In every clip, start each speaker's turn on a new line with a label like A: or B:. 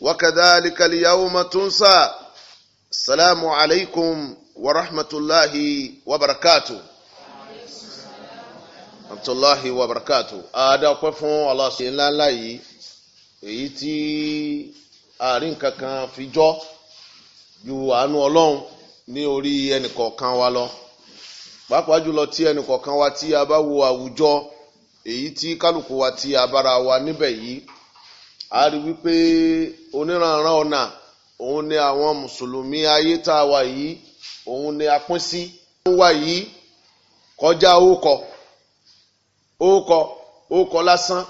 A: وكذلك اليوم تنسى السلام عليكم ورحمة الله وبركاته ورحمة الله وبركاته ada ọpẹ́ fún Allah ṣe ńlá ńlá àárín kankan fi jọ ju àánú Ọlọ́run ní orí ẹnìkọ̀ọ̀kan wa lọ pàápàá jùlọ tí ẹnìkọ̀ọ̀kan wa tí a bá wo àwùjọ èyí tí kálukú wa tí a bára wa níbẹ̀ yìí a rí wípé oníranran ọ̀nà òun ni àwọn mùsùlùmí ayé tá a wà yìí òun ni a pín sí. ó wà yìí kọjá ókọ ókọ ókọ lásán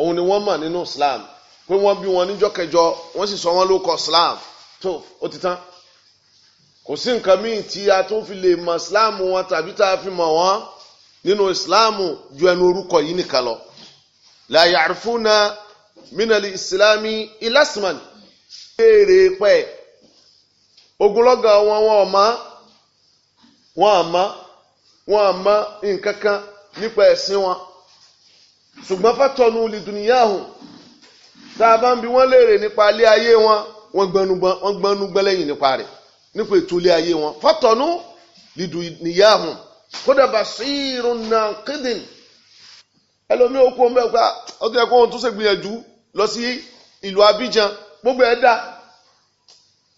A: òun ni wọ́n mọ̀ nínú Islam pé wọ́n bí wọn níjọ́ kẹjọ wọ́n sì sọ wọ́n ló kọ Islam tó ó ti tán kò sí nǹkan míì tí a tún fi lè mọ Islam wọn tàbí tá a fi mọ̀ wọ́n nínú Islam ju ẹnu orúkọ yìí nìkan lọ la ya'rifuna. minali islami ilasman béèrè pẹ́ ogunlọ́gọ̀ wọn wọn ma wọn àmá wọn nípa wọn ṣùgbọ́n fàtọ́nu lìdùnìyàhùn tá a bá wọ́n léèrè nípa ilé ayé wọn wọ́n gbọ́nú gbẹ́lẹ́yìn nípa rẹ̀ nípa ètò ilé ayé wọn fàtọ́nu lìdùnìyàhùn kódà basírun nàkídìn ẹlòmíì ó ah, kó ń bẹ́ẹ̀ pé ọdún ṣe gbìyànjú lọ sí ìlú Abidjan gbogbo ẹ̀ dá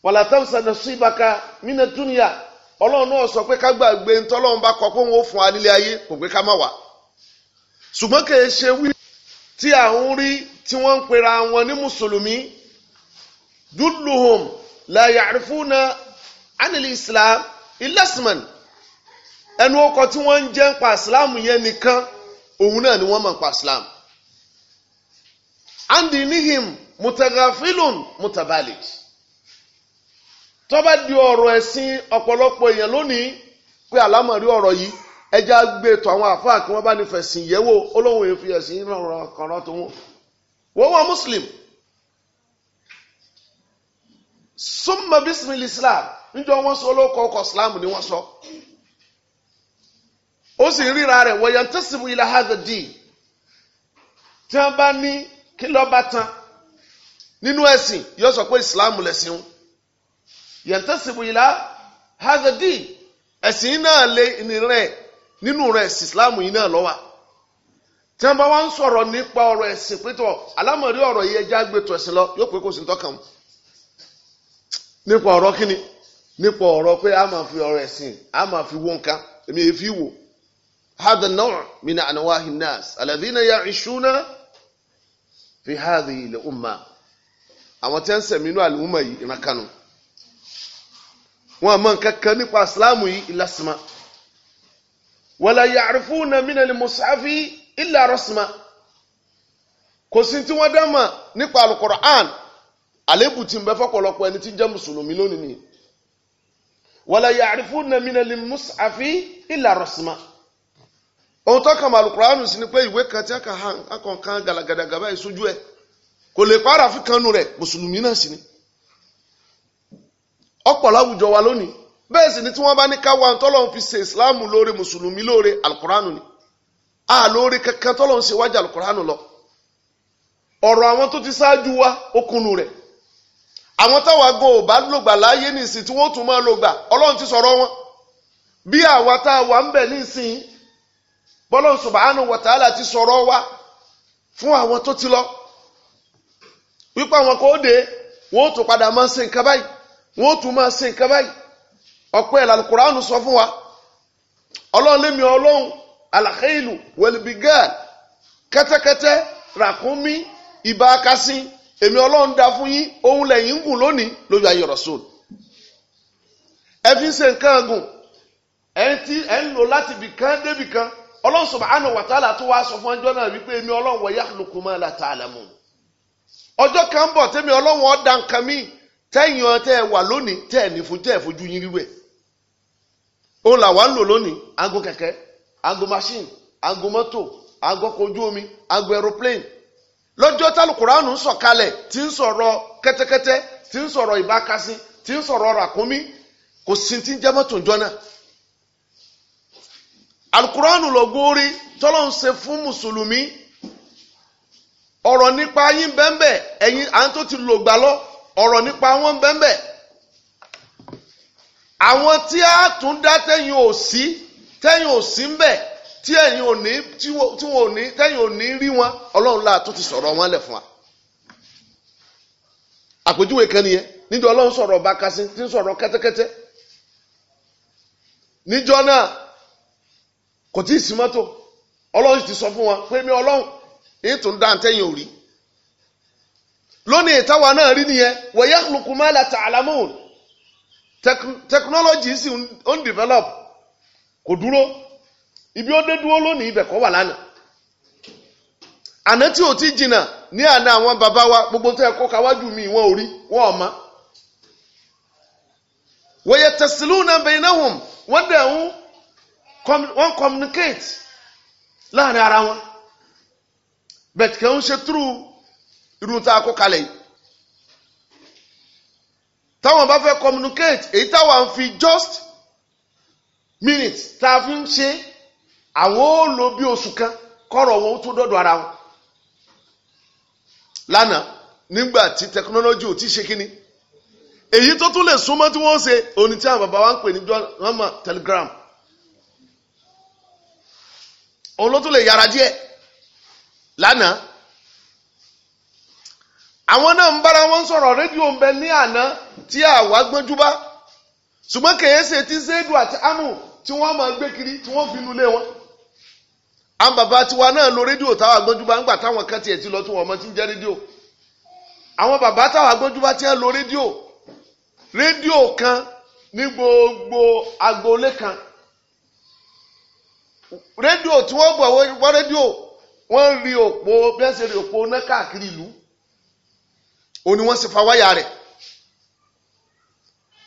A: wàlá tẹ́wùsà náà sí ìbáka mínà dúnìyà ọlọ́run náà sọ pé ká gbàgbé ntọ́lọ́run bá kọ pé òun ó fún wa nílé ayé kò pé ká má wà ṣùgbọ́n kì í ṣe wí tí à ń rí tí wọ́n ń pera wọn ní mùsùlùmí dúlùhùn la ya'rifuna anìlì islam ilasman ẹnu ọkọ̀ tí wọ́n ń jẹ́ ń pa islam yẹn nìkan òun náà ni wọ́n mọ̀ ń pa islam. an dinihim mutagafilun mutabalik tọba bá di ọrọ ẹsìn ọpọlọpọ èèyàn lónìí pé àlámọ̀rí ọrọ yìí ẹja gbé tó àwọn àfáà kí wọ́n bá ní fẹ̀sìn yẹ̀wò olóhùn èèyàn fi ẹ̀sìn wọn. muslim islam níjọ sọ olóko islam ni sọ. ó sì ríra kí ló bá tán nínú ẹ̀sìn yóò sọ pé ìsìláàmù lẹ̀sìn o yẹ̀ntẹ́sìbò yìí hazadi ẹ̀sìn náà lé nìrẹ̀ nínú rẹ̀ ìsìláàmù yìí náà lọ́wọ́ tí wọ́n bá wá sọ̀rọ̀ nípa ọ̀rọ̀ ẹ̀sìn pétọ́ alámọ̀rí ọ̀rọ̀ yìí ẹja gbẹ̀tọ̀ ẹ̀sìn lọ yóò pé kó sì tọ́kàn mu nípa ọ̀rọ̀ kíni nípa ọ̀rọ̀ pé a fi ọ̀rọ̀ ẹ̀sìn a máa fi wọ́n ká èmi èéfì wò hadha náà mina ànáwá hinnas alladhina fi hadhihi al-umma àwọn tí wọ́n ń sẹ̀mí inú al-umma yìí ìran kanu wọn àmọ́ kankan nípa islam yìí ìlàsìmá wala ya'rifuna min al-mushafi illa rasma kò sí tí wọ́n dámà nípa al-Qur'an àlébù tí ń bẹ fọ́pọ̀lọpọ̀ ẹni tí ń jẹ́ mùsùlùmí lónìí wala ya'rifuna min al-mushafi illa rasma ohun tó kàn mọ alukuraanu sí ni pé ìwé kan tí a kàn hàn a kàn kan gàlàgàdàgà báyìí sójú ẹ kò lè pa àràfin kanu rẹ mùsùlùmí náà sì ni ọ̀pọ̀ láwùjọ wa lónìí bẹ́ẹ̀ sì ni tí wọ́n bá ní káwa tọ́lọ́run fi ṣe ìsìláàmù lóore mùsùlùmí lóore alukuraanu ni a lóore kankan tọ́lọ́run ṣe wájà alukuraanu lọ ọ̀rọ̀ àwọn tó ti ṣáájú wa ó kunu rẹ̀ àwọn táwa gan ò bá lògbà láàyè nìsín tí wọ́n tún máa lògbà ọlọ́run ti sọ̀rọ̀ wọn bí àwa táwa ń bẹ nísìnyí bọ́lọ́n subhanahu wa ta'ala ti sọ̀rọ̀ wa fún àwọn tó ti lọ wípé àwọn kò dé wọn ó tún padà máa ṣe nǹkan báyìí wọn ó tún máa ṣe nǹkan báyìí ọ̀pẹ́ ìlànàkùránù sọ fún wa ọlọ́run lémi ọlọ́run alakhéèlú wẹ̀lìbígáàl kẹ́tẹ́kẹ́tẹ́ ràkúnmí ìbákasín èmi ọlọ́run dá fún yín ohun lẹ́yìn ń gùn lónìí lójú ayé Rasul ẹ fi ń ṣe nǹkan gùn ẹ ń lò láti bìkan débìkan ọlọ́run subhanahu wa ta'ala tó wá sọ fún ọjọ́ náà wípé èmi ọlọ́run wa yakhluqu ma la ta'lamun ọjọ́ kan bọ̀ tẹ́mi ọlọ́run ọ̀dà nǹkan mi tẹ́yìn tẹ́ wà lónìí tẹ́ ẹ fún tẹ́ ẹ yín ń lò lónìí aago kẹ̀kẹ́ aago machine aago ọkọ̀ omi aago aeroplane lọ́jọ́ ń sọ̀kalẹ̀ alukuranu lọ́gbórí tọ́lọ́ ń ṣe fún mùsùlùmí ọ̀rọ̀ nípa yín bẹ́ńbẹ́ ẹ̀yin à ń ti lò gbà lọ nípa wọn bẹ́ńbẹ́ àwọn tí a tún dá tẹ́yìn ò sí tẹ́yìn ò sí ń bẹ̀ tí ẹ̀yin ò ní tí wọn ò ní tẹ́yìn ò ní rí wọn ọlọ́run láà tún ti sọ̀rọ̀ wọn lẹ̀ fún wa àpèjúwe kan nìyẹn níjọ́ ọlọ́run sọ̀rọ̀ bá tí ń sọ̀rọ̀ kẹ́tẹ́kẹ́tẹ́ níjọ́ náà kò tí ì sí mọ́tò ọlọ́run ti sọ fún wọn pé mi ọlọ́run èyí tó ń dá àtẹ̀yìn ò rí lónìí ìtawà náà rí nìyẹn wa yakhluqu sì ń develop kò dúró ibi ó dé dúró lónìí ibẹ̀ kọ́ wà lánàá àná tí ò ti àwọn bàbá wa gbogbo tó yẹ kó kawájú mi wọn ò rí wọn wọ́n dẹ̀ ń wọ́n communicate láàrin ara wọn bẹ̀t kẹ́ ń ṣe túrú irú tá a kó kalẹ̀ yìí táwọn bá fẹ́ communicate èyí táwọn à fi just minutes tá a fi ń ṣe àwọn ó lò bí oṣù kan kọ́rọ̀ wọn ó tún dọ́dọ̀ ara wọn lánàá nígbà tí technology ò ti ṣe kínní èyí tó tún lè súnmọ́ tí wọ́n ṣe òní tí àwọn bàbá wa ń pè ní telegram olótú lè yára díẹ̀ lánàá àwọn náà ń bára wọn sọ̀rọ̀ rédíò ń bẹ ní àná tí àwa gbójú bá ṣùgbọ́n kèése tí zédù àti amú tí wọ́n máa gbé kiri tí wọ́n fi nulẹ̀ wọn àwọn bàbá tiwa náà lo rédíò táwa gbójú bá ńgbà táwọn kan tiẹ̀ ti lọ tí wọ́n mọ ti ń jẹ́ rédíò àwọn bàbá táwa gbójú bá ti ń lo rédíò rédíò kan ní gbogbo agboolé kan rédíò tí wọ́n bọ̀ wọ́n rédíò wọ́n rí òpó bẹ́ẹ̀ ṣe rí òpó náà káàkiri ìlú òun ni wọ́n sì fa wáyà rẹ̀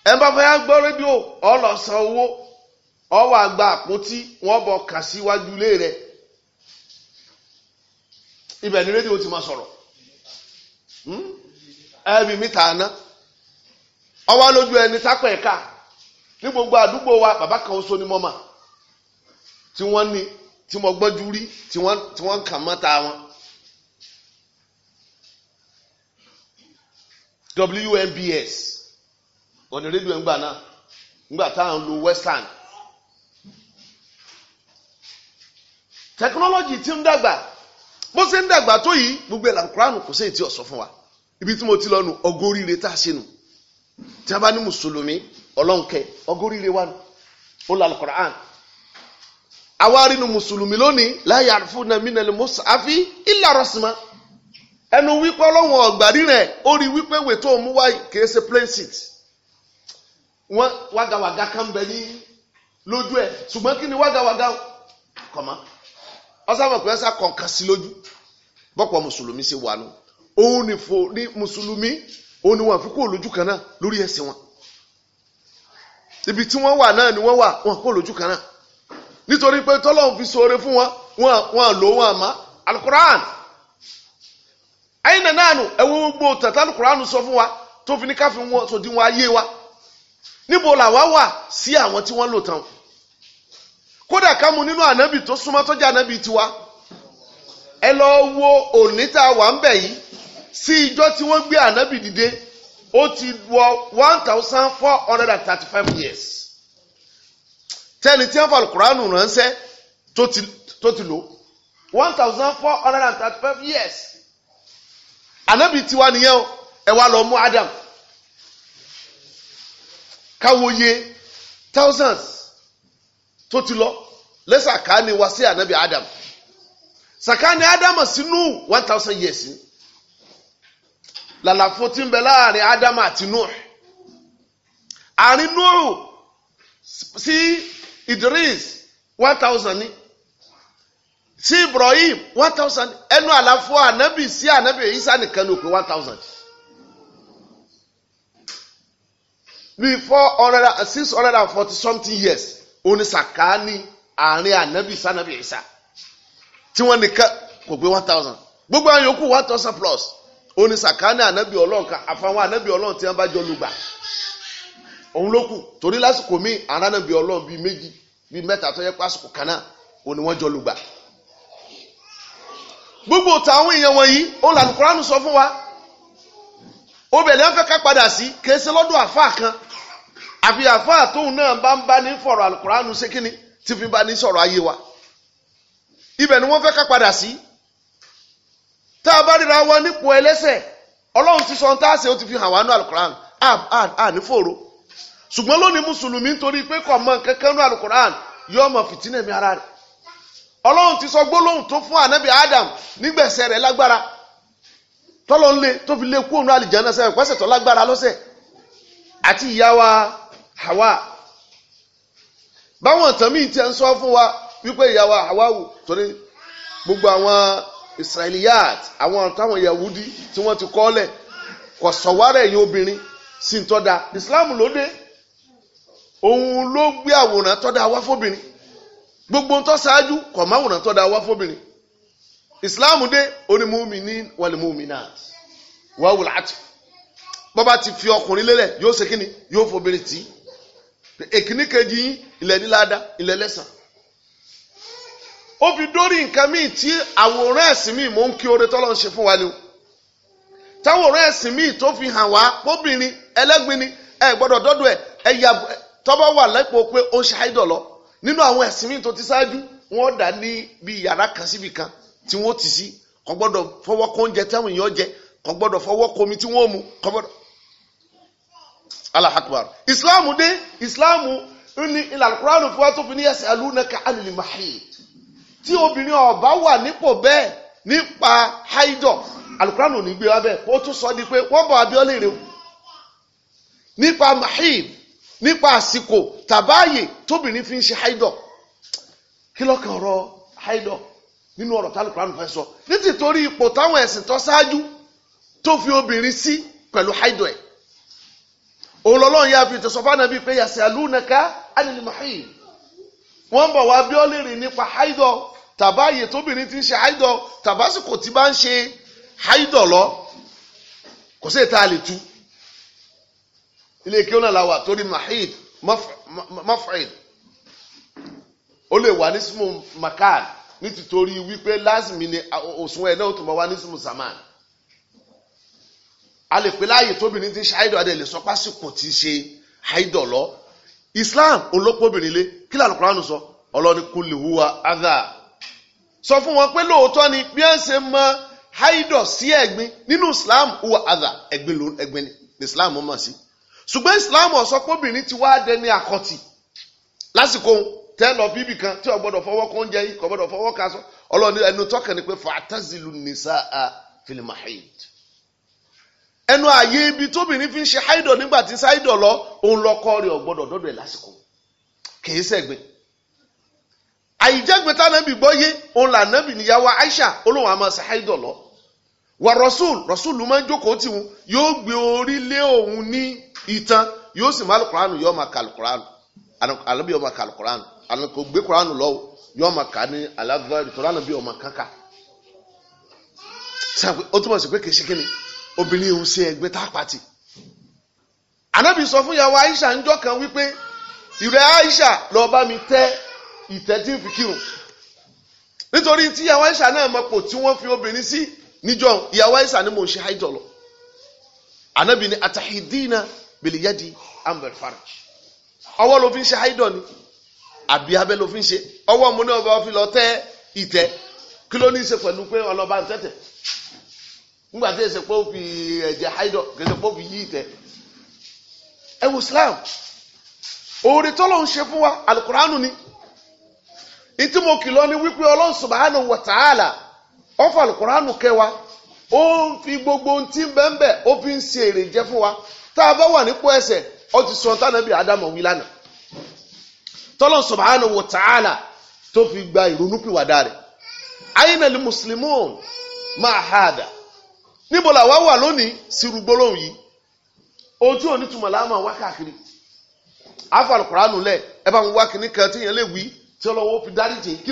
A: ẹ bá fẹ́ gbọ́ rédíò ọ owó ọwọ́ wà àpótí wọ́n bọ̀ kà síwájú ilé rẹ̀ ibẹ̀ ni rédíò ti máa sọ̀rọ̀ hmm? ẹbí mítà àná ọwọ́ lójú ẹni sápẹ̀ ẹ̀ka ní gbogbo àdúgbò wa bàbá kan so ni tí wọ́n ní tí mo gbọ́jú rí tí wọ́n ń kà mọ́ta wọn. WNBS ọ̀nà rédíò ńgbà náà ńgbà táwọn lo western. tẹkinọ́lọ́jì tí ń dàgbà bó ṣe ń dàgbà tó yìí gbogbo ẹ̀ làǹkúránù kò sí ètí ọ̀sọ́ ibi tí mo ti lọ nu tá a ṣe nu tí awárinu mùsùlùmí lónìí láyà fúnà mínàlì mùsàáfì ìlà rọ̀sìmá ẹnu wípé ọlọ́wọ̀n ọ̀gbàrí rẹ̀ ó rí wípé ìwé tó mú wáyé kìí ṣe plain seat wọn wágawàga kan bẹ ní lójú ẹ ṣùgbọ́n kí ni wágawàga kọ̀mọ́ ọ̀sàmọ̀ pé ẹ̀sà kọ̀ọ̀kan sí lójú bọ́pọ̀ mùsùlùmí ṣe wà nù òun ní fò ní mùsùlùmí òun ni wọn àfi kó lójú kan náà lórí ẹ̀sìn wọn ibi tí wọ́n wà náà ni wọ́n wà wọn kó lójú kan náà nítorí pé tọ́lọ́hún fi ṣoore fún wọn wọn lò wọn àmọ́ alukur'an ayin nanaanu ẹ̀wọ́n gbogbo tata alukur'an sọ fún wa tó fi ní ká fi wọn tó di wọn ayé wa níbo là wá wà sí àwọn tí wọ́n lò tán kódà ká mu nínú ànábì tó súnmọ́ tọ́jà ànábì tiwa ẹ lọ wo òní tá a wà ń bẹ̀ yìí sí ìjọ tí wọ́n gbé ànábì dìde ó ti wọ one thousand four hundred and thirty five years tẹ́ni tí wọ́n fa alukuraanu ránṣẹ́ tó ti lò one thousand four hundred and thirty five years anabi tiwa nìyẹn o ẹ wá lọ mú Adam káwòye thousands tó ti lọ lẹ́sàká ni wá sí anabi Adam sàká ni Adam sínú one thousand years ni làlàfo tí ń bẹ láàrin Adam àti Nuh àárín Nuh sí. Si, Idris one thousand ni sí Ibrahim one thousand ẹnu àlàfo ànábì sí ànábì Isa nìkan ní òpin one thousand before hundred six hundred and forty something years onísàká ní àárín ànábì sànábì Isa tí wọ́n nìkan kò gbé one thousand gbogbo àwọn yòókù one thousand plus onísàká ní ànábì Ọlọ́run kan àfàwọn ànábì Ọlọ́run tí wọ́n bá jọ lùgbà òun ló kù torí lásìkò míì ànábì Ọlọ́run méjì bíi mẹ́ta tó yẹ pásìkò kan náà òun ni wọ́n jọ lùgbà. gbogbo tàwọn èèyàn wọ̀nyí òun làlùkùránù sọ fún wa obìnrin afẹ́ ká padà sí kèése lọ́dọ̀ àfa kan àfi àfa tóun náà bá ń bá ní fọ̀rọ̀ àlùkùránù ṣé kíni tí fi bá ní sọ̀rọ̀ ayé wa ibẹ̀ ni wọ́n fẹ́ ká padà sí tá a bá ríra wa nípò ẹlẹ́sẹ̀ ọlọ́run ti sọ ohun tá a ṣe ó ti fi hàn wá ní àlùkùránù à ní fòrò ṣùgbọ́n lónìí mùsùlùmí nítorí pé kò mọ nǹkan kan ní alukoran yóò mọ fìtínà mi ara rẹ̀ ọlọ́run ti sọ gbólóhùn tó fún anabi adam nígbẹ̀sẹ̀ rẹ̀ lágbára tọ́lọ́ ń lé tó fi lé kú òun àlìjáná sẹ́yìn pẹ́sẹ̀ tó lágbára lọ́sẹ̀ àti ìyá wa Hawa báwọn tàn míì tiẹ̀ ń sọ fún wa wípé ìyá wa Hawa wò torí gbogbo àwọn israeliyat àwọn táwọn yahudi tí wọ́n ti kọ́ lẹ̀ kò sọ̀wárẹ̀ ẹ̀yin obìnrin sí ń tọ́ Islam ló òun ló gbé àwòrán tó dá wá fóbìnrin gbogbo ń tó ṣáájú kò má àwòrán tó dá wá fóbìnrin ìsìláàmù dé bọ́ba ti fi ọkùnrin lélẹ̀ yóò ṣe kíni yóò fóbìnrin tì í èkíní kejì yín ilẹ̀ níláàdá ilẹ̀ lẹ́sàn ó fi dórí nǹkan míì tí àwòrán ẹ̀sìn míì mò ń kí oore tọ́lọ́ ń ṣe fún wa ni o táwòrán ẹ̀sìn míì tó fi hàn tọ́bọ̀ wà lẹ́pọ̀ pé ó ń ṣe àìdọ̀ lọ nínú àwọn ẹ̀sìn míì tó ti ṣáájú wọ́n dà ní bí yàrá kan síbi kan tí wọ́n ti sí kò gbọ́dọ̀ fọwọ́ kó oúnjẹ táwọn èèyàn jẹ kò gbọ́dọ̀ fọwọ́ kó omi tí wọ́n mu kò gbọ́dọ̀. Allahu islam dé islam ní ìlànàkúránù fún wa tó fi ní ẹsẹ̀ alúnaka alìlì mahid tí obìnrin ọba wà nípò bẹ́ẹ̀ nípa haidọ̀ alùkúránù ò ní gbé wa bẹ́ẹ̀ ó tún sọ di pé wọ́n bọ̀ abíọ́lẹ̀ rẹ̀ nípa mahid nípa àsìkò tàbáàyè tóbìnrin fi ń ṣe haidọ̀ kí lọ́kàn ọ̀rọ̀ haidọ̀ nínú ọ̀rọ̀ tálùkù ránù fẹ́ sọ nítorí ipò táwọn ẹ̀sìn tó ṣáájú tó fi obìnrin sí pẹ̀lú haidọ̀ ẹ̀ òun lọ́lọ́run yá fi tẹ̀sọ́fà náà bíi pé yàtọ̀ àlùnàká ánìlímọ̀hìn wọ́n bọ̀ wá bí ó nípa haidọ̀ tàbáàyè tóbìnrin ti ń ṣe haidọ̀ tàbásìkò tí bá ń ṣe haidọ̀ lọ kò sí ètà àlè tu ilé kí ó náà la wà torí mahid mafid ó lè wà ní símù makad nítorí wípé lásìmì ni òsùn ẹ̀ náà ó tún bọ̀ wá ní símù zaman a lè pè láàyè tóbìnrin ti ṣe àìdọ̀ adé lè sọ pásìkò tí í ṣe àìdọ̀ lọ Islam olókòbìnrin lé kí làlùkùránù sọ ọlọ́ni kúlì hùwà adha sọ fún wọn pé lóòótọ́ ni bí wọ́n ṣe mọ àìdọ̀ sí ẹ̀gbin nínú Islam hùwà adha ẹ̀gbin ni Islam mọ̀ sí ṣùgbọ́n islam ọ̀sọ́ pọ́bìnrin ti wá dẹni àkọ́tì lásìkò tẹ́ lọ kan tí ó gbọ́dọ̀ fọwọ́ kó oúnjẹ yìí kò gbọ́dọ̀ fọwọ́ kaṣọ ọlọ́ni ẹnu tọ́kàn ni pé fàtàzìlù nìṣà á filimahid ẹnu ààyè ibi tóbìnrin fi ń ṣe haidọ̀ nígbà tí ṣáidọ̀ lọ òun lọkọ rẹ̀ ó gbọ́dọ̀ dọ́dọ̀ ẹ̀ lásìkò kìí sẹ́gbẹ̀ àyíjẹ́gbẹ̀ta nàbì gbọ́ yé òun là nàbì níyàwó Aisha olóhùn àmọ́ ṣe haidọ̀ wà Rasul, rọ́sùl máa ń jókòó tì wọ́n yóò gbé orí lé òun ní ìtàn yóò sì máa lùkùránù yóò máa kà lùkùránù alábí yóò máa kà lùkùránù alákò gbé kùránù lọ́wọ́ yóò máa kà ní aláàbẹ̀rẹ̀ tó lánàá bí yóò máa kàn kà. sàpé ó túmọ̀ sí pé kìí ṣe kí ni obìnrin yìí ń ṣe ẹgbẹ́ tá a pàtì. anábì sọ fún yàwó Aisha ńjọ́ kan wípé ìrẹ́ Aisha lọ bá mi tẹ́ ìtẹ́ fi kírun nítorí tí yàwó Aisha náà mọ̀ pò tí wọ́n fi obìnrin sí. Si níjọ́ ìyàwó àyíṣà ni mò ń ṣe haidọ̀ lọ anabi ni atahidina biliyadi amber faraj ọwọ́ ló fi ń ṣe haidọ̀ ni àbí abẹ́ ló fi ń ṣe ọwọ́ mu ní ọba fi lọ tẹ́ ìtẹ́ kí ló ní í ṣe pẹ̀lú pé ọlọ́ba ń tẹ̀tẹ̀ nígbà tí èsè pé ó fi ẹ̀jẹ̀ haidọ̀ kẹsẹ̀ pé ó fi yí ìtẹ́ ẹ wò Islam oore tọ́lọ̀ ń ṣe fún wa alukuranu ni ìtí mo kìlọ̀ ni wípé Ọlọ́hun subhanahu wa ta'ala. ó fà lùkùránù kẹwa ó ń fi gbogbo ohun tí ó fi ń ṣe èrè jẹ fún wa tá a wà nípò ẹsẹ̀ ó ti sọ tánàbí ádámù wí lánàá tọ́lọ́n subhanahu wa ta'ala tó fi gba ìrònúpìwàdà rẹ̀ ayinali muslimun máa ha àdá níbo làwa wà lónìí sírúgbólóhùn yìí ohun tí ò túmọ̀ láàmú káàkiri lẹ ẹ bá wá kan tí yẹn lè wí tí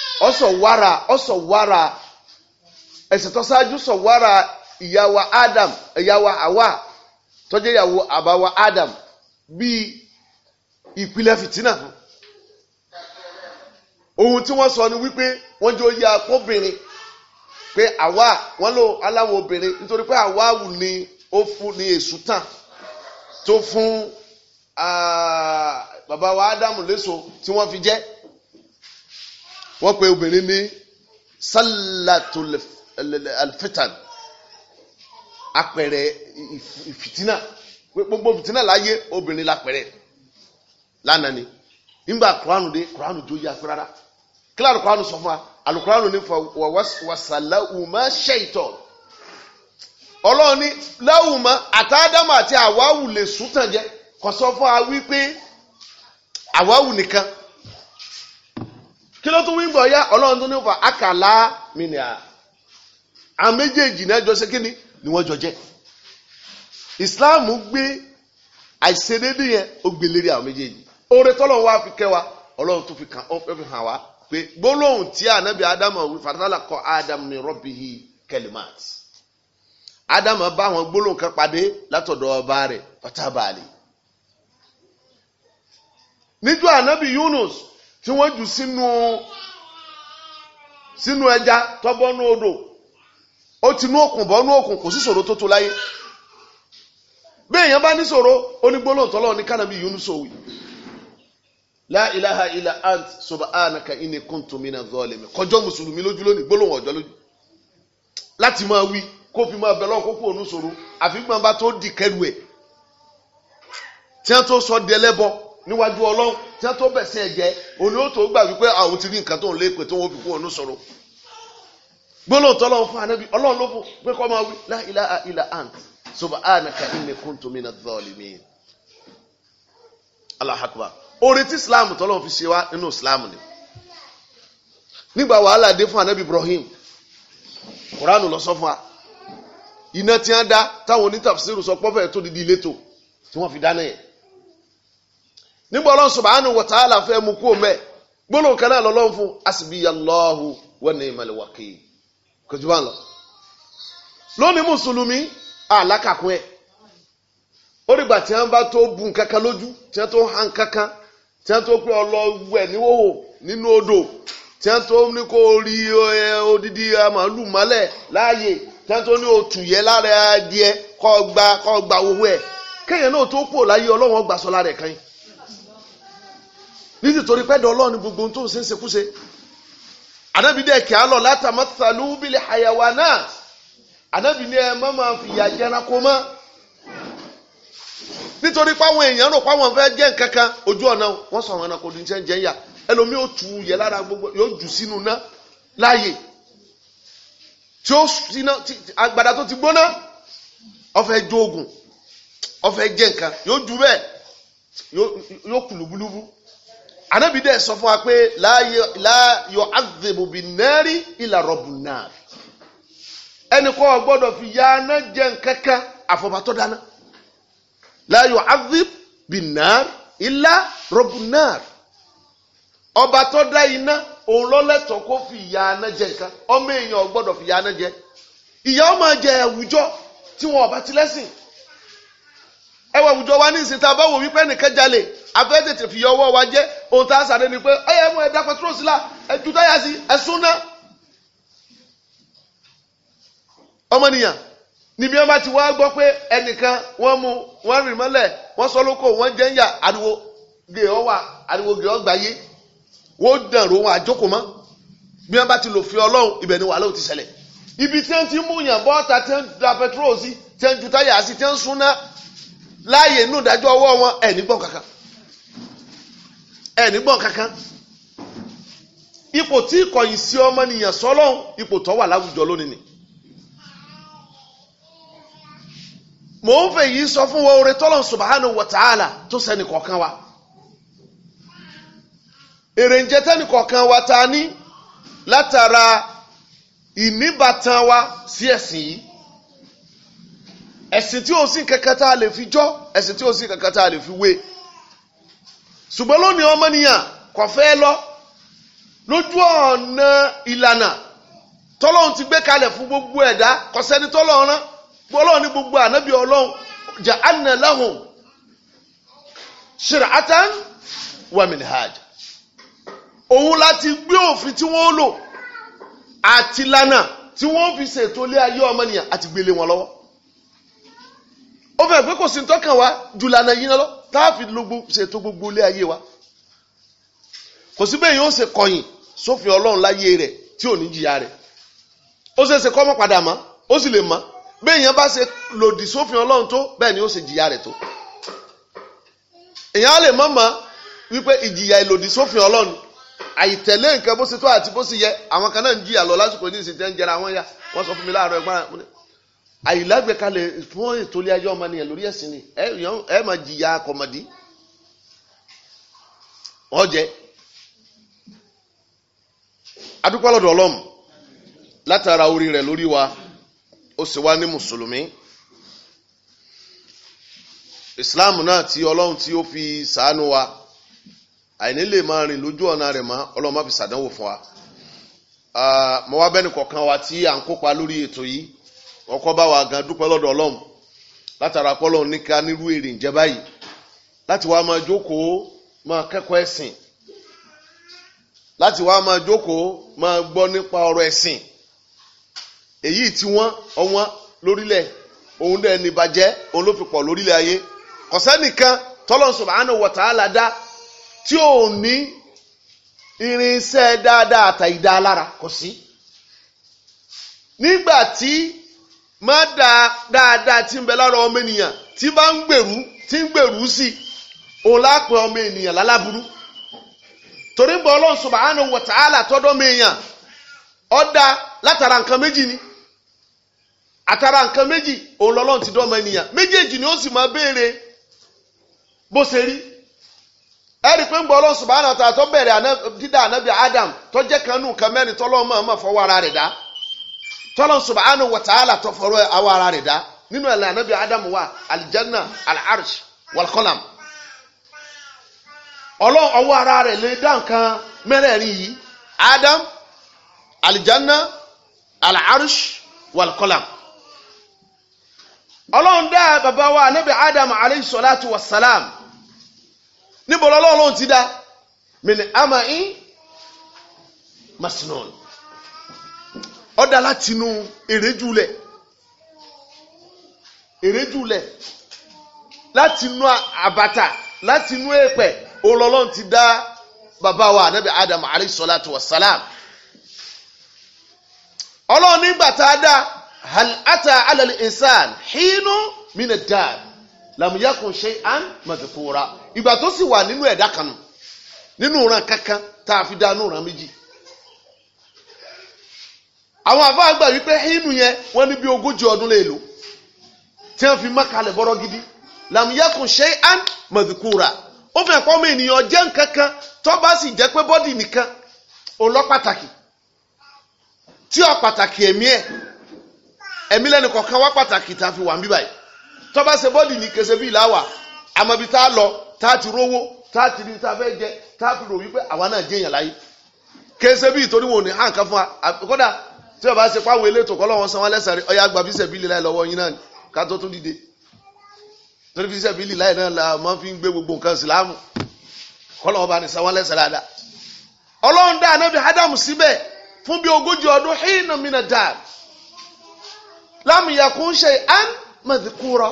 A: ọsọwara ọsọwara ẹsẹ̀ tó ṣáájú sọwara ìyàwó Adam ìyàwó Hawa tó jẹ́ ìyàwó àbáwá Adam bíi ìpìlẹ̀ fìtínà ohun tí wọ́n sọ ni wípé wọ́n jẹ́ oyè akóbìnrin pé àwa wọ́n lò aláwọ̀ obìnrin nítorí pé àwa wù ni ó fún ni èṣù tàn tó fún ah, bàbá wa Ádámù léso tí wọ́n fi jẹ́ wọ́n pe obìnrin ní sálàtò alfitan apẹ̀rẹ̀ ìfìtínà gbogbo fìtínà láyé obìnrin lápẹ̀rẹ̀ lánàá ni nígbà kuranu dé kuranu jó yá rárá kíláàrù kuranu sọ fún wa alukuranu ní fọ wàsàlà ùmá ṣèyítọ ọlọ́run ní àti àwáwù lè sùn tàn sọ fún wa wípé àwáwù kí ló tún wíńgbọ̀ yá ọlọ́run tó ní fa àkàlà mi nìyà àwọn méjèèjì náà jọ ṣe ni wọ́n jọ jẹ́ Islam gbé àìṣedéédé yẹn ó gbé lérí àwọn méjèèjì oore wá fi kẹ́ wa ọlọ́run tó fi kàn ó fẹ́ fi hàn wá pé gbólóhùn tí ànábì ádámù Yunus tí wọ́n jù sínú sínú ẹja tọ́bọ́nú odò ó ti nú òkun bọ́ nú òkun kò sí ṣòro tó tó láyé bí èèyàn bá ní ṣòro ó ní gbólóhùn tọ́lọ́ ní kánábì Yunus wí la ilaha illa ant subhanaka inni kuntu minaz zalimin kọjọ́ mùsùlùmí lójú lónìí gbólóhùn ọ̀jọ́ lójú láti máa wí kó fi máa bẹ lọ́wọ́ kó kú òun ṣòro àfi gbọ́n bá tó di kẹrù ẹ̀ tí wọ́n tó sọ di ẹlẹ́bọ níwájú ọlọ́run tí wọ́n tó bẹ̀ sí ẹ̀jẹ̀ òní ó tó gbà wípé àwọn ti rí nǹkan tó ń lé pé tó ń fi kú òun sọ̀rọ̀ gbólóòtọ́ ọlọ́run fún anábì ọlọ́run ló fún pé kọ́ máa wí la ilaha illa ant subhanaka inni kuntu minaz zalimin Allahu akbar oore tí islam tọ́lọ́run fi ṣe wá nínú islam ni nígbà wàhálà dé fún anábì ibrahim kuranu lọ sọ fún wa iná tí wọ́n dá táwọn onítàfsírù sọ pọ́fẹ́ nígbà ọlọ́run subhanahu wa ta'ala fẹ́ mú kú mẹ́ gbólóhùn kan náà lọ́lọ́run fún asibiyallahu wa ni'mal wakil kò jù bá ń lọ. lónìí mùsùlùmí àlákàkún ẹ̀ ó dìgbà tí wọ́n bá tó bu nǹkan kan lójú tí wọ́n tó hàn kankan tí wọ́n tó pé ọlọ́wẹ̀ níwòwò nínú odò tí wọ́n tó ní kó rí odidi gba kọ́ gba owó ẹ̀ kéèyàn náà tó pò láyé nítorí pẹ́ dọ̀ ọlọ́run gbogbo tó ń ṣe ń ṣekúṣe anabi dẹ́ kí á lọ látàmátàlú bílẹ̀ àyàwó náà anabi ní ẹ má máa fi ìyà jẹ ẹranko mọ́ nítorí páwọn èèyàn rò páwọn fẹ́ jẹ́ nǹkan kan ojú ọ̀nà wọ́n sọ àwọn ẹranko ní jẹ́ jẹ́ yà ẹlòmíì ó tu yẹ lára gbogbo yóò jù sínú ná láàyè tí ó síná agbada tó ti gbóná ó jó oògùn ó jẹ nǹkan yóò jù bẹ́ẹ̀ yóò kù anabi dẹ sọ fún wa pé láàyò azèbò bí nẹ́ẹ̀rí ìlà rọ̀bù náà ẹnì kan gbọ́dọ̀ fi ya aná jẹ nkankan àfọ̀bàtọ́ dáná láàyò azèbò bí nẹ́ẹ̀rí ìlà rọ̀bù náà ọba tó dá iná òun lọ́lẹ́tọ̀ kó fi ìyà aná jẹ nǹkan ọmọ èèyàn gbọ́dọ̀ fi ìyà aná jẹ ìyà ọmọ jẹ àwùjọ tí wọn ọba ti lẹ́sìn ẹ wọ àwùjọ wa ní ìsìn tá a bá wò wípé ẹnìkan jalè afẹ́ tètè fi ọwọ́ wa jẹ́ ohun tá a sáré ni pé ẹ yẹ mú ẹ dá sí la ẹ ju táyà sí ẹ sún náà. ọmọnìyàn níbi wọn bá ti wá gbọ́ pé ẹnìkan wọ́n mú wọ́n rìn mọ́lẹ̀ wọ́n sọ lóko wọ́n jẹ́ ń yà ariwo gè ọ́ wà ariwo gè ọ́ gbà yé wọ́n dàn ro wọn àjókòó mọ́ bí wọ́n bá ti lò fi ọlọ́run ibẹ̀ ni wàhálà ò ti ṣẹlẹ̀ ibi tí wọ́n ti mú yàn bọ́ọ̀ta tí wọ́n da pẹtrol sí tí wọ́n ju táyà sí tí wọ́n sún náà láàyè inú ìdájọ́ ọwọ́ wọn ẹ̀ní gbọ́n kankan ẹ̀ní gbọ́n kankan ipò tí ìkọ̀yìn sí ọmọnìyàn sọ́lọ́hún ipò tó wà láwùjọ lónìí ni. mò ń fẹ́ yìí sọ fún wa oore tọ́lọ́hún subhanahu wa ta'ala tó sẹ́ni kọ̀ọ̀kan wa èrè ń jẹ tẹ́ni kọ̀ọ̀kan wa ta ní látara ìníbàtàn wa sí ẹ̀sìn yìí ẹ̀sìn tí o sì kankan tá a lè fi jọ́ ẹ̀sìn tí o sì kankan tá a lè fi wé ṣùgbọ́n lónìí ọmọnìyàn kò fẹ́ lọ lójú ọ̀nà ìlànà tọ́lọ́hún ti gbé kalẹ̀ fún gbogbo ẹ̀dá kò sẹ́ni tọ́lọ́hún rán gbọ́lọ́hún ní gbogbo ànábì ọlọ́hún ja'alna lahum shir'atan wa minhaja òun láti gbé òfin tí wọ́n lò àti lànà tí wọ́n fi ṣètò ilé ayé ọmọnìyàn àti gbélé wọn lọ́wọ́ ó fẹ́ pé kò sí tọ́kàn wa jùlànà yín lọ táàfin ṣètò gbogbo ilé ayé wa kò sí bẹ́ẹ̀ yóò ṣe kọ̀yìn sófin ọlọ́run láyé rẹ̀ tí ò ní jìyà rẹ̀ ó ṣe ṣe kọ́ mọ́ padà mọ́ ó sì lè mọ́ bẹ́ẹ̀ yẹn bá ṣe lòdì sófin ọlọ́run tó bẹ́ẹ̀ ni ó ṣe jìyà rẹ̀ tó èèyàn á lè mọ̀ mọ́ wípé ìjìyà ìlòdì sófin ọlọ́run àìtẹ̀lé nǹkan bó ṣe tó àti bó ṣe yẹ àwọn kan náà ń jìyà lọ lásìkò ní ìsìn tẹ́ ń jẹra wọn yá wọ́n sọ fún mi láàárọ̀ ẹ̀gbọ́n àyìnlágbèkalẹ̀ fún ètò ilé ayé ọmọ nìyẹn lórí ẹ̀sìn ni ẹ máa jìyà akọmọdé ọjẹ adúpọ̀lọ́dọ̀ ọlọ́mù látara orí rẹ̀ lórí wa ó sì wá ní mùsùlùmí islam náà tí ọlọ́run tí ó fi sàánú wa àìní lè máa rìn lójú ọ̀nà rẹ̀ mọ́ ọlọ́run má fi sàdánwò fún wa ah, mo wá bẹ́ẹ̀ nìkọ̀ọ̀kan wa tí à ń kópa lórí ètò yìí ọkọ bá wa gan dúpẹ́ lọ́dọ̀ ọlọ́run látara pọ́lọ́ ní ká nírú èrè ǹjẹ́ báyìí láti wá máa jókòó máa kẹ́kọ̀ọ́ ẹ̀sìn láti wá máa jókòó máa gbọ́ nípa ọ̀rọ̀ ẹ̀sìn èyí tí wọ́n ọ̀wọ́n lórílẹ̀ òun dẹ̀ ní bàjẹ́ òun ló fi pọ̀ lórílẹ̀ ayé kò sẹ́nìkan tọ́lọ́n subhanahu wa ta'ala dá tí ò ní irinṣẹ́ dáadáa àtàyídá lára kò sí nígbà tí má da dáadáa tí ń bẹ lára ọmọ ènìyàn tí bá ń gbèrú tí ń gbèrú sí i òun lápẹ ọmọ ènìyàn lálábùrú torí ń bọ ọlọ́run subhanahu wa ta'ala tọ́dọ́ mi èèyàn ọ̀dà látara nǹkan méjì ni àtara nǹkan méjì ti ènìyàn méjèèjì ni ó sì máa béèrè bó ṣe rí ẹ̀rí pé ń bọ ọlọ́run subhanahu wa tó bẹ̀rẹ̀ dídá Adam tó jẹ́ kanú nǹkan mẹ́rin tọ́lọ́mọ tọ́lọ́n subhanahu wa ta'ala tó fọ̀rọ̀ àwọn ara rẹ̀ dá nínú ẹ̀la anabi adamu wa alijanna al'arsh walqalam ọlọ́run ọwọ́ ara rẹ̀ lè dá nǹkan mẹ́rẹ̀ẹ̀rin yìí adam alijanna al'arsh walqalam ọlọ́run dá bàbá wa anabi adamu alayhi salatu wa salam níbo lọ́lọ́run ti dá min ama'in masnun ọ̀dà láti inú èrèjú lẹ̀ èrèjú lẹ̀ láti inú àbàtà láti inú èèpẹ̀ olọ́lọ́n ti dá bàbá wa ànábì Adam alayhi salatu wa salam ọlọ́run nígbà tá a dá hal ata alali insan hinu mina dad lamuyakun shay'an madhkura ìgbà tó sì wà nínú ẹ̀dá kanu nínú ìran kankan tá a fi dá nínú ìran méjì àwọn àfáà gbà wípé hínú yẹn wọ́n ní bí ogójì ọdún lè lò tí wọ́n fi mọ́kàlẹ̀ bọ́rọ̀ gidi làmúyẹ́kùn ṣe án mọ̀dìkúra ó fẹ́ kọ́ ọmọ ènìyàn jẹ́ nǹkan kan tó bá sì jẹ́ pé bọ́dì nìkan òun lọ pàtàkì tí ọ pàtàkì ẹ̀mí ẹ̀ ẹ̀mí lẹ́nu kọ̀ọ̀kan wá pàtàkì tá a fi wà ń bí báyìí tó bá ṣe bọ́dì ní kẹsẹ̀ bíi láwà àmọ́ ibi tá a lọ tá a ti rówó tá a ti rí tá a fẹ́ jẹ tá a fi rò wípé àwa náà jẹ́yàn láyé kẹsẹ̀ bíi torí wọn ò ní hàn kan fún wa kódà tí o bá ṣe pàwọn elétò kọ́ lọ́wọ́ sanwó lẹ́sàn ọyá gba fíṣẹ̀ bílì láì lọ́wọ́ yín náà ká tó tún dìde torí fíṣẹ̀ bílì láì náà la máa fi ń gbé gbogbo nǹkan kọ́ lọ́wọ́ bá ní sanwó ọlọ́run dá anábì ádámù síbẹ̀ fún bí ogójì ọdún hínà mìíràn dáa lámìyàkùn ṣe án mọ̀dìkúrọ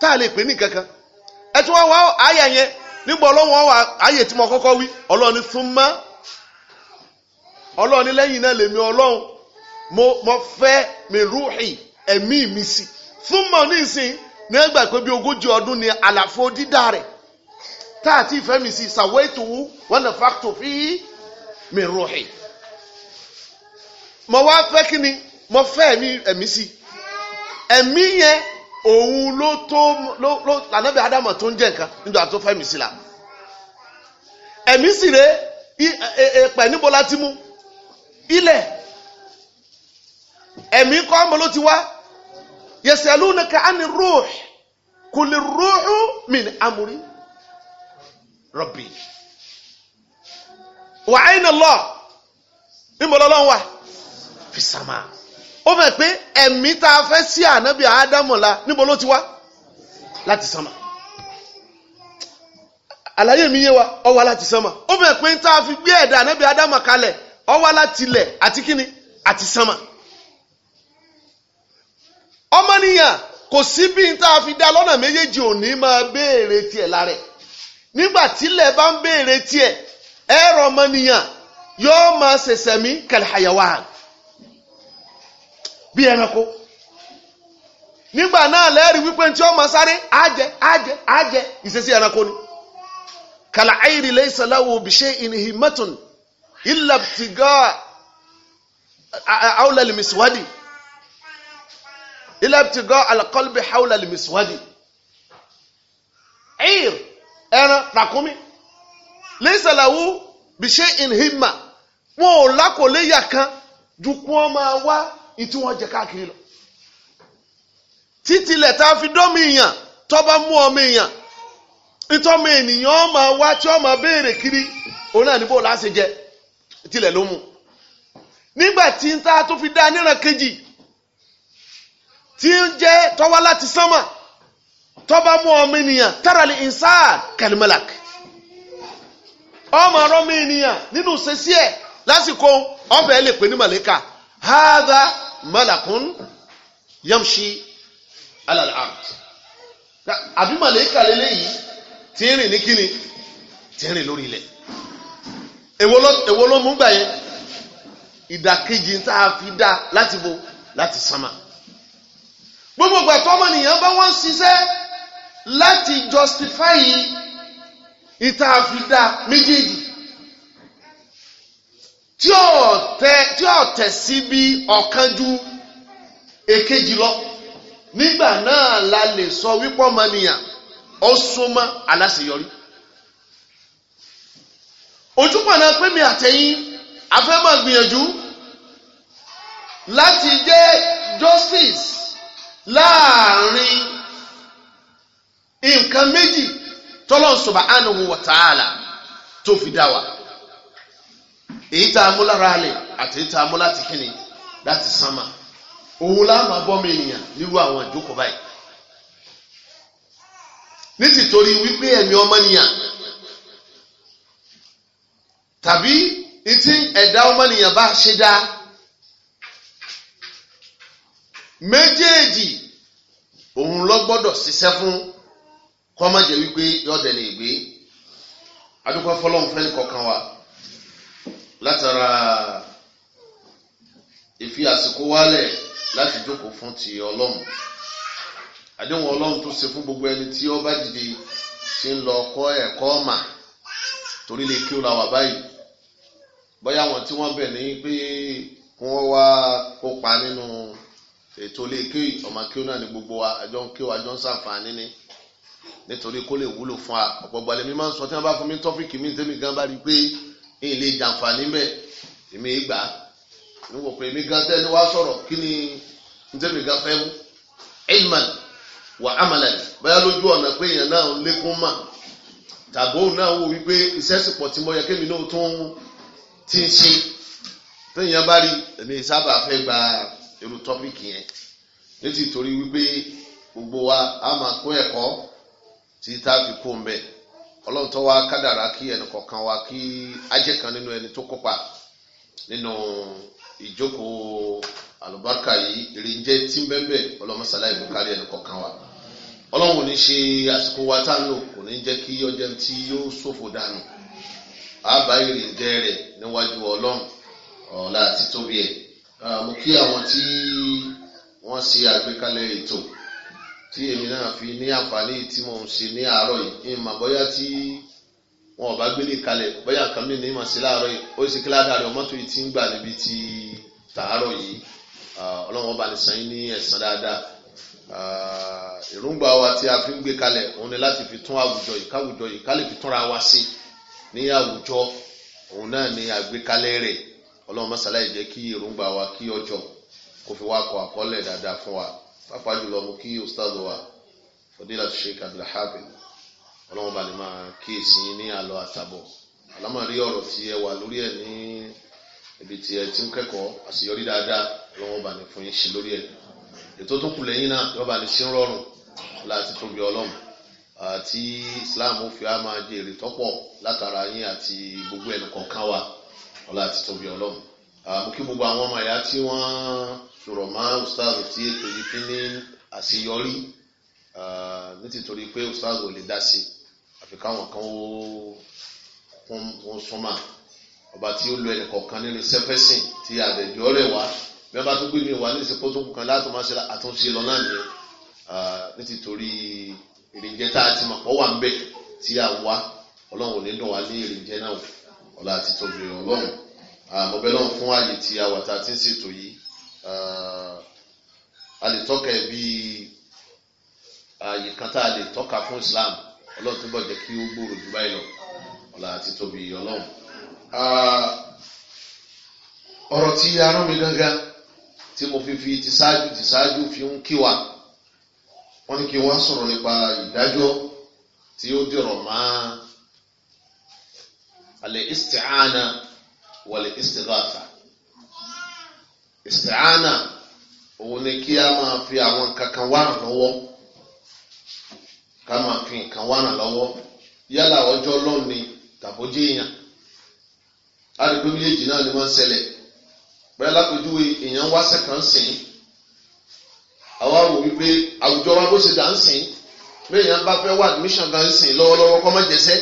A: tá a lè pè ní kankan ẹ tún wá wá yẹn nígbà ọlọ́run wá mo mo fẹ́ mi rúùhì ẹ̀mí mi sí fún mọ̀ nísìn nígbà pé bí ogójì ọdún ni àlàfo dídá rẹ̀ tá àti ìfẹ́ mi sí ṣàwọ́ ètò wọn lè fàtò fi mi rúùhì mo wá fẹ́ kí ni mo fẹ́ ẹ̀mí ẹ̀mí sí ẹ̀mí yẹn òun ló tó ló ló lànàbẹ ádámù tó ń jẹ nǹkan nígbà tó fẹmí sí la ẹmí sì rè é èèpẹ e, e, e, níbo la ti mú ilẹ̀ ẹ̀mí kọ́ ń bọ̀ ló ti wá yasalunaka ani ruh kuli min amuri rabbi wa ayna Allah ìmọ̀lọ́lọ́ wa fi sàmà ó fẹ́ pé ẹ̀mí tá a fẹ́ sí ànábì ádámù la níbo ló ti wá láti sàmà àlàyé mi yé wa ó wá láti sánmà ó fẹ́ pé tá a fi gbé ẹ̀dá ànábì ádámù kalẹ̀ ó wá láti ilẹ̀ àti kíni àti ọmọnìyàn kò sí bí n tá a fi dá lọ́nà méjèèjì òní máa béèrè tiẹ̀ lára ẹ̀ nígbà tílẹ̀ bá ń béèrè tiẹ̀ ẹ̀rọ ọmọnìyàn yóò máa ṣẹ̀ṣẹ̀ mí kàlàyàwá bí ẹranko nígbà náà lẹ́rìí wípé tí ó máa sáré àjẹ àjẹ àjẹ ìṣesí ẹranko ni kàlàáyìrì laysa lahu bishay'in himmatun illa ibtigaa awla al-miswadi ilẹ̀ ti gọ́ alakọ́lùbí hawla limiswadi ẹ̀yìn ẹran ràkúnmí lẹ́sàlàwù bìṣẹ́ ìhìmà wọn ò lákòóléyà kan ju kí wọ́n máa wá ìtí wọ́n jẹ káàkiri lọ títí ilẹ̀ tá a fi dọ́mi èèyàn tó bá mú ọmọ èèyàn ìtọ́mọ ènìyàn máa wá tí wọ́n máa béèrè kiri òun náà níbo láṣẹ jẹ tilẹ̀ ló mú nígbà tí n ta tó fi dá níran kejì tí ń jẹ́ tọ́wá láti sánmà tọ́ba mú ọmọ ènìyàn tẹ́rẹ̀lì ìsáà kẹlímẹ́làkì ọmọ ọmọ ènìyàn nínú sẹ́sí ẹ̀ lásìkò ọbẹ̀ lè pè ní màlẹ́kà hádà màlàkùn yamshi alal ard àbí màlẹ́kà lélẹ́yìí tí ń rìn ní kíni tí ń rìn lórí ilẹ̀ fi dá láti bo láti sánmà. gbogbo ìgbà tó ọmọnìyàn bá wọ́n ṣiṣẹ́ láti justify ìta àfidà méjèèjì tí ó tẹ̀ síbi ọ̀kan ju èkejì lọ nígbà náà la lè sọ wípé ọmọnìyàn ó súnmọ́ aláṣeyọrí ojúpọ̀nà pẹ́mi àtẹ̀yìn afẹ́mọ̀ gbìyànjú láti jẹ́ justice láàrin nǹkan méjì tọ́lọ́ subhanahu wa ta'ala tó fi dá wa èyí tá a mú lára alẹ̀ àti èyí tá a mú láti kíni láti sánmà òun láàmú abọ́mọ ènìyàn nírú àwọn ìjókòó báyìí nítìtorí wípé ẹ̀mí ọmọnìyàn tàbí etí ẹ̀dá ọmọnìyàn bá ṣe dáa méjèèjì òun lọ gbọ́dọ̀ ṣiṣẹ́ fún kọmọjẹ wípé yọdẹ lè gbé adúgbò fọlọ́n fẹ́ni kọ̀ọ̀kan wa látara ìfi àsìkò wálẹ̀ láti jókòó fún ti ọlọ́run àdéhùn ọlọ́run tó ṣe fún gbogbo ẹni tí ó bá dìde ṣe ń lọ kọ́ ẹ̀kọ́ ọ̀mà torí lè kí ó la wà báyìí bóyá àwọn tí wọ́n bẹ̀ ní pé wọ́n wá kópa nínú. No ètò ilé kí ọmọ kí ó náà ní gbogbo wa àjọ ń kí wa àjọ ń sàǹfààní ni nítorí kó lè wúlò fún wa ọ̀pọ̀ gbalẹ̀ mi máa ń sọ tí wọ́n bá fún mi tọ́pìkì mi tẹ́mi gan bá rí i pé èyí lè jàǹfààní mẹ́ èmi gbà á níwọ̀n pé èmi gan tẹ́ni wá sọ̀rọ̀ kí ni tẹ́mi gan fẹ́ mú ilman wà amalan báyà lójú ọ̀nà pé èèyàn náà lékún mà tàbó náà wò wípé iṣẹ́ sì pọ̀ tí mo yẹ kémi náà tún ti ń ṣe téèyàn bá rí èmi sábà fẹ́ gbà á irú tọ́pìkì yẹn létí torí wípé gbogbo wa a máa kó ẹ̀kọ́ tí tá a fi kó ń bẹ̀ ọlọ́run tó wá kádàrá kí ẹnìkọ̀ọ̀kan wa kí ajẹ́ kan nínú ẹni tó kópa nínú ìjókòó àlùbáríkà yìí ìrìnjẹ tí ń bẹ́ẹ̀ ọlọ́mọsálá ìbò kárí ẹnìkọ̀ọ̀kan wa ọlọ́run ò ní ṣe àsìkò wa tá a lò kò ní jẹ́ kí ọjọ́ tí yóò ṣòfò dànù àbá ìrìnjẹ rẹ̀ níwájú ọlọ́run ọ̀la àti tóbi ẹ̀ Ah, mo kí àwọn tí wọ́n ṣe àgbékalẹ̀ ètò tí èmi náà fi ní àǹfààní tí mo ń ṣe ní àárọ̀ yìí ìmọ̀ bóyá tí wọn ò bá gbélé kalẹ̀ bóyá nǹkan mi ní ìmọ̀ sí láàárọ̀ yìí ó sì kí ládàá rẹ̀ mọ́tò yìí ti ń gbà níbi ti tàárọ̀ yìí ah, ọlọ́run ọba nìsan yín ní ẹ̀san dáadáa ah, èròǹgbà wa tí a fi ń gbé kalẹ̀ òun ni láti fi tún àwùjọ yìí káwùjọ yìí ká lè fi túnra wa sí ní àwùjọ òun náà ni àgbékalẹ̀ rẹ̀ ọlọ́run mọ́sálá yìí jẹ́ kí èròǹgbà wa kí ọjọ́ kó fi wá kọ àkọọ́lẹ̀ dáadáa fún wa pàápàá jùlọ mo kí ustaz wa fadilat sheikh abdulhabi ọlọ́run bá lè máa kíyèsí ní àlọ́ àtàbọ̀ àlámọ̀rí ọ̀rọ̀ tí ẹ wà lórí ẹ̀ ní ibi tí ẹ ti ń kẹ́kọ̀ọ́ àṣeyọrí dáadáa ọlọ́run bá lè fún yín ṣe lórí ẹ̀ ètò tó kù lẹ́yìn náà yọba lè ṣe ń rọrùn láti tóbi ọlọ́run àti islam fi á máa jèrè tọ́pọ̀ látara yín àti gbogbo ẹnì kọ̀ọ̀kan wa ọlá àti tóbi ọlọ́run mo kí gbogbo àwọn ọmọ ìyá tí wọ́n sọ̀rọ̀ mọ́ ustaz tí ètò yìí fi ní àṣeyọrí nítorí pé ustaz ò lè dá sí àfi káwọn kan ó súnmọ́ ọba tí ó lo ẹnì kọ̀ọ̀kan nínú sẹ́fẹ́sìn tí àdẹ̀jọ́ rẹ̀ wá bí wọ́n bá tún gbé mi wá ní ìsìnkú tó kù kan láti máa ṣe àtúnṣe lọ náà nìyẹn nítorí èrìǹjẹ́ tá a ti mọ̀ pọ̀ wà ń bẹ̀ tí a wá ọlọ́run ò ní dùn wá ní èrìǹjẹ́ náà ọlá àti tóbi ọlọ́run àmọ́bẹ́ lọ́run fún ààyè tí àwàtà ti ń ṣètò yìí a lè tọ́ka ẹ̀ bí ààyè kan tá a lè tọ́ka fún Islam ọlọ́run tó bọ̀ jẹ́ kí ó gbòòrò jù báyìí lọ ọlá àti tóbi ọlọ́run. ọ̀rọ̀ tí arán mi gángan tí mo fi fi ti ṣáájú ti ṣáájú fi ń kí wa wọ́n ní kí wọ́n sọ̀rọ̀ nípa ìdájọ́ tí ó dìrọ̀ máa al-isti'ana wal-istighatha isti'ana òun ni kí a máa fi àwọn nǹkan kan wá ràn lọ́wọ́ ká máa fi nǹkan wá ràn lọ́wọ́ yálà ọjọ́ lọ́ọ̀ni tàbójú èèyàn àdìgbò méjèèjì náà ni wọ́n ń ṣẹlẹ̀ bẹ́ẹ̀ lápèjúwe èèyàn wá sẹ́kàn sìn àwa wò wípé àwùjọ wa bó ṣe dà ń sìn bí èèyàn bá fẹ́ wá admission gan sìn lọ́wọ́lọ́wọ́ kọ́ má jẹ́sẹ́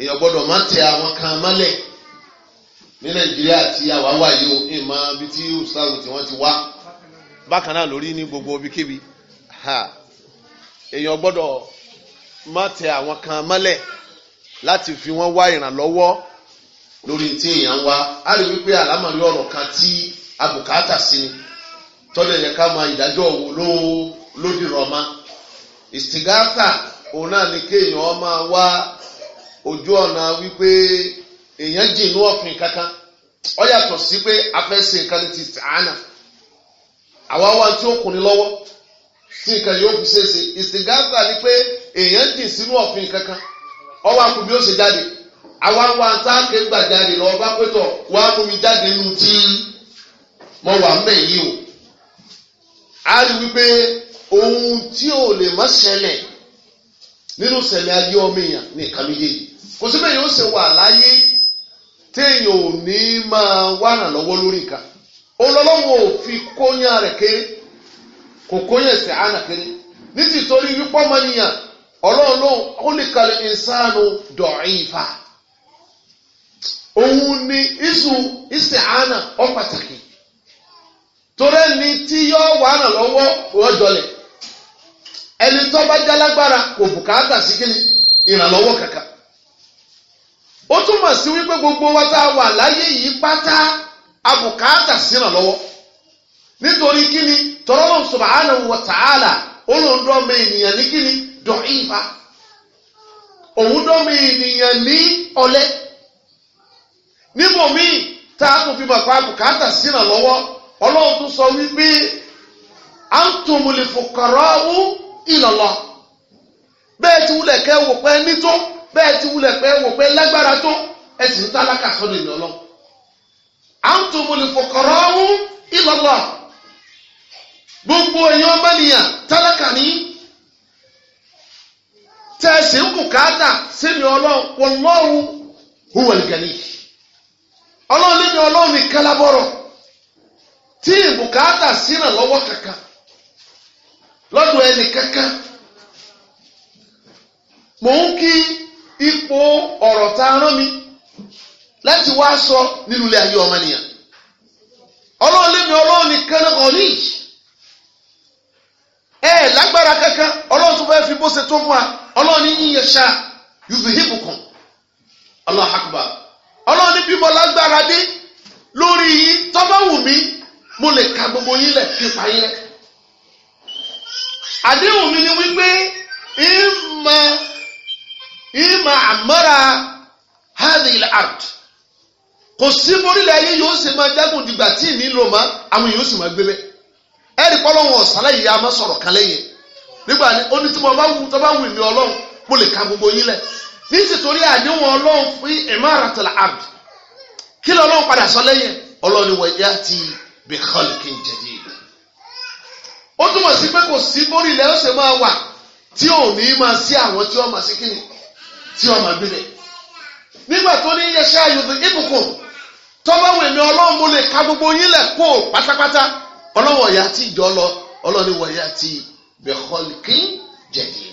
A: èèyàn gbọ́dọ̀ má tẹ àwọn kan mọ́lẹ̀ ní nàìjíríà tí àwa wà yìí o ìmọ̀ bí tí ìsáwù tí wọ́n ti wá bákan náà lórí ní gbogbo ibikíbi èèyàn gbọ́dọ̀ má tẹ àwọn kan mọ́lẹ̀ láti fi wọ́n wá ìrànlọ́wọ́ lórí tí èèyàn wá á rí wípé àlámọ̀rí ọ̀rọ̀ kan tí abùkátà sí ni tọ́lẹ̀ yẹ ká máa ìdájọ́ òun ló lódì rọ̀ ma ìsìgáàtà òun náà ni kéèyàn máa wá ojú ọ̀nà wípé èèyàn jìnnú ọ̀fìn kankan ọ yàtọ̀ sí pé afẹ́sẹ̀ nǹkan ti sàánà àwa wá tí ó kùn ní lọ́wọ́ tí nǹkan yóò fi ìsìngáàgbà ni pé èèyàn jìn sínú ọ̀fìn kankan ọwọ́ àkùn bí ó ṣe jáde àwa wá tá a ké gbà jáde lọ bá pẹ́tọ̀ wá mú mi mo wà o a rí wípé ohun tí ò lè má ṣẹlẹ̀ nínú ṣẹlẹ̀ ayé ọmọ èèyàn ní kò síbẹ̀ yóò ṣe wà láyé téèyàn ò ní máa wá ìrànlọ́wọ́ lórí nǹkan olólọ́wọ́ fi kóyán rẹ̀ kéré kò kóyán ẹ̀sẹ̀ àná kéré nítìtorí wípọ́ o ọlọ́run ló ó lè kalẹ̀ ìsánú dọ̀ìfà òun ni ìsẹ̀ àná ọ̀ pàtàkì torí ẹni tí wà ọjọ́lẹ̀ ẹni tó bá kò bùkátà sí otu túmọ̀ sí wípé gbogbo wa tá a wà láyé yìí pátá na sínà lọ́wọ́ nítorí kíni tọ́lọ́run subhanahu wa ta'ala olóńdọ́mọ ènìyàn ní kíni dọ̀ífa òun dọ́mọ ènìyàn ní ọ̀lẹ níbòmí tá a tún fi mọ̀ pé abùkátà ọlọ́run tún sọ wípé antumul fuqara'u ila Allah bẹ́ẹ̀ tí wúlẹ̀ kẹ́ wò bẹ́ẹ̀ ti wulẹ̀ pé wò pé lágbára tó ẹ sì ń tálákà sọ́dọ̀ ìyọ̀ lọ. antumul fuqara'u ila Allah gbogbo èèyàn ọmọnìyàn tálákà ní tẹ̀sí ń bùkátà sẹ́mi ọlọ́run wallahu huwal ghani ọlọ́run lẹ́mi ọlọ́run ní kálábọ̀rọ̀ tí ìbùkátà sínà lọ́wọ́ kankan lọ́dọ̀ ẹnì kankan mò ń kí. ipò ọ̀rọ̀ tá a rán mi láti wá sọ nínú ilé ayé ọmọnìyàn ọlọ́run mi ọlọ́run ẹ lágbára kankan ọlọ́run tó fẹ́ fi bó ṣe tó fún wa ọlọ́run ní yíyẹ ṣá hípù kan ọlọ́run àkùbà ọlọ́run ní bímọ lágbára dé lórí wù mí mo lè ka gbogbo yín lẹ̀ pípa yín ni wípé ìmọ̀. Ima amara hadhihi al-ard kò sí borílẹ̀ ayé yóò ṣe máa jágùn dìgbà tí ìní lò mọ́ àwọn yóò sì máa gbélé ẹ̀rí pọ́lọ́wọ́n ọ̀sálẹ̀ yìí a máa sọ̀rọ̀ kan lẹ́yìn nígbà ní oní tí mo bá wù tó bá wù mí ọlọ́run mo lè ka gbogbo yín lẹ̀ nítorí àdéhùn ọlọ́run fún imaratul ard kí lọ́lọ́run padà sọ lẹ́yìn ọlọ́run wọ̀ yá ti bi khalqin jadid ó túmọ̀ sí pé kò sí borílẹ̀ ó sì máa wà tí òun ní máa sí àwọn tí wọ́n máa sí kíni tí ọmọ gbélé nígbà tó ní yẹsẹ ayọ̀dẹ ibùkún tọ́lọ́wọ̀ èmi ọlọ́run mo lè ka gbogbo yín lẹ̀ kó pátápátá ọlọ́wọ̀ ya ti jọ lọ ọlọ́ni wọ̀ ya ti bẹ̀kọ́lìkì jẹ̀dì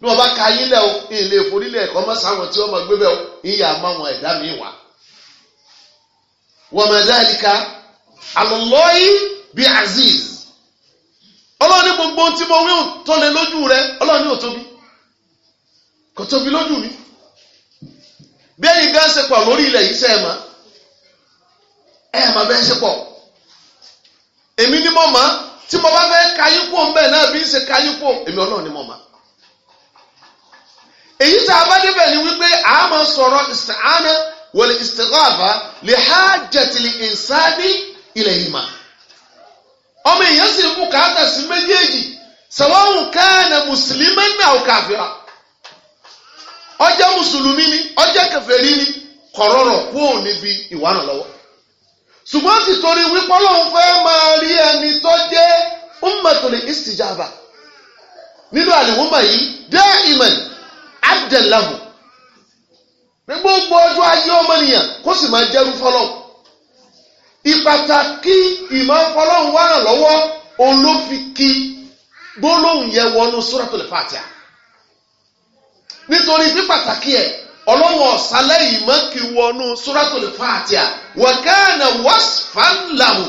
A: bí wọ́n bá ka yín lẹ̀ o ilé ìforílẹ̀ ẹ̀kọ́ mọ́ tí ọmọ gbé bẹ́ o ìyá má wọn ẹ̀dá mi wà. wọ́n ẹ̀dá ẹ̀díkà àlọ́lọ́yì bíi aziz ọlọ́ni gbogbo tí mo wí tó lé lójú rẹ ọlọ́ni ò tóbi kò tóbi lójú mi bí ẹ̀yin gan ṣe pọ̀ lórí ilẹ̀ yìí sẹ́ẹ̀ mọ́ ẹ̀ mọ́ bẹ́ẹ̀ ṣe pọ̀ èmi ni mo mọ̀ tí mo bá fẹ́ kayípo mbẹ́ náà bí ń ṣe kayípo èmi ọlọ́run ni mo mọ̀ èyí tá a bá débẹ̀ ni wípé a máa sọ̀rọ̀ isti'ana wal istighatha li hajjatil insani ilayhima ọmọ èèyàn sì ń bùkátà sí méjèèjì sawa'un kana musliman aw kafira. ọjọ́ mùsùlùmí ni ọjọ́ kèfèrí ni kọ̀rọ̀rọ̀ kúrò níbi ìwà ṣùgbọ́n ti torí wípé ọlọ́run fẹ́ máa rí ẹni tó jẹ́ ummatul istijaba nínú àlùwọ́mà yìí dé ìmọ̀n abdullahu ní gbogbo ọjọ́ ayé ọmọnìyàn kó sì máa jẹ́rú fọlọ́ ìpàtàkì wà lọ́wọ́ nítorí ibi pataki ọlọ́wọ́ ọ̀sálẹ̀ yìí mọ́ kí wọnú suratul Fatiha wa kana wasfan lahu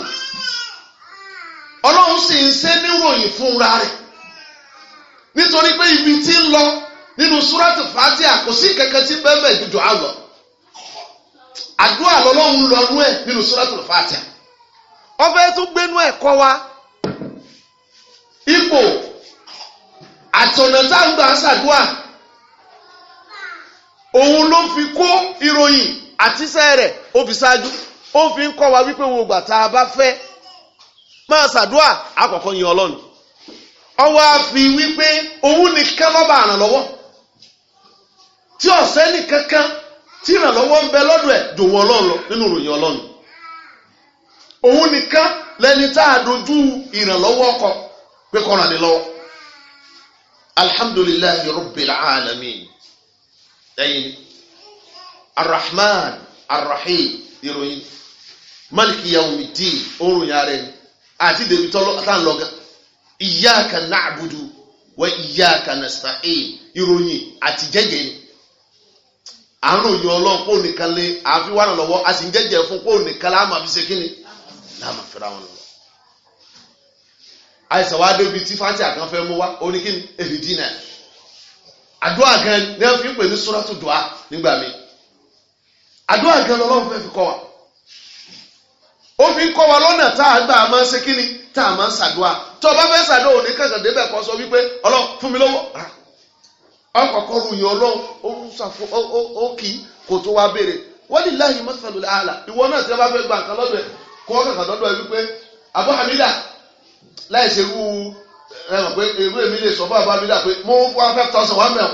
A: ọlọ́run sì ń ṣe níròyìn fúnra rẹ̀ nítorí pé ibi tí ń lọ nínú suratul Fatiha kò sí kankan tí bẹ́ẹ̀ dùdù àlọ́ àdúrà lọ́lọ́run lọ́nú ẹ̀ nínú suratul Fatiha ọbẹ̀ tún gbénú ẹ̀ kọ́ wa ipò àtọ̀nà tá ń gbà òun ló fi kó ìròyìn àtisẹ́ rẹ̀ ó fi ṣáájú ó fi ń kọ́ wa wípé wo gbà tá a bá fẹ́ máa ṣàdúà àkọ́kọ́ yin ọlọ́run ọwọ́ á fi wípé òun nìkan lọ́ba lọ́wọ́ tí ọ̀sẹ́ nìkankan tí ìrànlọ́wọ́ ń bẹ lọ́dọ̀ ẹ̀ dòwọ́ ọlọ́run lọ nínú ìròyìn ọlọ́run òun nìkan lẹni tá a dojú ìrànlọ́wọ́ kọ pé kọ́ra lè lọ́wọ́ alhamdulillahi rabbil alamin. lẹ́yìn arrahman arrahim ìròyìn maliki yawmidi oorun ya rẹ àti bèbí tọ́lọ́ tá n lọ gan iyyaka na'budu wa iyyaka nasta'in ìròyìn àti jẹ́jẹ́ ni àrùn yìí ọlọ́run kó nìkan lé àfi wà náà lọ́wọ́ a sì ń jẹ́jẹ́ fún kó nìkan láàmà fi ṣe kíni láàmà fẹ́ra wọn lọ. àìsàn wa débi tí fáńtì àkànfẹ́ mú wa oníkíni èyí dínà. àdúrà gan ni wọ́n fi ń pè ní sọ́ràtù dùá nígbà mi àdúrà gan fi kọ́ wa ó fi ń kọ́ wa lọ́nà tá a gbà máa ń ṣe kíni tá a máa ń ṣàdúrà tó o bá fẹ́ ṣàdúrà òní kankan débẹ̀ kọ́ sọ wípé ọlọ́run fún mi lọ́wọ́ ọkọ̀ọ̀kọ̀ ah. ròyìn ọlọ́run ó ń ó kì í kò tó wá béèrè wọ́n láàyè mọ́sálù làálà ẹ mọ̀ pé èrú èmi lè sọ fún mi dà pé mo ń five thousand one mil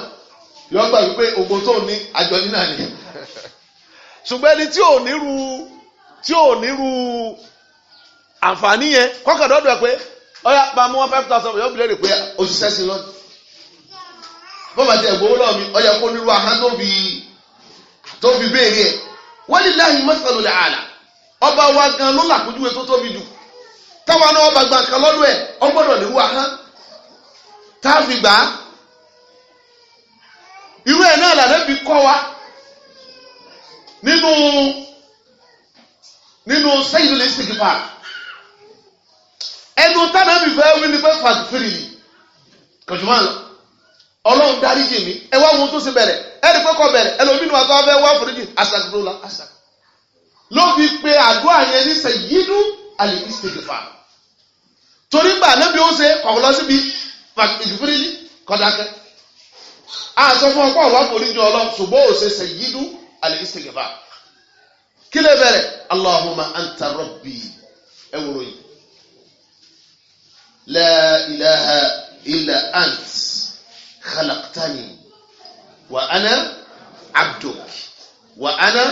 A: yọ gbà wípé ògbó tó ní àjọ ní ni ṣùgbọ́n ẹni tí ò ní ru tí ò ní ru àǹfààní yẹn pé ọ̀yà bá mú one five thousand yọ bìlẹ̀ pé òṣìṣẹ́ sí lọ́nà bọ́ọ̀bà tẹ náà mi kó gan ló táwọn ọba gbàǹkan lọ́dún ẹ̀ ọgbọ́dọ̀ ahán táàfì gbà á irú ẹ̀ náà lànàbí kọ́ wa nínú nínú sẹ́yìn lè ṣèkí pa ẹnu tánàbí fẹ́ wí ni pé fàtìfìrì kọ̀jùmọ́ lọ ọlọ́run dáríjì mi ẹ wá ohun tó ṣe bẹ̀rẹ̀ ẹ rí pé kọ́ bẹ̀rẹ̀ ẹlòmínú àti wọn fẹ́ wá foríjì àṣàgbọ́lá àṣàgbọ́lá ló fi pe àdúrà yẹn ní sẹ́yìn àlè ìṣèkí pa torí gbà níbi ó ṣe kọ̀ọ̀lọ́síbi fàgbìfìrìlì kọ́dákẹ́ àtọ́ fún ọkọ̀ ọ̀wá foríjì ọlọ́ ṣùgbọ́n ò ṣe ṣe yídú àlèkìsìgìbà kí lè bẹ̀rẹ̀ Allahumma anta rabbi ẹ wúro yìí la ilaha illa ant khalaqtani wa ana abduk wa ana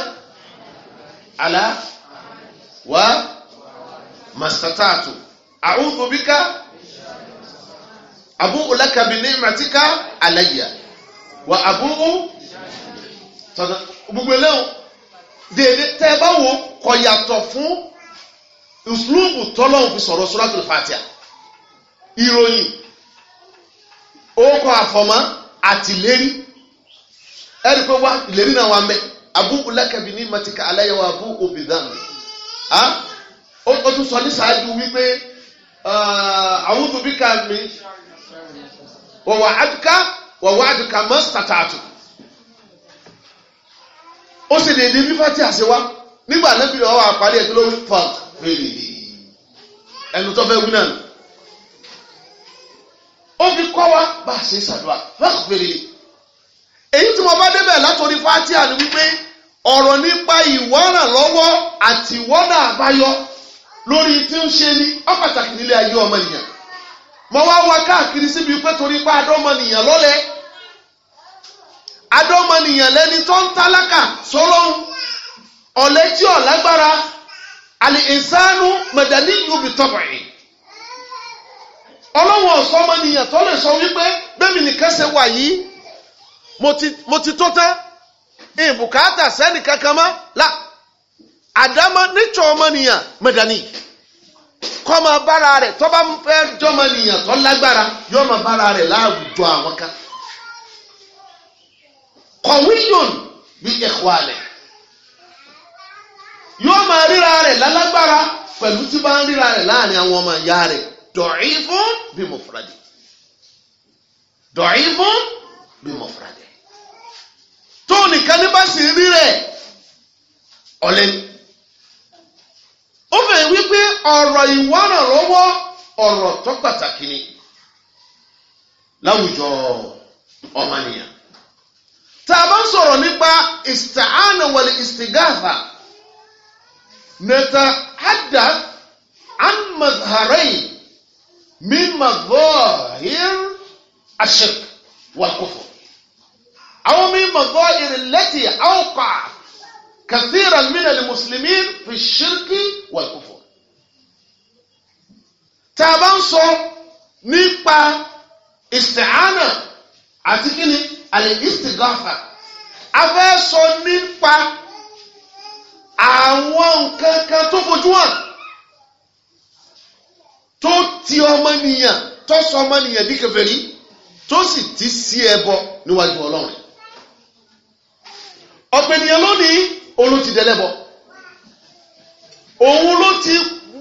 A: ala wa mastata'tu a'udhu bika abu ulakabi ní matika alayya wa abu u tọ́nà gbogbo eléwò dèdè tẹ́ ẹ bá wo kọ yàtọ̀ fún ìsúlùmù tọ́lọ́hùn fi sọ̀rọ̀ suratul fatiha ìròyìn orúkọ àfọ̀mọ́ àtìlérí ẹ̀rí pé wá ìlérí náà wà mẹ́ abu ulakabi ní matika alayya wa abu obidan ah, ó tún sọ ní sáájú wípé àwọn tóbi ká mi wọ̀wọ̀ àdùká wọ̀wọ̀ àdùká mọ́sítàtà àtù ó sì lè ní fífá tí a ṣe wá nígbà níbi ọwọ́ àpárí ẹ̀kí ló ń fà ẹnu tó fẹ́ ó fi kọ́ wa bá a ṣe ṣàdúrà fẹ́ẹ̀ fèrè èyí tí mo bá débẹ̀ látòrí fátíà ni wípé ọ̀rọ̀ nípa ìwọ́rànlọ́wọ́ àti ìwọ́dà àbáyọ lórí tí ń ṣe ní ọ́ pàtàkì nílé ayé ọmọ ènìyàn mo wá wá káàkiri síbi pé torí pé adọ́mọnìyàn lọ́lẹ̀ adọ́mọnìyàn lẹ́ni tó ń tálákà sọ́lọ́hún ọ̀lẹ́ tí àlè ìsánú mẹ̀dání ìlúbi tọ́kọ̀ẹ́ ọlọ́wọ́n ọ̀sọ́mọnìyàn tó lè sọ wípé bẹ́mi nìkan ṣe wà yìí mo ti tó tán ìbùkátà sẹ́nì mọ́ la àdámọ́ nítsọ̀ ọmọnìyàn kọ́ máa bára rẹ̀ tó bá fẹ́ jọmọ nìyàn tó lágbára yóò máa bára rẹ̀ láwùjọ àwọn kan. kọ̀wíyòn bí ẹ̀kọ́ alẹ̀ yóò máa ríra rẹ̀ lálágbára pẹ̀lú tí bá ń ríra rẹ̀ láàrin àwọn ọmọ ìyá rẹ̀ dọ̀rí bí mo fura dé dọ̀rí bí mo fura dé tó nìkan ní bá sì rí rẹ̀ ọ̀lẹ́ni ọ̀rọ̀ ìwárànlọ́wọ́ ọ̀rọ̀ tó pàtàkì ni láwùjọ ọmọnìyàn tá a bá ń sọ̀rọ̀ nípa ìsìtàánà wal ìsìtìgáàfà nata hadda an mazharain min mazahir ashirk wal kufr aw min mazahir allati awqa kathiran min al fi shirki wal kufr tá a bá ń sọ nípa ìsìtìhánà àti kíni àlè ìsìtìgáfà a fẹ́ sọ nípa àwọn nǹkan kan tó fojú hàn tó ti ọmọnìyàn tó sọ ọmọnìyàn bí kèfèrí tó sì ti sí ẹbọ níwájú Ọlọ́run ọ̀pẹ̀ ènìyàn lónìí òun ló ti dẹlẹ́bọ òun ló ti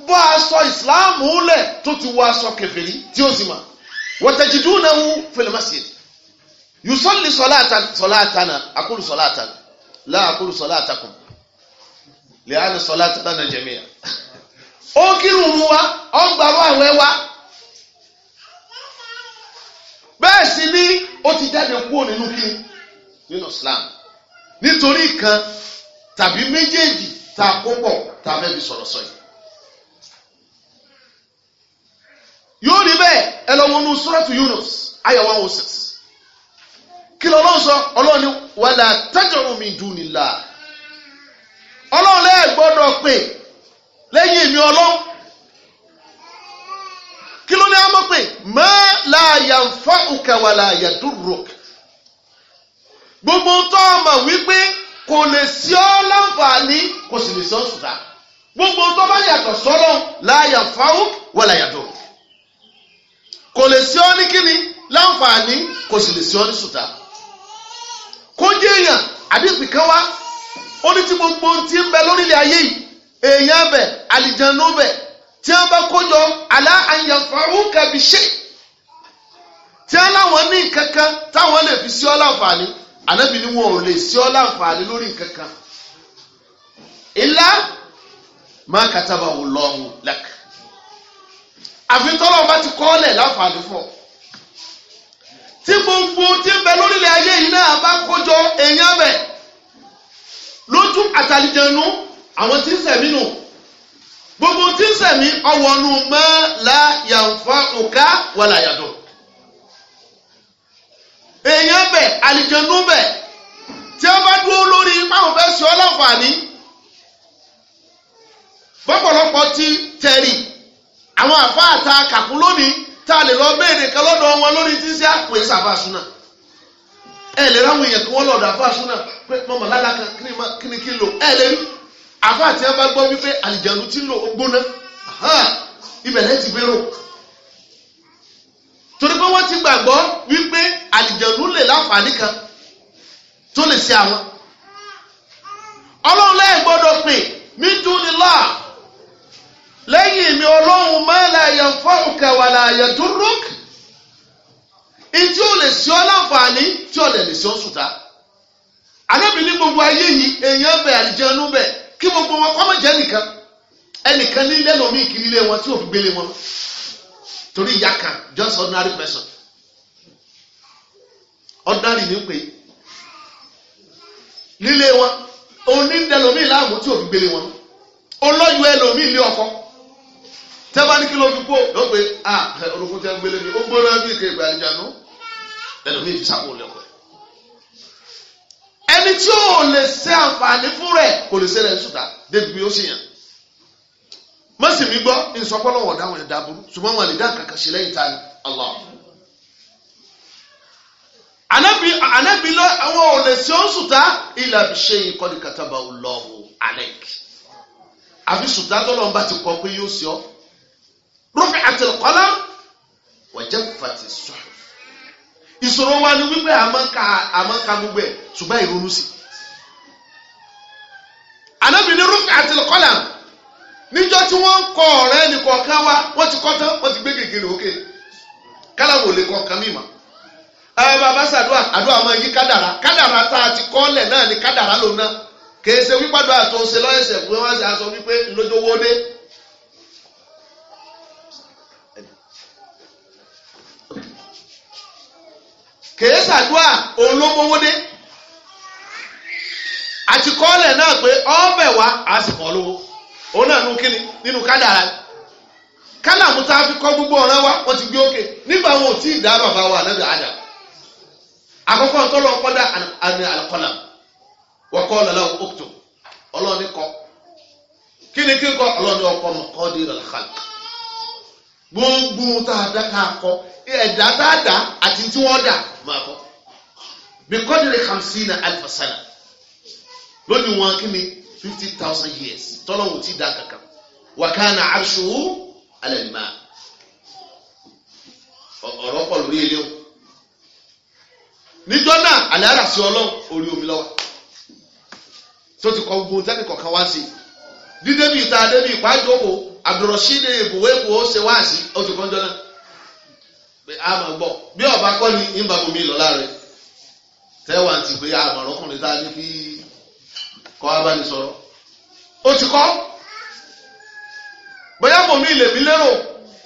A: bọ́ aṣọ ìsìláàmù lẹ̀ tó ti wọ aṣọ kèfèrí tí ó sì mà wọ́tẹ̀jìdú náà wú fèlèmásì yusọ́lì sọ́láàtàna àkúrú sọ́láàtàna láàkúrú sọ́láàtàkùn lẹ́yìn sọ́láàtàna jẹ̀míyà ó kírun mu wa ó gbàrú àwẹ̀ wa bẹ́ẹ̀ sì ni ó ti jáde kúrò nínú kí nínú Islam nítorí kan tàbí méjèèjì tá a kó pọ̀ tá yóò rí bẹ́ẹ̀ ẹ lọ wọnú sọ́rọ́tù Yunus ayé one oh six kí lọ́ lọ́n sọ ọlọ́run ni wàlà tẹ́jọ̀rù mi dùn nílà ọlọ́run lẹ́ẹ̀ gbọ́dọ̀ pè lẹ́yìn mi ọlọ́run kí ló ní àmọ́ pé mọ́ láàyà ń fọ́ òkè wà láàyà dúró gbogbo tó ọmọ wípé kò lè sí ọ láǹfààní kò sì lè sí sùdà gbogbo tó bá yàtọ̀ sọ́lọ́ láàyà fáwọn wà láàyà dúró kò lè sí ọ ní kíni láǹfààní kò sì lè sí ọ ní sùtá kó jẹ́ èèyàn àdìsí kan wá ó ní tí gbogbo ti ń bẹ lórílẹ̀ ayé yìí èèyàn bẹ àlìjànú bẹ tí wọ́n bá kójọ àlá àyànfàrú kàbí ṣe tí wọ́n láwọn ní nǹkan táwọn lè fi sí ọ láǹfààní ànábì ni wọn ò lè sí ọ láǹfààní lórí nǹkan ilá má kàtàbà wò lọ́hùn lẹ́kàn àfi tọ́lọ́ bá ti kọ́lẹ̀ láǹfààní fún ọ. tí gbogbo tí ń bẹ lórílẹ̀ ayé yìí náà bá kójọ èèyàn bẹ̀ lójú àtàlìjẹnu àwọn tí ń sẹ̀mí nù gbogbo tí ń sẹ̀mí ọwọ́nu mọ́ láyàǹfà òká wàlàyàdùn. èèyàn bẹ̀ àlìjẹnu bẹ̀ tí a bá dúró lórí máwọn fẹ́ sọ ọ́ láǹfààní bọ́pọ̀lọpọ̀ ti tẹ̀rì àwọn àfáà ta kàkún lónìí tá a lè lọ béèrè kan lọ́dọ̀ wọn lórí tí ń ṣe àpè sàfà súnà ẹ lè ráwọn èèyàn kí wọ́n lọ́dọ̀ àfáà súnà pé mọ̀mọ́ lálá kan kí ni kí n lò ẹ lè rí àfáà tí wọ́n bá gbọ́ wípé àlìjànú ti ń lò ó gbóná ibẹ̀rẹ̀ ti gbérò torí pé wọ́n ti gbàgbọ́ wípé àlìjànú lè láǹfààní kan tó lè ṣe àwọn ọlọ́run lẹ́yìn gbọ́dọ̀ pè mí dúró ní lọ́à. lẹ́yìn mi ọlọ́run ma la yanfa'uka wa la ìtí ò lè sí ọ láǹfààní tí ò lè lè sí ọ gbogbo ayé yìí èèyàn bẹ àlìjẹnu bẹ kí gbogbo wọn jẹ́ nìkan ẹnìkan ní ilé lomi ilé wọn tí fi gbélé wọn torí ìyá kan just person ordinary ní pé nílé wọn onídẹ lomi tí ò fi gbélé wọn olóyún ọkọ tẹ́bá ní kí ló fi kó ló pe a orúkọ tẹ́ ń gbélé mi ó gbóná bí ìké ìgbà ìjànú lẹ́nu mi ìfisàwọ̀ lẹ́kọ̀ọ́ ẹni tí ò lè ṣe àǹfààní fún rẹ̀ kò lè ṣe rẹ̀ sùdà débi bí ó sì yàn má sì mí gbọ́ ìsọpọ́lọ́wọ́ dáhùn ẹ̀dá burú ṣùgbọ́n wọn lè dá kankan ṣe lẹ́yìn tani Allah anabi anabi lọ àwọn ò lè ṣe ó sùtá ilà bí ṣe ìkọ́ni kàtàbà Allahu alek àfi sùtá tọ́lọ́mbà ti kọ́ pé yóò ṣe ọ́ rufi'at al-qalam wa jaffat as-suhuf ìṣòro wa ni wípé àmọ́ ka gbogbo ẹ̀ ṣùgbọ́n ìrònú sí. ànábì ní rufi'at al-qalam níjọ́ tí wọ́n ń kọ ọ̀rẹ́ ẹnìkọ̀ọ̀kan wa wọ́n ti kọ́ tán wọ́n ti gbé gègèrè òkè kálàwò lè kọ́ kan mímọ́ ẹ bàbá ṣàdúrà àdúrà máa yí kádàrà kádàrà tá a ti kọ́lẹ̀ náà ni kádàrà lòun náà kèé ṣe wípé àdúrà tó ń ṣe lọ́yẹ̀ṣẹ̀ fún wọn ṣe aṣọ wípé lójó wọlé kèé sàdúà a ló mówó náà pé a sì kọ́ lówó òun náà nù kíni nínú kádàrá kálàmù tá a fi kọ́ gbogbo ọ̀ràn wa wọ́n ti gbé òkè nígbà wọn ò tí ì dá bàbá wa ànábì àdà àkọ́kọ́ ntọ́lọ́ kọ́dà àmì àlùkọ́là wọ́n kọ́ ọlọ́ọ̀ni kọ́ kíni kí n kọ́ ọlọ́ọ̀ni ọkọ́ gbogbo tá a dá ká kọ ẹ̀dá tá a dá àti tí wọ́n dá máa kọ. bíkọ́dìrì hamsina alifasana lónìí wọn kí fifty thousand years tọ́lọ́hún ti dá kankan wàkánà arshuhu alẹ́nìmá ọ̀rọ̀ pọ̀ lórí ilé o níjọ́ náà àlẹ́ àràsí ọlọ́run orí omi lọ́wọ́ tó ti kọ gbogbo tẹ́nìkọ̀ọ̀kan wá sí i dídébì tá a débì pàjọ́ o. Abdulrasheed Ebuwe kò ó ṣe wáàsí oṣù kọjọ náà a máa gbọ́ bí ọba kọ́ ni ìbámu mi lọ láàrin tẹ́wà ti pé àmọ̀ràn ọkùnrin tá a ní kí kọ́ abánisọ̀rọ̀ ó ti kọ́ bóyá mo mi lè mi lérò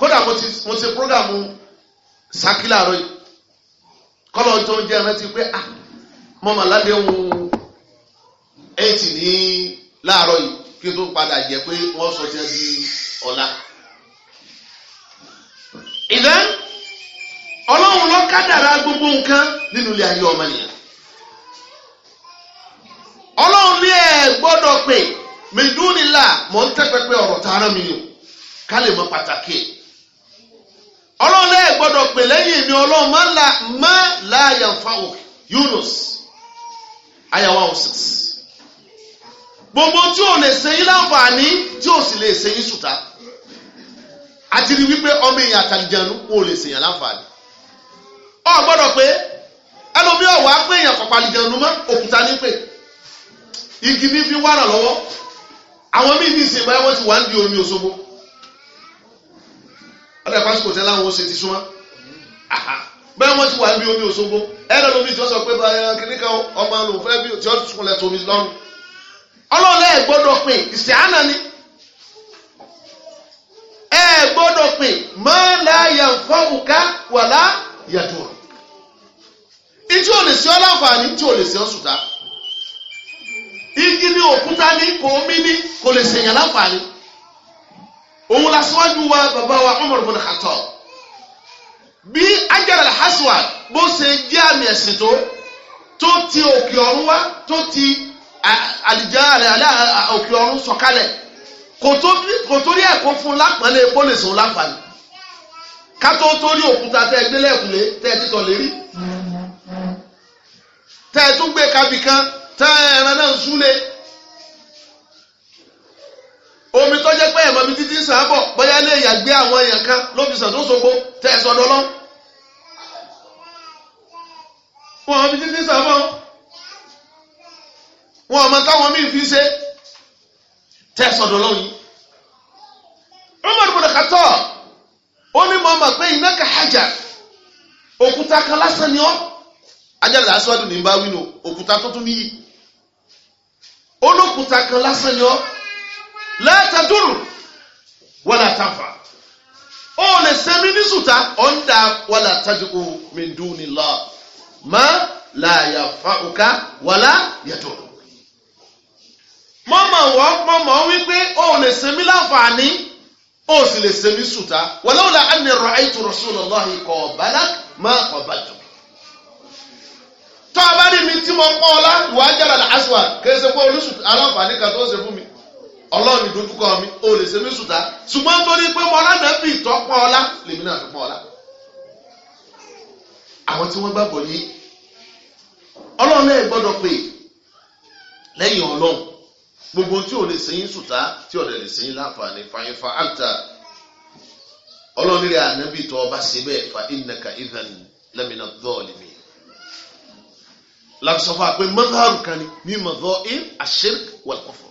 A: kódà mo ti prógàmù sákìlà rẹ kọ́lọ́ tó ń jẹ́ rántí pé ah mo mà ládéhùn eight ní láàárọ̀ yìí kí n tó padà jẹ́ pé wọ́n sọ jẹ́ bíi. ọ̀la. ìdá ọlọ́run ló kádàrá gbogbo nǹkan nínú ilé ayé ọmọnìyàn. ọlọ́run ní ẹ gbọ́dọ̀ pé mẹdúnilá mọ̀ ń tẹ́pẹ́pẹ́ ọ̀rọ̀ tààrà mi o ká lè mọ pàtàkì ọlọ́run lẹ́ẹ̀ gbọ́dọ̀ pé lẹ́yìn mi ọlọ́run má láàyè fáwọ̀ Yunus oh gbogbo tí lè ṣe yín láǹfààní tí sì lè àti rí wípé ọmọ èèyàn àtàlìjẹnu wọn ò lè ṣèyàn láǹfààní ọ gbọ́dọ̀ pé ẹlòmíràn wàá pé èèyàn kọpàlìjẹnu mọ òkúta nípè igi ní fi wà ràn lọ́wọ́ àwọn míì ní ìsìn báyìí wọn ti wà ń di omi Òṣogbo ọdọ pásítọ̀ tẹ láwọn oṣù ti súnmọ́ bẹ́ẹ̀ wọ́n ti wà ní omi Òṣogbo ẹ̀rọ lómi tí wọ́n sọ pé báyọ̀ kìnnìkan ọmọ lòun fẹ́ bí tí wọ́n sùn lẹ̀ tómi lọ́rùn ọlọ́ọ̀lẹ́ gbọ́dọ̀ pé ìsìn àná ni ẹ gbọdọ pè máa láàyè nǹkan òkà wàlá yàtọ̀ ìtí ò lè sí ọ láǹfààní tí ò lè sí ọ sùtà igi ní òkúta ní kò mí ní kò lè wa bàbá wa Umar bin Khattab bí Hajar al bó ṣe jẹ́ àmì ẹ̀sìn tó tó ti òkè ọ̀run wá tó ti kò torí ẹ̀kọ́ fún lápẹ́lẹ́ kó lè sọ láǹfààní kátó torí òkúta tẹ́ ẹ gbé lẹ́kùnlé tẹ́ ẹ títọ̀ lérí tẹ́ ẹ tún gbé kábì kan tẹ́ ẹran náà súlé omi tó jẹ́ pé ẹ̀mọ́ mi títí ń sàn bọ̀ bóyá lè yàgbé àwọn èèyàn kan ló fi sàn tó sogbo tẹ́ ẹ sọdọ́ lọ. wọn ò mi títí ń sàn bọ̀ wọn ò mọ táwọn míì fi ṣe tẹ́sọ̀dọ̀ lọ́yìn. Umar ibn Khattab ó ní mọ́ mọ̀ pé iná ka hajar òkúta kan lásán ni ọ́ ajáde aṣọ́dún ní bá wínú òkúta tó tún níyì olókúta kan lásán ni ọ́ la tadurru wala tanfa ó lè sẹ́mi ní sùtá ọ̀ǹda wala taj'u min dunillah ma la yanfa'uka wala yadur. mọ́mọ́ wọ́n mọ́mọ́ wípé o lè ṣe mí láǹfààní o sì lè ṣe mí sùtá wọlọ́wọ́lá ẹni rọ àìtú Rasulullahi kọ̀ ọ̀bálá má ọ̀bàjọ́. tọ́ abá rí mi tí mo pọ́ ọlá wà á jára làásùwà ṣe pé aláǹfààní kan tó ṣe fún mi ọlọ́run mi o lè ṣe mí sùtá ṣùgbọ́n pé mo ọlá lèmi náà tó ọlá. àwọn tí wọ́n gbàgbọ́ yìí ọlọ́run náà gbọ́dọ̀ lẹ́yìn ọlọ́run gbogbo tí ò lè sẹ́yìn sùtá tí ò lè sẹ́yìn láǹfààní fàyínfà àtà ọlọ́nìrẹ́ ànábì tó ọba ṣe bẹ́ẹ̀ fa ìnàkà ìdàn lẹ́mìnà dọ́ọ̀lì mi. làkùsọ̀fọ̀ àpè mọ́tàrù kan ní mímọ̀ dọ́ ẹ́ àṣírí wàlúkọ̀fọ̀.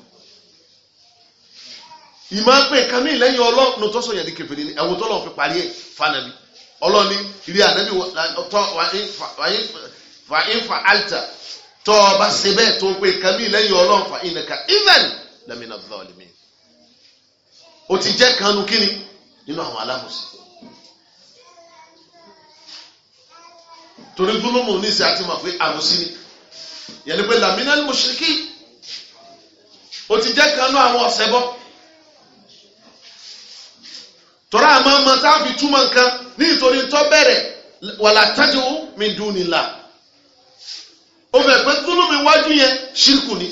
A: ìmọ̀ pé nǹkan ní ìlẹ́yìn ọlọ́ọ̀nù tó sọ yàrá kẹfẹ́ ní ẹ̀wọ̀n tó lọ́ọ̀ fi parí ẹ̀ fànàbí ọlọ́ni ìrẹ́ ànábì wàyínfà tọ́ ọ bá ṣe bẹ́ẹ̀ tó ń pè nǹkan mí lẹ́yìn ọlọ́run fa ìnìkà even lẹ́mìnà zọ́ọ̀lìmí o ti jẹ́ kanu kíni nínú àwọn alámùsí. torí dúlómù oníṣẹ́ àti mọ̀ pé àmùsí ni yẹn ni pé làmínà ni mo ṣe kí o ti jẹ́ kanu àwọn ọ̀sẹ̀ bọ́ tọ́ra àmọ́ ọmọ tá túmọ̀ nǹkan ní ìtorí ń tọ́ bẹ̀rẹ̀ wàlá tájú mi dùn nílà o fẹ́ pé túlùmí wájú yẹn ṣírkù ni.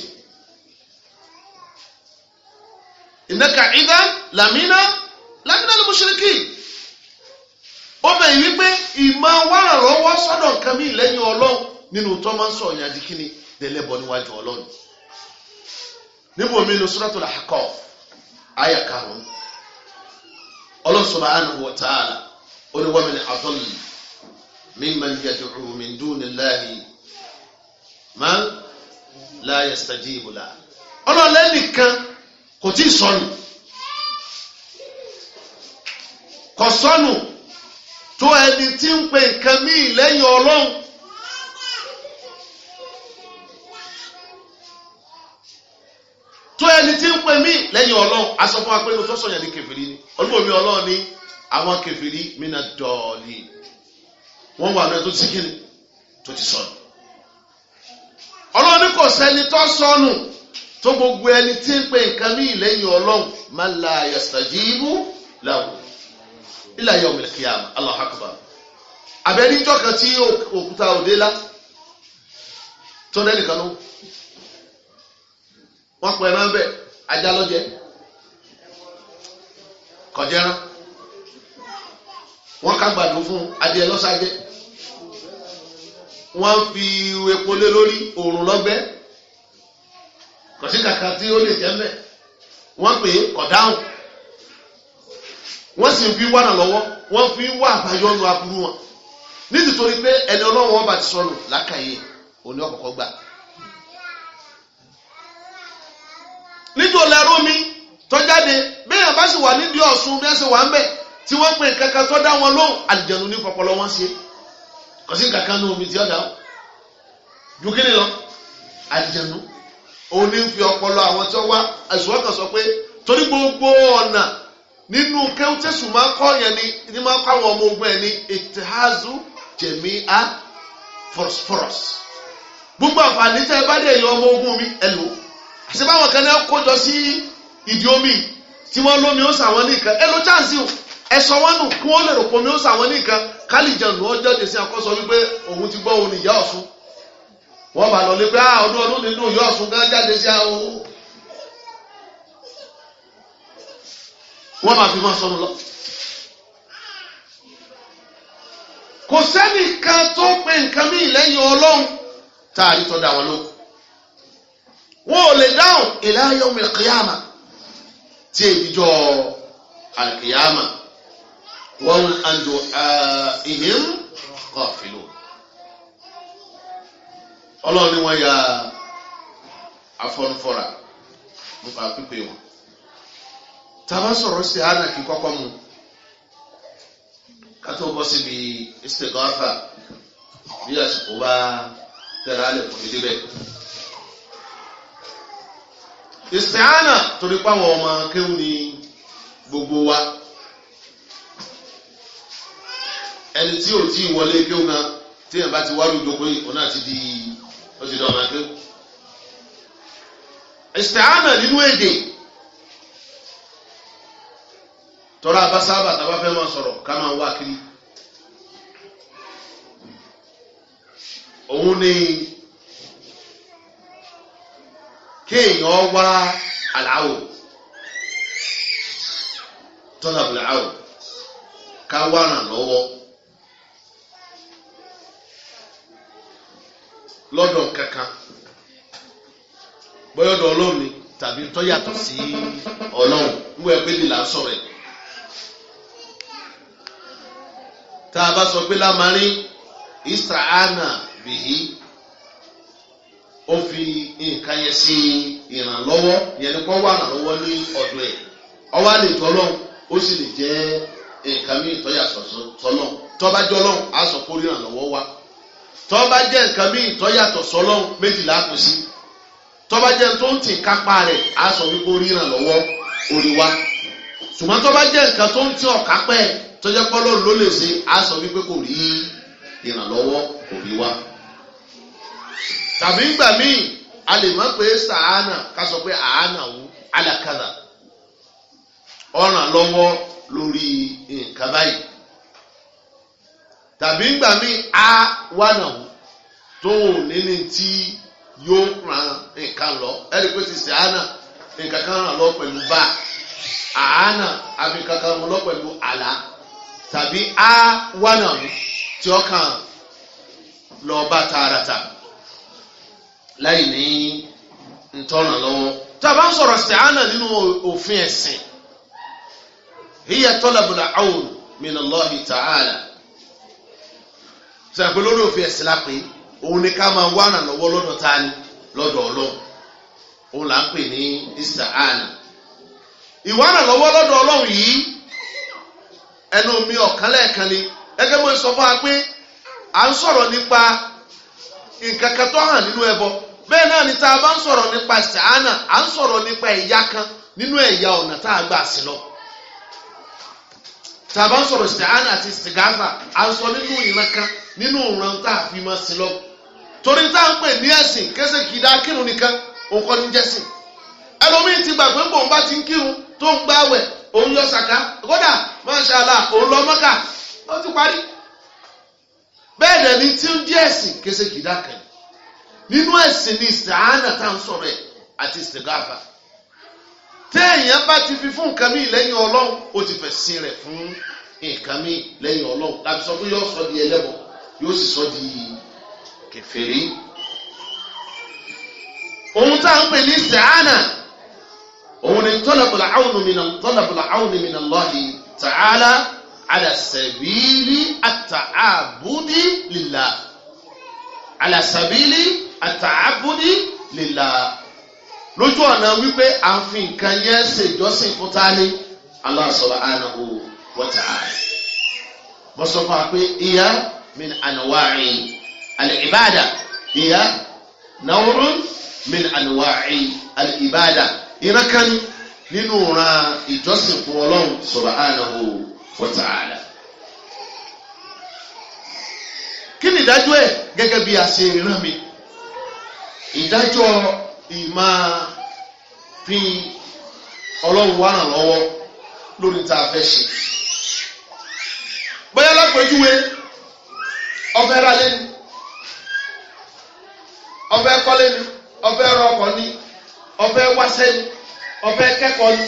A: ìnáka ìdá làmínà làmínà ló mú ṣíríkì. o fẹ́ yìí pé ìmọ̀ wàrà lọ́wọ́ sọ́dọ̀ nǹkan mi lẹ́yìn ọlọ́run nínú tó máa ń sọ ọ̀yàn àdìkíní dẹ̀lẹ́bọ̀ níwájú ọlọ́run. níbo mi lọ Suratul Ahqaf àyà karùn-ún Allahu subhanahu wa ta'ala ó ní wa man adallu mimman yad'u min dunillahi man la yastajibu la ọlọ́ọ̀lẹ́ nìkan kò tí ì sọnù kò sọnù tó ẹni tí ń pe nǹkan míì lẹ́yìn ọlọ́run. tó ẹni tí ń pe mí lẹ́yìn ọlọ́run aṣọ fún wa pé lóòótọ́ sọ̀yàn ní kẹfìrí ni olúwo mi ọlọ́run ní àwọn kẹfìrí mí na dọ̀ọ̀lì wọ́n wà lóyún tó ti kí ni tó ti sọnù. kò sẹ́ni tó sọnù tó gbogbo ẹni tí ń pe nǹkan ní ọlọ́run máa la yàtàjì ibú làwọn ilà yọ ọmọ ìlẹ̀kẹ́ àmà Allahu akbar abẹ́rẹ́ tí òkúta òde la tó nẹ́nìkan wọ́n pẹ̀ bẹ́ẹ̀ ajá lọ́jẹ́ kọjá wọ́n wọ́n fi epo lé lórí òòrùn lọ́gbẹ́ kò sí kàkà tí ó lè jẹ́ mẹ́ wọ́n pè é kọ̀dáhùn wọ́n sì fi wà náà lọ́wọ́ wọ́n fi wà àbáyọ lu aburú wọn nítorí pé ẹni ọlọ́run ọba ti sọnù lákàyè òní ọ̀kọ̀ọ̀kọ̀ gbà. nítorí ẹrú mi tọ́jáde bẹ́ẹ̀ bá sì wà nídìí ọ̀sùn bí sì wà ń bẹ̀ tí wọ́n pè kankan tó dá wọn lóhùn àlìjẹ̀nu ní fọpọlọ wọn ṣe kò sí nǹkan kan ní omi tí ọ̀dà ju kí ni lọ àlìjẹnu òun ní fi ọpọlọ àwọn tí ó wá àìsùnwọ́n kan sọ pé torí gbogbo ọ̀nà nínú kẹ́ńtẹ́sù máa ń kọ́ yẹn ni ní máa ń kọ́ àwọn ọmọ ogun ẹ̀ ní ìtìházù jẹ̀mí á phosphorus gbogbo àǹfààní tẹ́ ẹ bá dé èèyàn ọmọ ogun mi ẹ lò àti báwọn kan náà kó jọ sí ìdí omi tí wọ́n lómi ó sàwọn ní ìkan ẹ lo chance o ẹ̀sọ́ wọn nù kí wọ́n lè rò pọ̀ mi ó sàwọn nìkan kálíjà ló ń jáde sí akọ́sọ wípé òun ti gbọ́ òun ìyá ọ̀sùn wọ́n bá lọ lé pé ah, ọdún ọdún nínú ìyá ọ̀sùn gan jáde sí àwọn wọ́n máa fi máa sọnù lọ. kò sẹ́nìkan tó pe nǹkan mí lẹ́yìn ọlọ́run tá a rí tọ́da wọn ló wọn ò lè dáhùn ìlà yawmil qiyamah tí èyí jọ àlùkìyàmà wọ́n àjò ìhìn kọ̀ọ̀fìlò ọlọ́run ni wọ́n ya afọ́nufọ́ra nípa pípé wọn tàbá sọ̀rọ̀ sí ànàkì kọ́kọ́ mu kátó bọ́ síbi istighatha bí àsìkò bá tẹ̀lé alẹ́ kò ní débẹ̀ isti'ana torí pàwọn ọmọ kéwù ni gbogbo wa. ẹni tí ò tí ì wọlé kí ó gan tí yẹn bá ti wárú ìjókòó yìí òun náà ti di ó ti dọ̀nà kí. ìsìtàánà nínú èdè tọ́lá abasábà tá a bá fẹ́ máa sọ̀rọ̀ ká máa wá kiri. òun ni kéèyàn wá àlàáwò tọ́lá bùlàáwò ká wá ràn lọ́wọ́. lọ́dọ̀ kankan bóyá ọ̀dọ̀ ọlọ́run ni tàbí tó sí ọlọ́run níwọ̀ ẹgbẹ́ ni là ń tá a bá sọ pé lámarín israhana bìhí ó fi nǹkan yẹn sí ìrànlọ́wọ́ yẹn ni wà rànlọ́wọ́ ní ọ̀dọ̀ ẹ̀ ọwọ́ àlè ó sì lè jẹ́ nǹkan yàtọ̀ bá wa. tó bá jẹ́ nǹkan míì tó yàtọ̀ sọ́lọ́run méjìlá kù sí tó bá jẹ́ tó ń tì kápá rẹ̀ á sọ wípé ó ríran lọ́wọ́ orí wa ṣùgbọ́n tó bá jẹ́ nǹkan tó ń tì ọ̀ká pẹ́ tó jẹ́ ló lè ṣe á sọ wípé kò rí ìrànlọ́wọ́ kò wa. tàbí ìgbà míì a lè mọ̀ pé sàánà ká sọ pé àánà wù alákàdà ọ̀ràn lọ́wọ́ lórí nǹkan báyìí tàbí ńgbà mí á wà náà tó níní tí yóò ran nǹkan lọ ẹni pé ti sè nǹkan kan ràn lọ pẹ̀lú bá àánà àbí nǹkan kan ràn lọ pẹ̀lú àlá tàbí a wà náà tí ọkàn lọ bá tààràtà láì ní ntọ́nà lọ́wọ́ tá ń sọ̀rọ̀ sèánà nínú òfin ẹ̀sìn hiya sàpé lórí òfin ẹ̀sìn la pè òun ni ká máa wá ọ̀nà lọ́wọ́ lọ́dọ̀ ta ni lọ́dọ̀ ọlọ́run òun là ń pè ní istaana ìwà ọ̀nà lọ́wọ́ lọ́dọ̀ ọlọ́run yìí ẹnu mi ọ̀kan lẹ́ẹ̀kan ni gẹ́gẹ́ bó sọ fún wa pé à ń sọ̀rọ̀ nípa nǹkan kan tó hàn nínú ẹbọ bẹ́ẹ̀ náà ni tá a bá ń sọ̀rọ̀ nípa à ń sọ̀rọ̀ nípa tàbá ń sọ̀rọ̀ ìsìtìhánà àti ìsìtìgáńsà à ń sọ nínú ìran kan nínú ìran tá a fi máa sin lọ torí tá a ń pè ní ẹ̀sìn kése kì í dá kírun nìkan òun kọ́ ní jẹ́sìn ẹlòmíì ti gbàgbé ń bò ń bá ti ń kírun tó ń gbáwẹ̀ òun yọ sàká kódà máṣáláà òun lọ mọ́kà ó ti parí bẹ́ẹ̀ dẹ̀ ni tí ń jẹ́ ẹ̀sìn kése kì í dá kẹ́yìn nínú ẹ̀sìn ni ìsìtìhánà tá à ń sọ̀rọ̀ ẹ̀ àti ìsìtìgáńsà téèyàn bá ti fi fún nǹkan mi lẹ́yìn ọlọ́run ó ti fẹ̀sìn rẹ̀ fún nǹkan mi lẹ́yìn ọlọ́run láti sọ pé yóò sọ di ẹlẹ́bọ yóò sì sọ di kèfèrí. ohun tá à ń pè ní sàánà òun ni tọ́lọ̀bùlà áwùnù mi náà tọ́lọ̀bùlà áwùnù mi náà lọ́ọ̀lì tààlà àdàsẹ̀bílì àtààbùdì lìlà àdàsẹ̀bílì àtààbùdì lìlà lójú ọ̀nà wípé à ń fi nǹkan yẹn ṣèjọ́sìn fún ta ni Allah subhanahu wa ta'ala. mo sọ fún wa pé ìyá min anwa'i al-ibada ìyá naw'un min anwa'i al-ibada ìrẹ́kánni nínú ran ìjọ́sìn fún ọlọ́run subhanahu wa ta'ala. kí ni ìdájọ́ ẹ̀ gẹ́gẹ́ bí a ṣe rán mi ìdájọ́ ìmọ̀ fi ọlọ́run wà lọ́wọ́ lórí tá a fẹ́ ṣe. bóyá lápèjúwe ọbẹ̀ ra lẹ́nu ọbẹ̀ kọ́lé ni ọbẹ̀ rọkọ̀ ni ọbẹ̀ wáṣẹ́ ni ọbẹ̀ kẹ́kọ̀ọ́ ni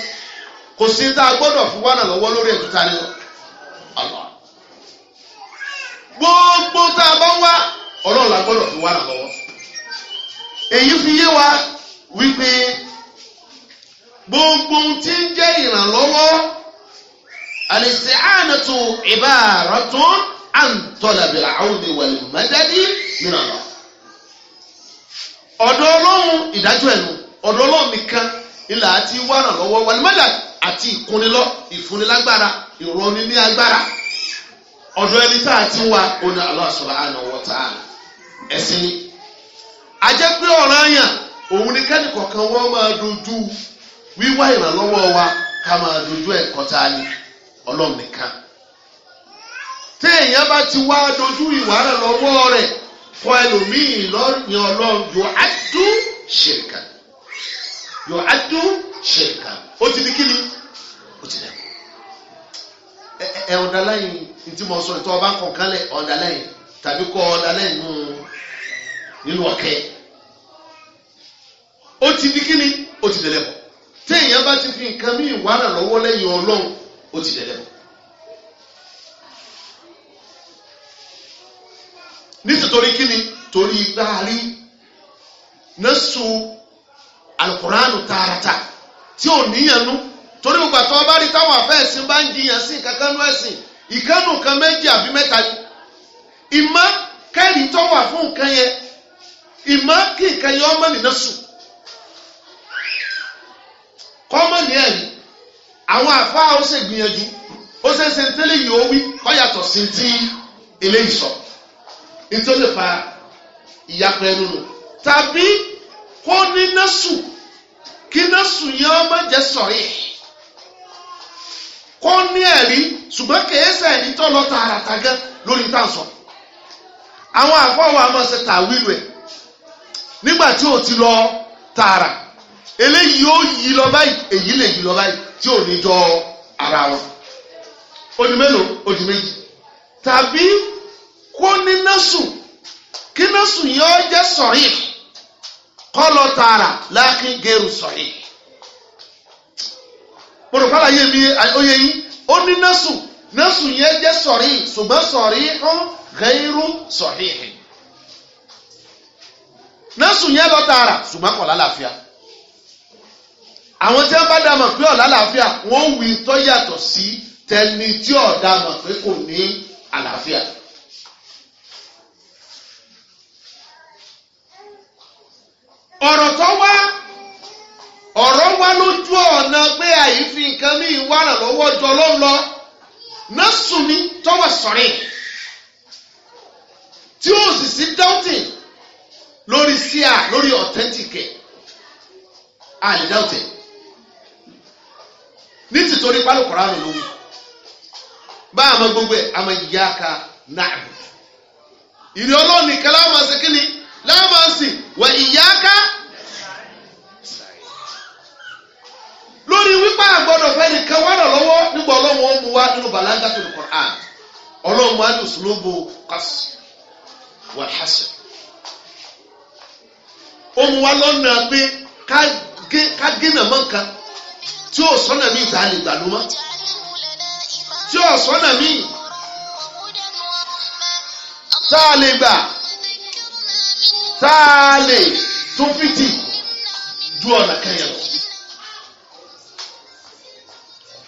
A: kò sí tá a gbọ́dọ̀ èyí fi yé wa wípé gbogbo tí ń jẹ́ ìrànlọ́wọ́ al-isti'anatu ibaratun an talabil awdi wal madadi min Allah ọ̀dọ̀ ọlọ́run ìdájọ́ ẹ̀nu ọ̀dọ̀ ọlọ́run nìkan ilà àti wà ràn lọ́wọ́ wal madad àti ìkúnilọ́ ìfúnilágbára ìrọ̀ni ní agbára ọ̀dọ̀ ẹni tá a ti wà ó ní Allah subhanahu wa ẹ̀sìn ni. a jẹ́ pé ọ̀ranyàn òun ni kẹ́ni kọ̀ọ̀kan wọ́n máa dojú wíwá ìrànlọ́wọ́ wa ká máa dojú ẹ̀kọ́ tá a ní ọlọ́run ti wá dojú ìwà rẹ̀ lọ́wọ́ rẹ̀ fún ẹlòmíì lọ́yìn ọlọ́run yóò á ṣèkà yóò á ṣèkà ó ti di kíni ó ti dẹ̀ ẹ ọba kọ̀ọ̀kan lẹ̀ ọ̀dà lẹ́yìn tàbí kọ́ ọ̀dà nínú ọ̀kẹ́ o ti di kíni ó ti dẹ̀lẹ́bọ̀ téèyàn bá ti fi nǹkan mí ìwárà lọwọ lẹ́yìn ọlọ́run o ti dẹ̀lẹ́bọ̀ nítorí kini torí gbáàrí nẹ́sù alukuraanu tààràtà tí ò níyànú torí gbogbo àtọ́ bá rí táwọn afẹ́ẹ̀sìn bá ń jiyàn sí kankan nú ẹ̀sìn ìkànnù kan méjì àbí mẹ́ta ni ìmọ̀ kẹ́rì tó fún nǹkan yẹn ìmọ̀ kí nǹkan yẹn ọmọ nìyẹn sùn kọ́mọ nìyẹn yìí àwọn àfa ó ṣe gbìyànjú ó ṣe ṣe tẹ́lẹ̀ yìí ó wí kọ́ yàtọ̀ sí ti eléyìí sọ nítorí fa ìyapẹ́ ẹnu nù tàbí kó ní násù kí násù yẹn ọmọ jẹ sọ̀rí kó ní ẹ̀rí ṣùgbọ́n kèésà ẹ̀rí tọ́ lọ tààràtà gan lórí táǹsọ̀ àwọn àfọwọ́ àmọ́ ṣe tàwílù ẹ̀ nígbà tí o ti lọ tààrà eléyìí yóò yí lọ báyìí èyí lè yí lọ báyìí tí ò ní jọ ara wọn odi mélòó odi méjì tàbí kó ní násù kí násù yẹn ó jẹ́ sọ̀yìn kọ́ lọ tààrà láàkín gẹ́rù sọ̀yìn pòròpàlà yé mi oyè yìí ó ní násù násù yẹn jẹ́ sọ̀yìn ṣùgbọ́n sọ̀yìn hàn gẹ́rù sọ̀yìn násùn yẹn lọ tààrà ṣùgbọ́n kọ̀ lálàáfíà àwọn tí wọ́n bá dá mọ̀ pé ọ̀la àlàáfíà wọ́n wí tó yàtọ̀ sí tẹni tí ọ̀dà mọ̀ pé kò ní àlàáfíà.
B: ọ̀rọ̀ tó wá
A: ọ̀rọ̀ wá lójú ọ̀nà pé àyífi nǹkan ní ìwárà lọ́wọ́ jọ ló ń lọ násùn ni tọ́wọ̀ sọ̀rìn tí ó sì sí dáútìn. lórí síà lórí authentic a àìdáwọ̀tẹ̀ ní tìtorí pálukọ̀rọ̀ àrùn lórí bá àmọ́ gbogbo ẹ̀ àmọ́ ìyá ka náà ìrì ọlọ́run nìkan láwọn máa ṣe kí ni láwọn máa sìn Lori ìyá ká lórí wípé àgbọ̀dọ̀ fẹ́ nìkan wà lọ́wọ́ nígbà ọlọ́run ó mu wá nínú bàlágà tó lùkọ̀ àn ọlọ́run wá ní òṣùlóbù kásù wàhásù ó mú wa lọ́nà pé ká gínà mọ́ nǹkan tí ò sọ́nà míì tá a lè gbà ló mọ́ tí ò sọ́nà míì tá a lè gbà tá a lè tó fìtì ju ọ̀nà kẹyìn lọ.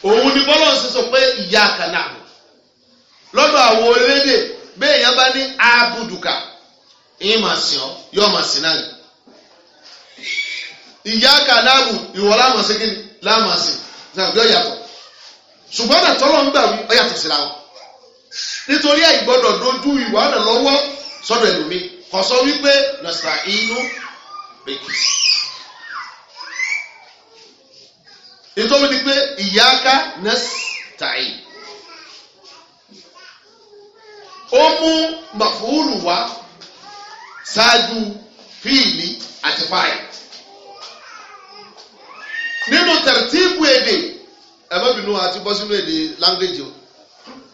A: òun ni bọ́lá ń sọ pé ìyá kànáà lọ́dọ̀ àwọn olédè bẹ́ẹ̀ yẹn bá ní àbùdùkà ìyẹn màá sìn ọ́ yọ́ màá náà. ìyá kan láàmù ìwọ láàmù ṣe kí láàmù ṣe ṣàbí ọ̀yàtọ̀ ṣùgbọ́n náà tọ́lọ́ ń gbà wí ọ̀yàtọ̀ sí làwọn nítorí ẹ̀ dojú ìwà ọ̀nà lọ́wọ́ sọ́dọ̀ ẹ̀lòmí kò sọ wípé nàṣà inú bèkì. nítorí ni pé ìyá ká nàṣà yìí ó mú màfúrù nínú tẹ̀rẹ̀tìbù èdè ẹ má bínú àti bọ́ sínú èdè language o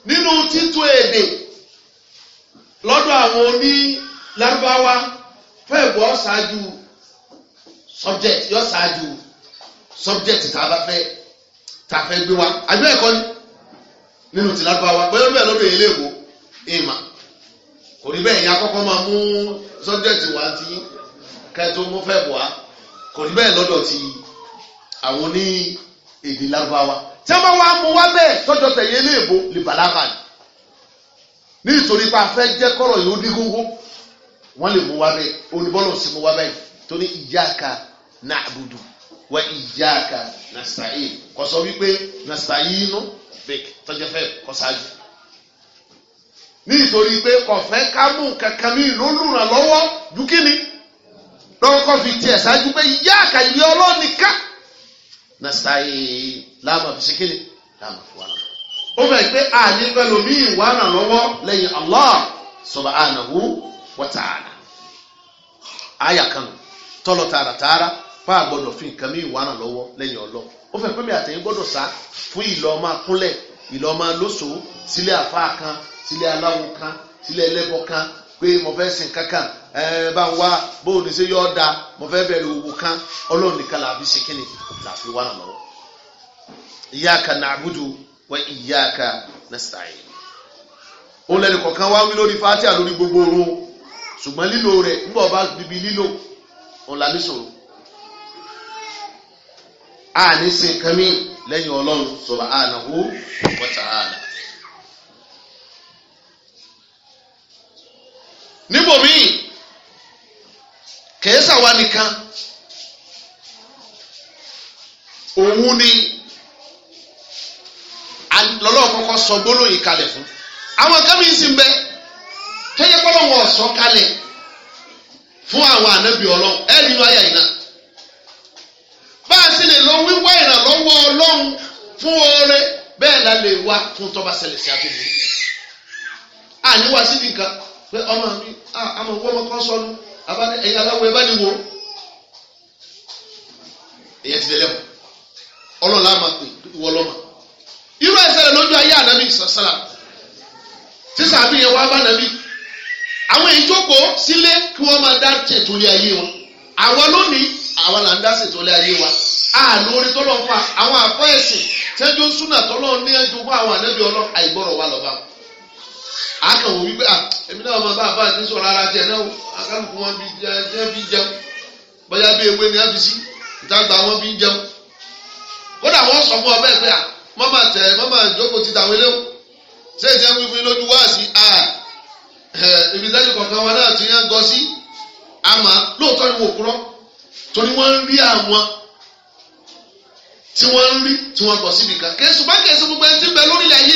A: nínú títú èdè lọ́dọ̀ àwọn oní lárúbáwá fẹ́ẹ̀bù ó ṣáájú subject yó ṣáájú subject tá a bá fẹ́ tá a fẹ́ gbé wa àbí ẹ̀kọ́ ni nínú ti lárúbáwá bẹ́ẹ̀ bẹ́ẹ̀ lọ́dọ̀ èlé èkó ìmà kò rí bẹ́ẹ̀ yẹn akọ́kọ́ máa mú subject wá tí kẹ́ẹ̀tọ́ mú fẹ́ẹ̀bù wá kò rí bẹ́ẹ̀ lọ́dọ̀ ti àwọn ní èdè lárúbáwá tí a máa wá mú wá bẹ́ẹ̀ tọ́jọ́ tẹ̀yẹ ilé ìbò lè bàlágà ni nítorí pé a fẹ́ jẹ́ kọ́rọ̀ yìí ó dí gógó wọ́n lè mú wá bẹ́ẹ̀ oníbọ́lọ̀ sì mú wá bẹ́ẹ̀ torí iyyaka na'budu wa iyyaka nasta'in kò sọ wípé nasta'inu bẹ́ẹ̀ tọ́jọ́ fẹ́ kọ́ sáájú nítorí pé ọ̀fẹ́ ká mú kankan mi lólùrànlọ́wọ́ dúkìní lọ́kọ́ fi tiẹ̀ sáájú pé iyyaka ìyá ọlọ́nìkan nàṣàyè láàmà fi ṣékélé láàmà fi wà náà ó fẹ́ pé àní lọwọ wà Allah subhanahu wa ta'ala àyà kan tara pa àgbọ̀dọ̀ fi nǹkan míì wà lọwọ lọ́wọ́ ọlọ ọlọ́ mi àtẹ̀yìn fún ìlọ ọmọ akúnlẹ̀ ìlọ ọmọ lóṣòó sílé afa kan sílé aláwo kan sílé ẹlẹ́bọ kan pé mo kankan ẹ ń wá bóun ní yọ da mo fẹ́ kan ọlọ́run nìkan làbí ṣe kíni làbí wà lọ́wọ́ iyyaka na'budu wa iyyaka nasta'in òun lẹ́nu kọ̀ọ̀kan wá wí lórí fatiha gbogbo oorun ṣùgbọ́n lílo rẹ̀ ń bọ̀ bá lílo òun làbí sin kèé sàwa nìkan òun ni lọ́lọ́ọ̀ sọ gbólóyìn kalẹ̀ fún àwọn kan mi sì ń bẹ sọ kalẹ̀ fún àwọn ànábì ọlọ́run ẹ̀ nínú àyà bá a sì lè lọ wíwá ìrànlọ́wọ́ ọlọ́run fún bẹ́ẹ̀ la lè wá fún tọ́ba sí àtúntò àníwá ẹ̀yin aláwo ẹ bá ní wo ẹ̀yẹ ti dẹ́lẹ́mù ọlọ́ọ̀lá máa pè wọlọ́mà irú ẹ̀sẹ̀ rẹ̀ lójú ayé ànábì sàṣàlà sísà àbí yẹn wá bá ànábì àwọn ìjókòó sílé kí wọ́n máa dá ṣètò ilé ayé wọn àwa lónìí àwa là ń dá ṣètò ilé ayé wa àánú orí tọ́lọ́ ń fa àwọn àfọ ẹ̀sìn tẹ́jú súnà tọ́lọ́ ní ẹjọ́ fún àwọn ànábì ọlọ́ àìgbọ́rọ̀ wa lọ́ba àkànwò wípé à èmi náà ọmọ bàbá àti sọ̀rọ̀ ara tiẹ̀ náà akálùkù wọn bí jẹ́ bí jẹun bóyá bí ewé ni a fi sí ìtàgbà wọn bí jẹun kódà wọn sọ fún ọ bẹ́ẹ̀ pé à mọ́mà tẹ̀ mọ́mà jókòó ti tàwé léwu ṣé ìjẹ́ wípé lójú wá sí à ibi tẹ́lẹ̀ kọ̀ọ̀kan wọn náà ti yàn gọ sí àmọ́ lóòótọ́ ni wò kúrọ́ torí wọ́n ń rí àwọn tí wọ́n ń rí tí wọ́n gọ̀ síbi kan kí èsùpá kí èsùpá gbogbo ẹni tí ń bẹ lórílẹ̀ ayé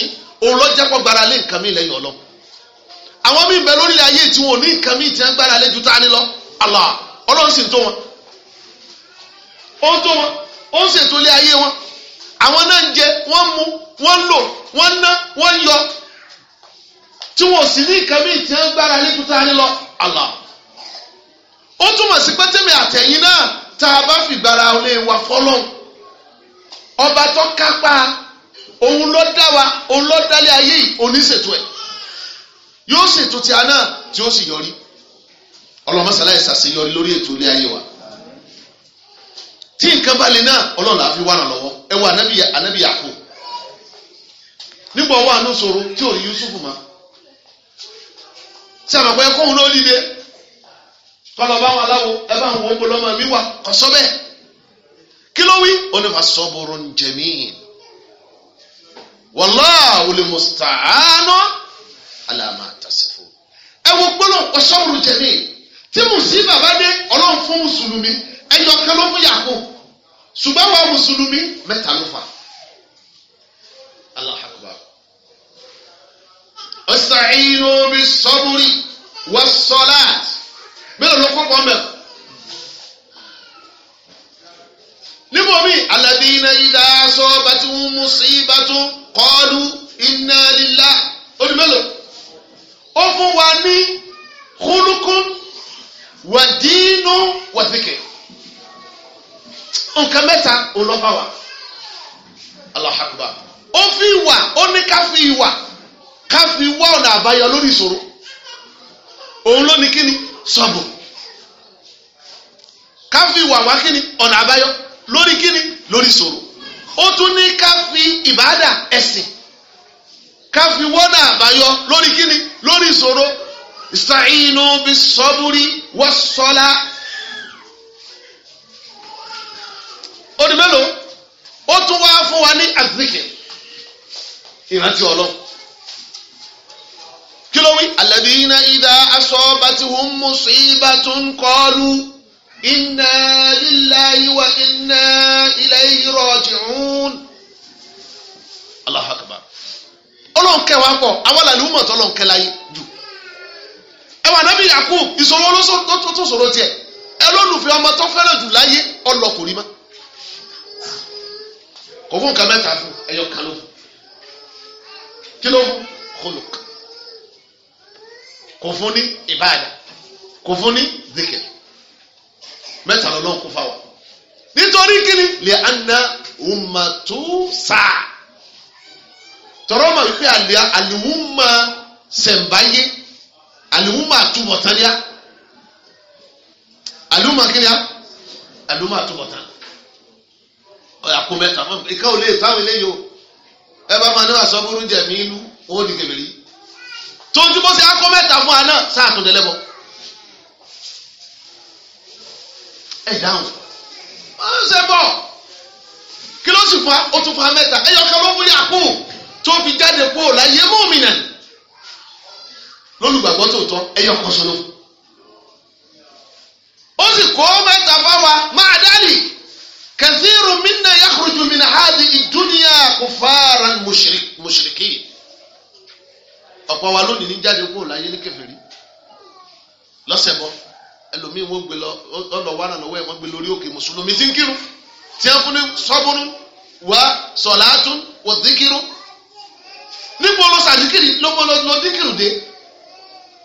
A: ì òun lọ jẹ́ kó gbára lé nǹkan mi lẹ́yìn ọlọ́ àwọn míì bẹ lórílẹ̀ ayé tí wọn ò ní nǹkan mi tí wọn gbára lé ju tani lọ Allah ọlọ́run sì ń tó wọn ó ń tó wọn ó ń ṣètò ilé ayé wọn àwọn náà ń jẹ wọ́n ń mu wọ́n ń lò wọ́n ń ná wọ́n ń yọ tí wọn ò sì ní nǹkan mi tí wọn gbára lé ju tani lọ Allah ó túmọ̀ sí pé tèmi àtẹ̀yìn náà tá a bá fi gbára lé wa fọlọ́n ọba tó kápá òun ló dá wa òun ló dálé ayé yìí oníṣètò ẹ̀ yóò ṣètò tí a náà tí ó sì yọrí ọlọmọsálá ẹ̀ ṣàṣeyọrí lórí ètò ilé ayé wa tí nǹkan bá lè náà ọlọ́run àfi wà lọ́wọ́ ẹ wà ní tí ò rí Yusuf mọ́ tí a líle bá wọn aláwo ẹ bá wọn wallahu al-musta'anu ala ma tasifu. ẹ wo gbọ́dọ̀ ọ̀ṣọ́rù jẹ̀mí tí mùsíbà bá dé ọlọ́run fún mùsùlùmí ẹ̀yọ̀ kan ló fún yàgò ṣùgbọ́n wa mùsùlùmí mẹ́ta ló fà. Allahu akbar. Ista'inu bis-sabri was-salat mélòó ló kọ́ mẹ́rin. níbo mi alàbí iná yíra aṣọ bàtí wọn mú sí bàtú kọlu iná lílá oṣù mélòó ó fún wa ní kúlùkún wàdínú wàdíkè nǹkan mẹ́ta olọ́fà wa Allahu Akbar ó fi ìwà ó ní ká fi ìwà ká fi wá ọ̀nà àbáyọ lórí ìṣòro òun ló ní kíni sọ̀bù ká fi ìwà wá kíni ọ̀nà àbáyọ lórí kíni lórí ìṣòro ó tún ní ká fi ìbádà ẹ̀sìn ká fi wọ́nà àbáyọ lórí kíni lórí ìṣòro ìsàyínú bí sọ́búrí wọ́n sọ́lá ó di mélòó ó tún wá fún wa ní azikir ìrántí ọlọ́run kí ló wí alladhina idha asabatihum musibatun qalu. إنا لله وإنا إليه راجعون. الله أكبر. akbar ọlọ́run kẹ́ wa pọ̀ àwọn àlàlù mọ̀ tó ọlọ́run kẹ́ la jù ẹwà nàbí yakub ìṣòro ló tó ṣòro tiẹ̀ ẹ lólùfẹ́ ọmọ tó fẹ́ràn jù láyé ọlọ́kùnrin mọ́ kò fún nǹkan mẹ́ta fún ẹ̀yọ kan kí ló fún kólùk kò fún ní ìbáàdà kò fún ní zikir mẹ́ta lọ́lọ́run kó fa wa nítorí kíni lè ana umma umatu sa tọrọ ma wípé àlìwúma sẹ̀ǹbáyé àlìwúma àtúbọ̀tánìá àlìwúma kíniá àlìwúma àtúbọ̀tán ọ̀yà kó mẹ́ta ìka ò lè táwọn eléyìí o ẹ bá máa níwà sọ́kúrú jẹ̀mí ìlú owó dìgbèbèrè tójú bó ṣe akọ mẹ́ta fún wa sáà tó délẹ́bọ̀. ẹ̀ dáhùn wọ́n ṣe bọ̀ kí ló sì fa ó tún fa mẹ́ta ẹ̀yọ̀ kan ló wúyà kù tó fi jáde kú ò láyé mú mi nà lólùgbàgbọ́ tòótọ́ ẹ̀yọ̀ kan sọ̀rọ̀ ó sì kó mẹ́ta fáwa máa dálì kathiru minna yakhruju min hadhihi dunya kufaran mushrikin ọ̀pọ̀ wa lónìí ní jáde kú ò láyé ní kèfèrí lọ́sẹ̀ bọ́ ẹlòmíì wọ́n gbé lọ ọ̀dọ̀ wà lọ́wọ́ ẹ̀ wọ́n gbé lórí òkè mùsùlùmí tí ń kírun tí wọ́n fún ní sọ́bùrù wá sọ̀làtún wọ́n ti kírun níbo ló sàdíkìrì ló mọ́ lọ díkìrù dé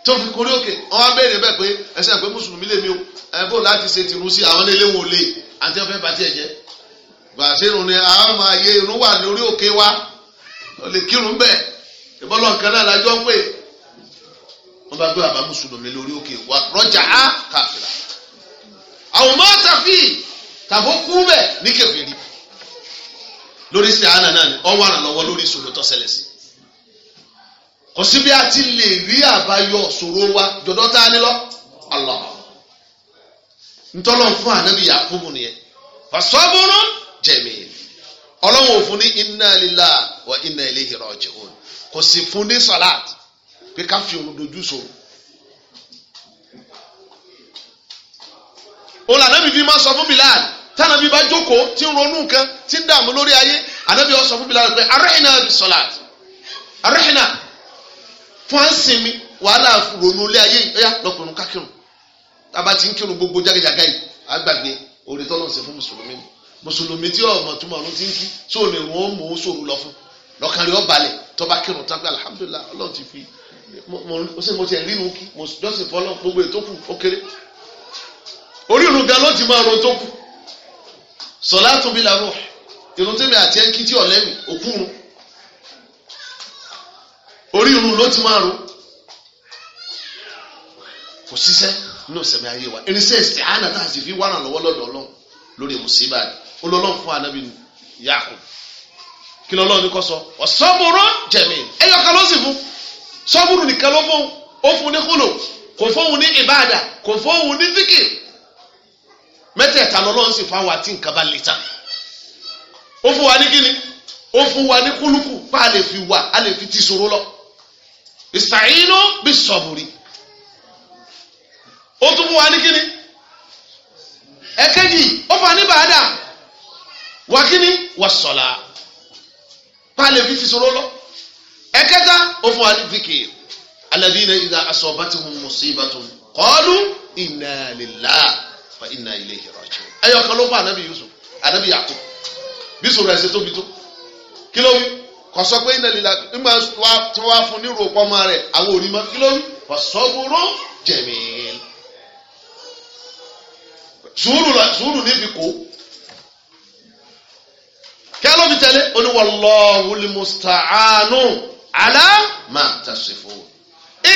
A: tó fi kórí òkè wọ́n á béèrè bẹ́ẹ̀ pé ẹsẹ̀ pé mùsùlùmí lèmi o ẹ bó láti ṣe tìrú sí àwọn ilé wọn ò lè àti ọ̀fẹ́ bàtí ẹ̀jẹ̀ gbàṣẹ́rù ni a máa yé irun wà lórí òkè wa ò lè kírun bẹ́ẹ̀ ìbọ́lọ̀ kan náà lájọ́ pé wọ́n bá gbé bàbá mùsùlùmí lórí òkè wà rọ́jà á kàfìrà àwọn fi tàbó kú bẹ̀ ní kẹfìrí lórí sí àánà náà ni ọwọ́ àràn lórí ìṣòro tó ṣẹlẹ̀ sí kò sí bí a ti lè rí àbáyọ ṣòro wa jọ̀dọ̀ tá a ní lọ Allah ntọ́lọ́ fún ànábì Yakubu nìyẹn jẹ̀mí ọlọ́wọ́ fún ní pé ká fi òun dojú sòrò. òun lànàbì fi máa sọ fún Bilal tànàbì bá jókòó tí ń ronú nǹkan tí ń dààmú lórí ayé ànàbì ó sọ fún Bilal pé arẹ́hìnà bí sọ̀lá arẹ́hìnà fún àǹsìnmi wàhálà ronú ilé ayé ìyá lọkùnrin kákìrùn tàbá ti ń kírun gbogbo jágéjàgá yìí àgbàgbé orí tọ́lọ̀ ń ṣe fún mùsùlùmí ni mùsùlùmí tí ọmọ tó mọ̀ ló ti ń kí tí ò ní wọn mò ń sòrò lọ fún lọ́kàn rẹ̀ ó balẹ̀ tó bá kírun tán pé alihamudulilayi ọlọ́run ti fi mo ṣe mo ti ẹ̀ rínu kí mo jọ́sìn fọlọ́ gbogbo ètò kù ó kéré orí ìrùn gan ló ti máa ron tó kù sọlá tún bí làwọn ìrùn tèmi àti ẹnkí tí ọ̀lẹ́mì òkú run orí ìrùn ló ti máa ron kò síṣẹ́ ní òsèmí ayé wa irinṣẹ́ ìsìn àánà tá a sì fi wàrà lọ́wọ́ lọ́dọ̀ ọlọ́run lórí mùsíbà ni olólọ́run fún anábì Yakub kí lọ́lọ́run ní kọ́ sọ ọ̀sán mo rán jẹ̀mí ẹ̀yọ̀kan ló sì fún sọ́bùrù nìkan ló fún ó fún ní kúlò kò fóun ní ìbáàdà kò fóun ní zikir mẹ́tẹ̀ẹ̀ta lọ́lọ́run sì fáwọn àti nǹkan bá lè ta ó fún wa ní kíni ó fún wa ní kúlùkù bá a lè fi wà a lè fi ti sòro lọ ìsàyínú bí sọ̀bùrì ó tún fún wa ní kíni ẹ̀kẹ́jì ó fún wa ní bàádà wà kíni wà sọ̀la bá a fi ti sòro lọ ẹ̀kẹta ó fún wa ní zikir alladhina idha asabathum musibatun qalu inna lillahi wa inna ilayhi raji'un. ẹyọ kan ló fún anabi yusuf anabi yakub bí sòrò ẹsẹ tóbi tó kí ló wí kò sọ pé inna lillahi nígbà tí wàá fún ní ròpọ̀ ọmọ rẹ̀ àwọn òrì mọ́ kí ló wí kò sabrun jamil. sùúrù ní fi kó kí á ló fi tẹ̀lé oníwàlọ́ọ̀hùn lè àlá máa tàṣìfò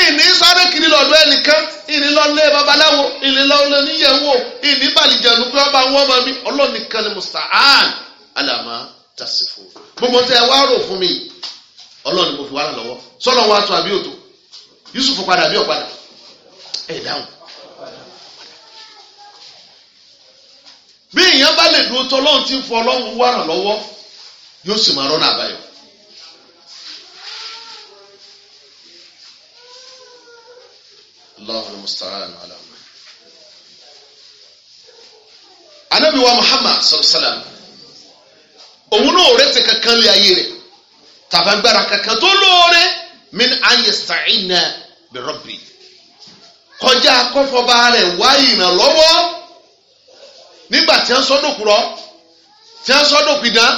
A: ìní sáré kiri lọ́dọ̀ ẹnìkan ìní lọ́lé babaláwo ìní lọ́lé níyẹ̀wò ìní bàlìjẹ̀lú pé ọba wọn mọ mi ọlọ́nìkan ni musta'an àlàmà tàṣìfò gbogbo tẹ ẹ wá rò fún mi ọlọ́ni mo fi wá lọ́wọ́ sọ́nà wa tún àbí òtò Yusuf padà àbí ọ̀padà ẹ̀ dáhùn. bí èèyàn bá lè dúró tọ́ lọ́hùn tí ń fọ ọlọ́run wá ràn lọ́wọ́ yóò sì máa rọ́nà àbáyọ. Allahu musta'an ala ma. anabi wa Muhammad sallam òun náà retí kankan lé ayé rẹ̀ tàbàgbára kankan tó lóore min ayesta'ina bi Rabbi kọjá kọfọba rẹ̀ wá ìrànlọ́wọ́ nígbà tí wọ́n sọdọ kúrọ tí wọ́n sọdọ pidán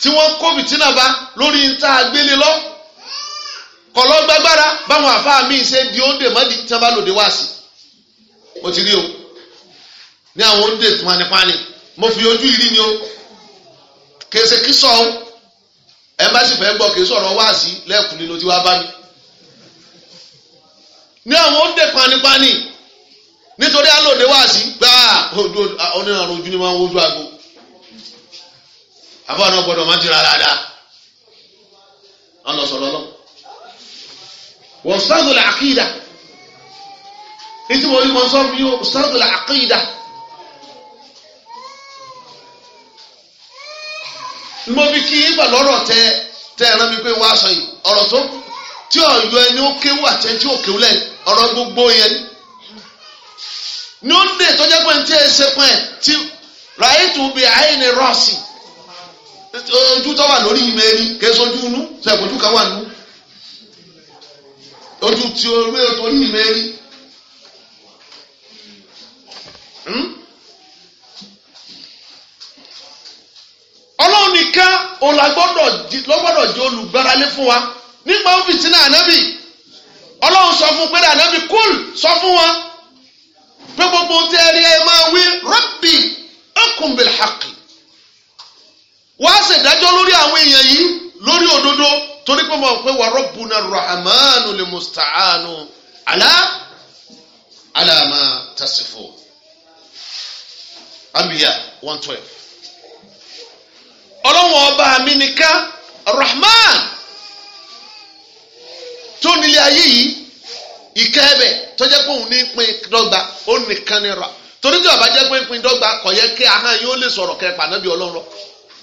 A: tí wọ́n kó fìtínà bá lórí níta gbélé lọ. Kọlọ báwọn àfáà míì ṣe di óńdè mọ́dì tí wọ́n bá lòdì wá sí mo ti rí o ní àwọn óńdè panipani mo fi ojú ìrí ni o kìí kí sọ ọ́n ẹ bá sì fẹ́ gbọ́ kìí sọ̀rọ̀ wá sí nínú tí wàá bá mi ní àwọn óńdè panipani nítorí alóde wá sí gbáà onírànrún ojú ni ma wojú àgbo àbọ̀ náà gbọ́dọ̀ má ti wọ́n sáàdùlà àkìdá ètí wọ́n ní wọ́n sọ fún yóò sáàdùlà àkìdá mo fi kí ibà lọ́rọ̀ tẹ tẹ ẹ̀rọ mi pé wọ́n aṣọ yìí ọ̀rọ̀ tó tí ọ̀yọ́ ẹni ó kéwú àtẹ tí ó kéwú lẹ́yìn ọ̀rọ̀ gbogbo yẹn ni ó dé tọ́jà pé ní tí ẹ ṣe pẹ́ tí ràyètù bí àyìnì rọ́ọ̀sì ojú tó wà lórí ìmẹ̀ẹ́rì kẹsàn-án ojú inú sẹ́kùn ojú kan wà nínú. otu tún ti orú ètò onímẹ̀rí hmm? ọlọ́run nìkan ọ̀làgbọ́dọ̀ lọ́gbọ́dọ̀ jẹ́ fún wa nígbà ó fi ànábì ọlọ́run sọ fún pé ànábì kúl sọ fún wa pé gbogbo tí ẹ rí ẹ máa wí rabbi akum bil wá ṣèdájọ́ tori pé mo pé wà rabbuna rahmanu lil musta'anu ala ala ma tasifu anbiya 112 twelve ọlọ́wọ́n ọba mi nìkan rahman tó nílé ayé yìí ìkẹ́ ẹ̀bẹ̀ tọ́jà pé òun ní pín dọ́gba ó nìkan ni ra torí tí ọba bá jẹ́ pé pín dọ́gba kò yẹ kí ahọ́n yóò lè sọ̀rọ̀ kẹ́ pànábì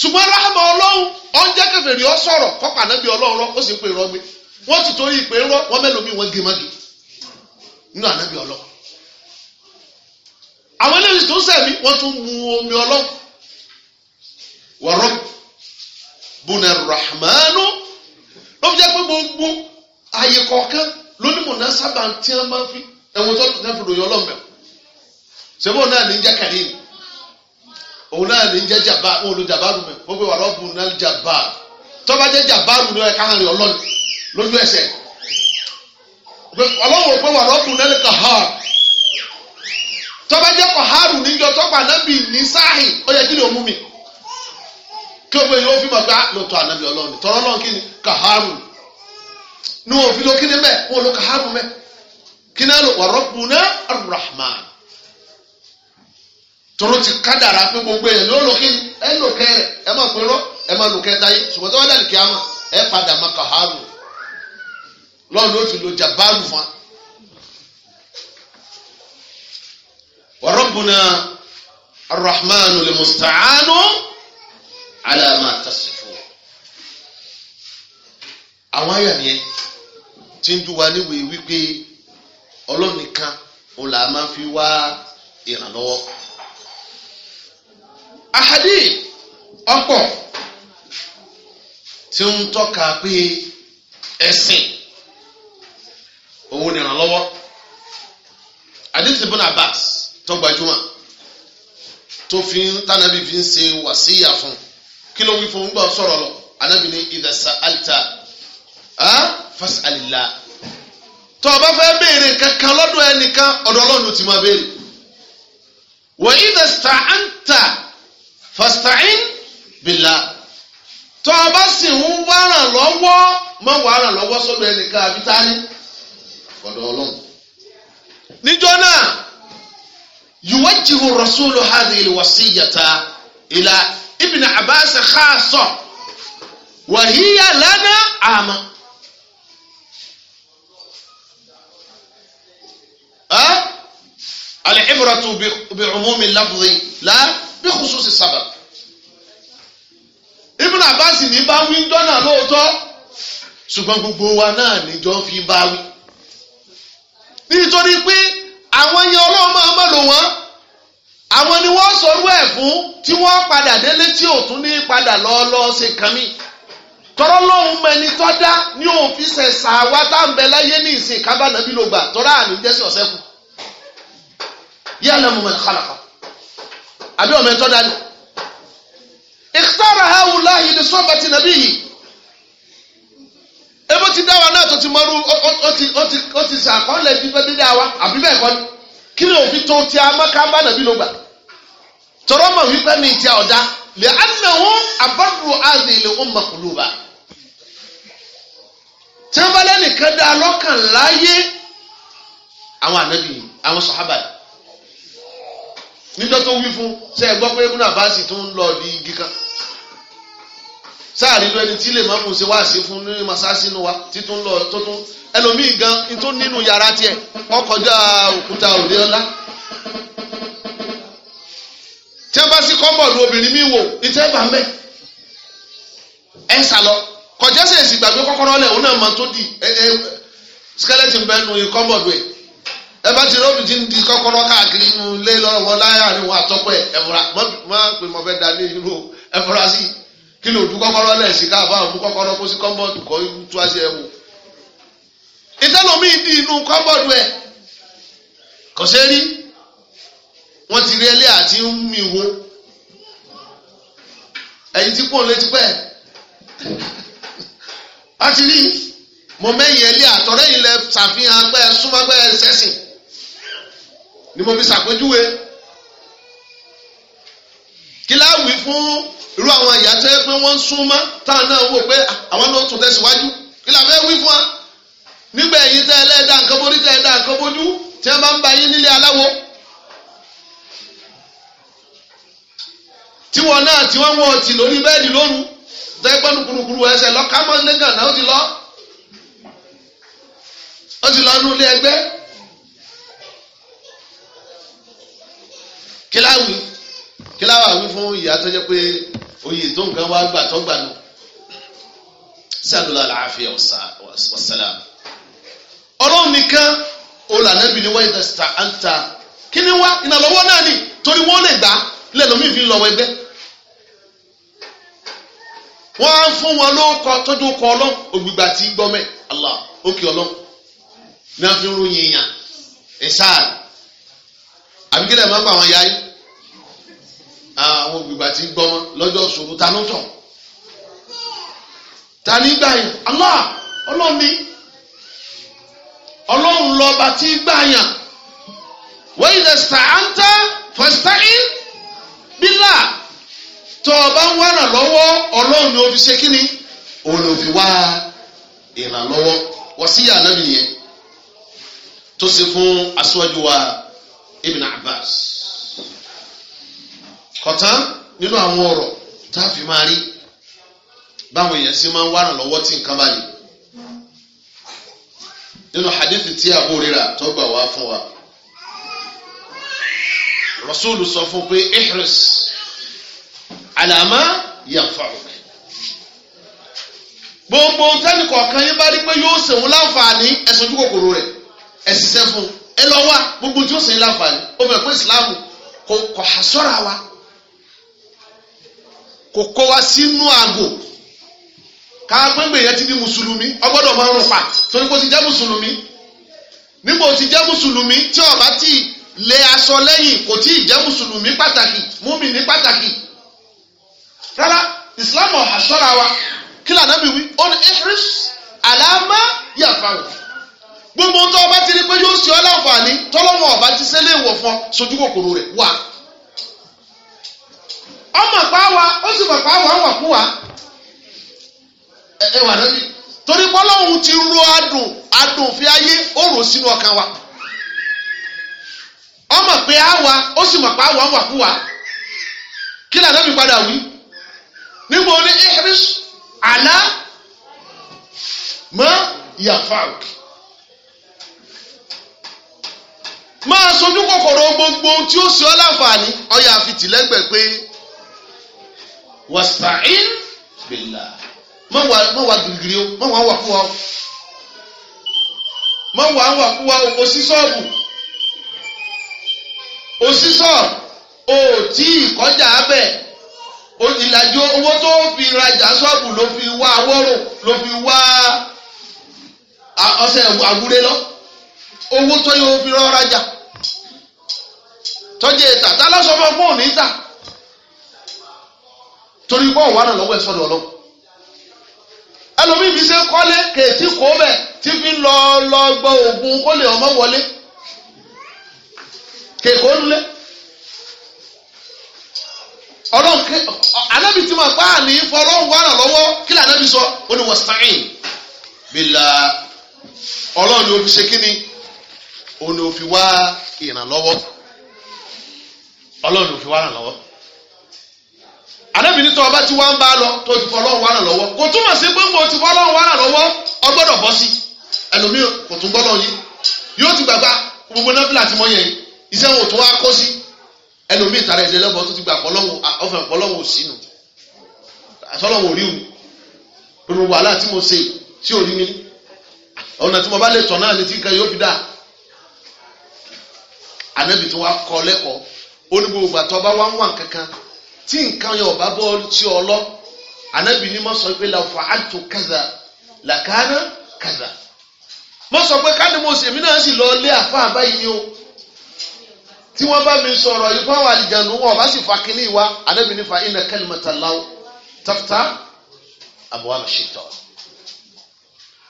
A: ṣùgbọ́n rahama ọlọ́run ọ̀njẹ́ kẹfẹ́rì ọ sọ̀rọ̀ kọ́pà náà bí ọlọ́run rọ ó sì ń pè rọ gbé wọ́n ti torí ìpè rọ wọ́n mẹ́lòmí wọ́n gé nínú ànábì ọlọ́run àwọn eléyìí omi ọlọ́run wọ̀rọ̀ bùnà rahmanu ló fi jẹ́ pé gbogbo kọ̀ọ̀kan lónìmọ̀ náà sábà tí wọ́n máa fi ẹ̀wọ̀n tó fi ròyìn ọlọ́run bẹ̀rù náà òun náà ní jẹ́ jàmbá òun ló jàmbá rù mẹ́ wọ́n gbé wà rọ́ọ̀bù náà jàmbá tọ́ba jẹ́ jàmbá rù náà ká hàn ọlọ́run lójú ẹsẹ̀ ọlọ́run pé wà rọ́ọ̀bù náà kà hà tọ́ba jẹ́ kọ̀hárù níjọ tọ́pa anábì ní sáàhì ó yẹ kí ni òun mú mi kí o gbé yóò fi màgbá lọ́tọ̀ anábì ah, ọlọ́run tọ́rọ́ náà kí ni kàhárù ní òfin ló ni mẹ́ wọn ló kàhárù mẹ́ kí náà lọ wà rọ́ọ̀bù náà ar-Rahman toro ti kádàrà pé gbogbo èèyàn ló lò kíni ẹ lò kẹrẹ ẹ má pin rọ ẹ má lò ṣùgbọ́n kí a mọ̀ ẹ padà má kà lọ́ọ̀nù ó ti lo jàbáàrù fún wa. wàrọ̀bùnà arrahmanu lè mùsàánù alàmà tàṣìfò. àwọn àyà ti ń dùn wá níwèé wípé ọlọ́nìkan fi wá ìrànlọ́wọ́. ahadi ọ̀pọ̀ tí ń tọ́ka pé ẹ̀sìn owó ni ìrànlọ́wọ́ adéṣe bọ́nà abbas tó gbajúmọ̀ tó fi ń tànàbí fi ń ṣe wàsíyà fún kí ló wí fún gbọ́ sọ̀rọ̀ lọ anábì ní ìdẹ̀sà alita fasalila tó o bá fẹ́ béèrè kankan lọ́dọ̀ ẹnìkan ọ̀dọ̀ ọlọ́run ti máa béèrè wọ́n ìdẹ̀sà anta fasta'in billah tó o bá sì ń wá ràn lọ́wọ́ mọ̀ wá ràn lọ́wọ́ sọ́dọ̀ ẹnìkan àbí tání ọ̀dọ̀ ọlọ́run. níjọ́ náà yuwajjihu rasulu hadhihi alwasiyata ila ibn abbas khassa wa hiya lana ama. العبرة بعموم اللفظ لا bí kùsùn sì sábà. Ibn Abbas ní bá wí dọ́nà lóòótọ́ ṣùgbọ́n gbogbo wa náà níjọ́ fi bá wí. nítorí pé àwọn yẹn ọlọ́run máa mọ̀ lò wọ́n àwọn ni wọ́n sọrú ẹ̀ fún tí wọ́n padà délé tí ò tún ní padà lọ lọ ṣe kàn mí. tọ́rọ́ lóhun mẹni tọ́ dá ní òfin ṣẹ̀ṣà wa tá à ń bẹ láyé ní ìsìn kábàánà bí ló gbà tọ́ra àní jẹ́sí ọ̀sẹ́kù. yálà mo mọ̀ ní kálàkà àbí ọmọ ẹ̀tọ́ dání. ìkítàrà hàwùlá yìí ni sọ́ọ̀bà ti nàbí yìí. ebó ti dá wa náà tó ti mọ́rú ó ti sàkọ́lẹ̀ fífẹ́ dídá wa àbí bẹ́ẹ̀ kọ́ ni kí ni òfin tó ti amáká bá nàbí ló gbà. tọrọ mọ̀ wípé mi ti ọ̀dá lè anahu abadu azi lè ó makulu ba. tí wọ́n bá lẹ́nìkan dá lọ́kàn láyé àwọn ànábì àwọn sọ̀hábà níjọ́ tó wí fún ṣe é gbọ́ pé ibùnà abasi tó ń lọ di igi kan sáàrin lóyún tí lè má kùn sí wá sí fún ní masasi nu wa títún lọ tó tún ẹlòmíì gan tó nínú yàrá tiẹ̀ ọkọjá òkúta òde ọlá tí a bá sí kọ́mbọ̀dù obìnrin mi wò ìtẹ́ bá mẹ́ ẹ sà lọ kọjá sèṣì gbàgbé kọ́kọ́rọ́ lẹ̀ òun náà mọ̀ tó di ẹ ẹ skeleton bẹ́ẹ̀ nu kọ́mbọ̀dù ẹ̀ ẹ bá ti rọ́ọ̀dù tí ń di kọ́kọ́rọ́ káàkiri inú ilé lọ́wọ́ láàárín wọn àtọ́pọ̀ ẹ̀ ẹ̀fọ́ra má pè mọ́ fẹ́ dalé irú ẹ̀fọ́ra sí kí ló dún kọ́kọ́rọ́ lẹ̀ sí káàbá òun kọ́kọ́rọ́ kó sí kọ́mbọ́ọ̀dù kọ́ tú àṣẹ ẹ̀ wò. ìtẹ́lọ̀mí di inú kọ́mbọ́ọ̀dù ẹ̀ kò ṣe rí wọ́n ti rí ẹlẹ́ àti ń mi wo ẹ̀yìn tí kò létí pẹ́ láti mo mẹ́yìn ẹlẹ́ àtọ̀rẹ́yìn lẹ ṣàfihàn pẹ́ súnmọ́ pẹ́ ṣẹ́sìn ni mo fi ṣàpèjúwe kí láwùí fún irú àwọn ìyá tẹ́ pé wọ́n ń súnmọ́ táwọn náà wò pé ah, àwọn náà tún tẹ̀síwájú kí làwọn wí fún wa nígbà ẹ̀yìn tẹ́ ẹlẹ́dàá nǹkan borí tẹ́ ẹ̀dá nǹkan bójú tí wọ́n bá ń ba yín nílé aláwo tí náà tí wọ́n wọ lórí bẹ́ẹ̀dì lóru tẹ́ pẹ́nu ẹsẹ̀ lọ kámọ́ nígànnà ó ti lọ ó ti lọ nú ilé ẹgbẹ́. kíláwì kíláwà wí fún ìyá tó jẹ́ pé oyè tó nǹkan wá gbà tó gbà nù sàlùlà làáfíà wàsálàm ọlọ́run nìkan olànàbì ni wọ́n yẹ àǹtà kí ni wá ìnàlọ́wọ́ náà ni torí wọ́n lè gbà lẹ́lọ́mí fi lọ́wọ́ ẹgbẹ́ wọ́n á fún wọn lóko tọ́jú kọ ọlọ́run ògbìgbà tí gbọ́mẹ́ Allah òkè ọlọ́run ní wọ́n fi ń ròyìn èèyàn ẹ̀ṣáàrì àbíkẹ́lẹ̀ máa ń bá wọn yáyé àwọn ògbìgbà tí ń gbọ́mọ lọ́jọ́ ṣòro ta ló tọ̀ ta ní gbà yàn Allah ọlọ́run mi ọlọ́run lọ́ba tí ń gbà yàn wa idha sta'anta fasta'in billah tọ́ ọ bá ń wá ràn lọ́wọ́ ọlọ́run ni o fi ṣe kí ni òun ni o fi wá ìrànlọ́wọ́ wọ́n sí yàrá mi nìyẹn tó ṣe fún aṣáájú wa Ibn Abbas kọ̀tán nínú àwọn ọ̀rọ̀ tá a fi máa rí báwọn èèyàn ṣe máa ń wárà lọ́wọ́ tí nǹkan bá yìí nínú hadith tí Abu Hurairah tó gbà wá fún wa rasulu sọ fún pé ihris alama yanfa'uk gbogbo ntẹni kọ̀ọ̀kan yín bá rí pé yóò ṣe òun láǹfààní ẹsùn ojú kòkòrò rẹ̀ ẹsìṣẹ fún ẹ lọ wá gbogbo tí ó ṣe láǹfààní ó mọ̀ pé ìsìláàmù kò kò hàṣọ́ra wa kò kó wa sínú àgò ká pẹ́ngbè yẹn ti di mùsùlùmí ọgbọ́dọ̀ máa rùn pa torí kò ti jẹ́ mùsùlùmí nígbà ó ti jẹ́ mùsùlùmí tí ó ti lé aṣọ lẹ́yìn kò tí ì jẹ́ mùsùlùmí pàtàkì múmìnì pàtàkì rárá ìsìlámù àṣọra wa kí lànà mi wí ó ní ihris àlàmà yàfàwọ̀ gbogbo nǹkan ọba ti rí pé yóò ṣe ọ́ láǹfààní tọ́lọ́wọ́n ọba ti ṣẹlẹ̀ ìwọ̀ fún sojú kòkòrò rẹ̀ wà. ọmọ pàwà ó sì mọ̀ pàwà ń awa torí ti ro adùn adùn fi ayé o sínú ọkàn wa ọmọ pé awa ó sì kí ni padà wí ihris máa sojú kòkòrò gbogbo tí ó sì ọ láǹfààní ọ̀yà àfitìlẹ́gbẹ̀ẹ́ pé. wasta'in billah mọ wà mọ wà gírígírí o mọ wà wà kú wa o mọ wà wà kú wa o o sí sọ́ọ̀bù o sí sọ́ọ̀bù o tí ìkọjá abẹ o ìlàjì owó tó fi rajà sọ́ọ̀bù ló fi wá awọ́rò ló fi wá ọṣẹ àwúrẹ́ lọ owó tó yẹ o fi rọ́ rajà tọ́jú ètà tá lọ́sọ̀ọ́ fún òní ta. torí bọ́ọ̀ wà náà lọ́wọ́ ẹ̀ sọ́dọ̀ ẹlòmíì fi ṣe kọ́lé kèétí kó bẹ̀ tí fi lọ lọ gbọ́ ògùn kó lè ọmọ wọlé kèkó lulẹ̀ ọlọ́run ma gbá fọlọ́ wà náà lọ́wọ́ kí lè anábì sọ ó ní bílà ọlọ́run ni o fi o o fi wá ìrànlọ́wọ́ ọlọ́run ni o fi wá ìrànlọ́wọ́. anábìíní tó ọba ti wá ń bá lọ tó ti fọlọ́run wà ràn lọ́wọ́ kò túmọ̀ sí pé mo ti fọlọ́run wà ràn lọ́wọ́ ọgbọ́dọ̀ bọ́ sí ẹlòmíì kò tún gbọ́dọ̀ yìí yóò ti gbàgbá gbogbo nọ́fìlà tí mo yẹn iṣẹ́ wọn ò tún wá kó sí ẹlòmíì tààrà ìdílé lọ́bọ̀ tó ti gbà pọ́lọ́wọ́ ọ̀fẹ́ pọ́lọ́wọ́ ò sínú àtọ́lọ́wọ́ ò rí òun gbogbo wàhálà tí mo ṣe tí ò rí mi ọ̀nà tí mo bá lè tọ̀ náà létí nǹkan yóò fi dà anábì tí wọ́n á lẹ́kọ̀ọ́ ó ní gbogbo àtọ́ bá wá ń wà kankan tí nǹkan yẹn ò bá bọ́ tí ọ lọ ànábì ni mo sọ pé la fa'altu kaza la kana kaza mo sọ pé ká ní mo sèmi náà sì lọ lé àfa àbáyé ni o tí wọ́n bá mi sọ̀rọ̀ yìí fáwọn àlìjànú wọn ọba sì fa kínní wa ànábì ni fa inna kalimata law tafta abwaba shaitan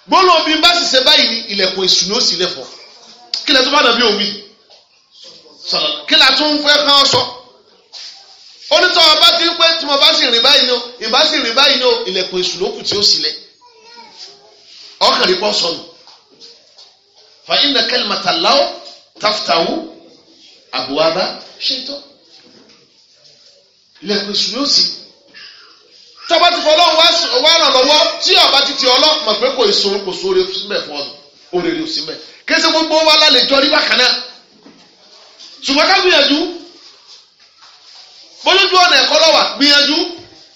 A: gbólóhùn bí n bá sì ṣe báyìí ni ilẹ̀kùn èṣù ni ó sì lẹ̀fọ̀ kí lẹ́tọ́ bá nàbí òwì sọ̀rọ̀ kí lẹ́tọ́ ń fẹ́ kán sọ onítọ̀ ọba ti ń pé tí mo bá sì rìn báyìí ni o ìbá sì rìn báyìí ni o ilẹ̀kùn èṣù tí ó sílẹ̀ ọkàn rí pọ́ sọnù fa inna kalimata law taftahu abuwaba ṣètò ilẹ̀kùn èṣù yóò sí tọ́ba ti fọlọ́ wá ràn lọ́wọ́ tí ọba ti ti ọlọ́ mọ̀ pé kò ìṣòro kò sóore síbẹ̀ fún ọdún òrèrè ò síbẹ̀ kí ẹsẹ̀ gbogbo wa lálejò rí bákan náà ṣùgbọ́n ká gbìyànjú bọ́lójú ọ̀nà ẹ̀kọ́ lọ́wà gbìyànjú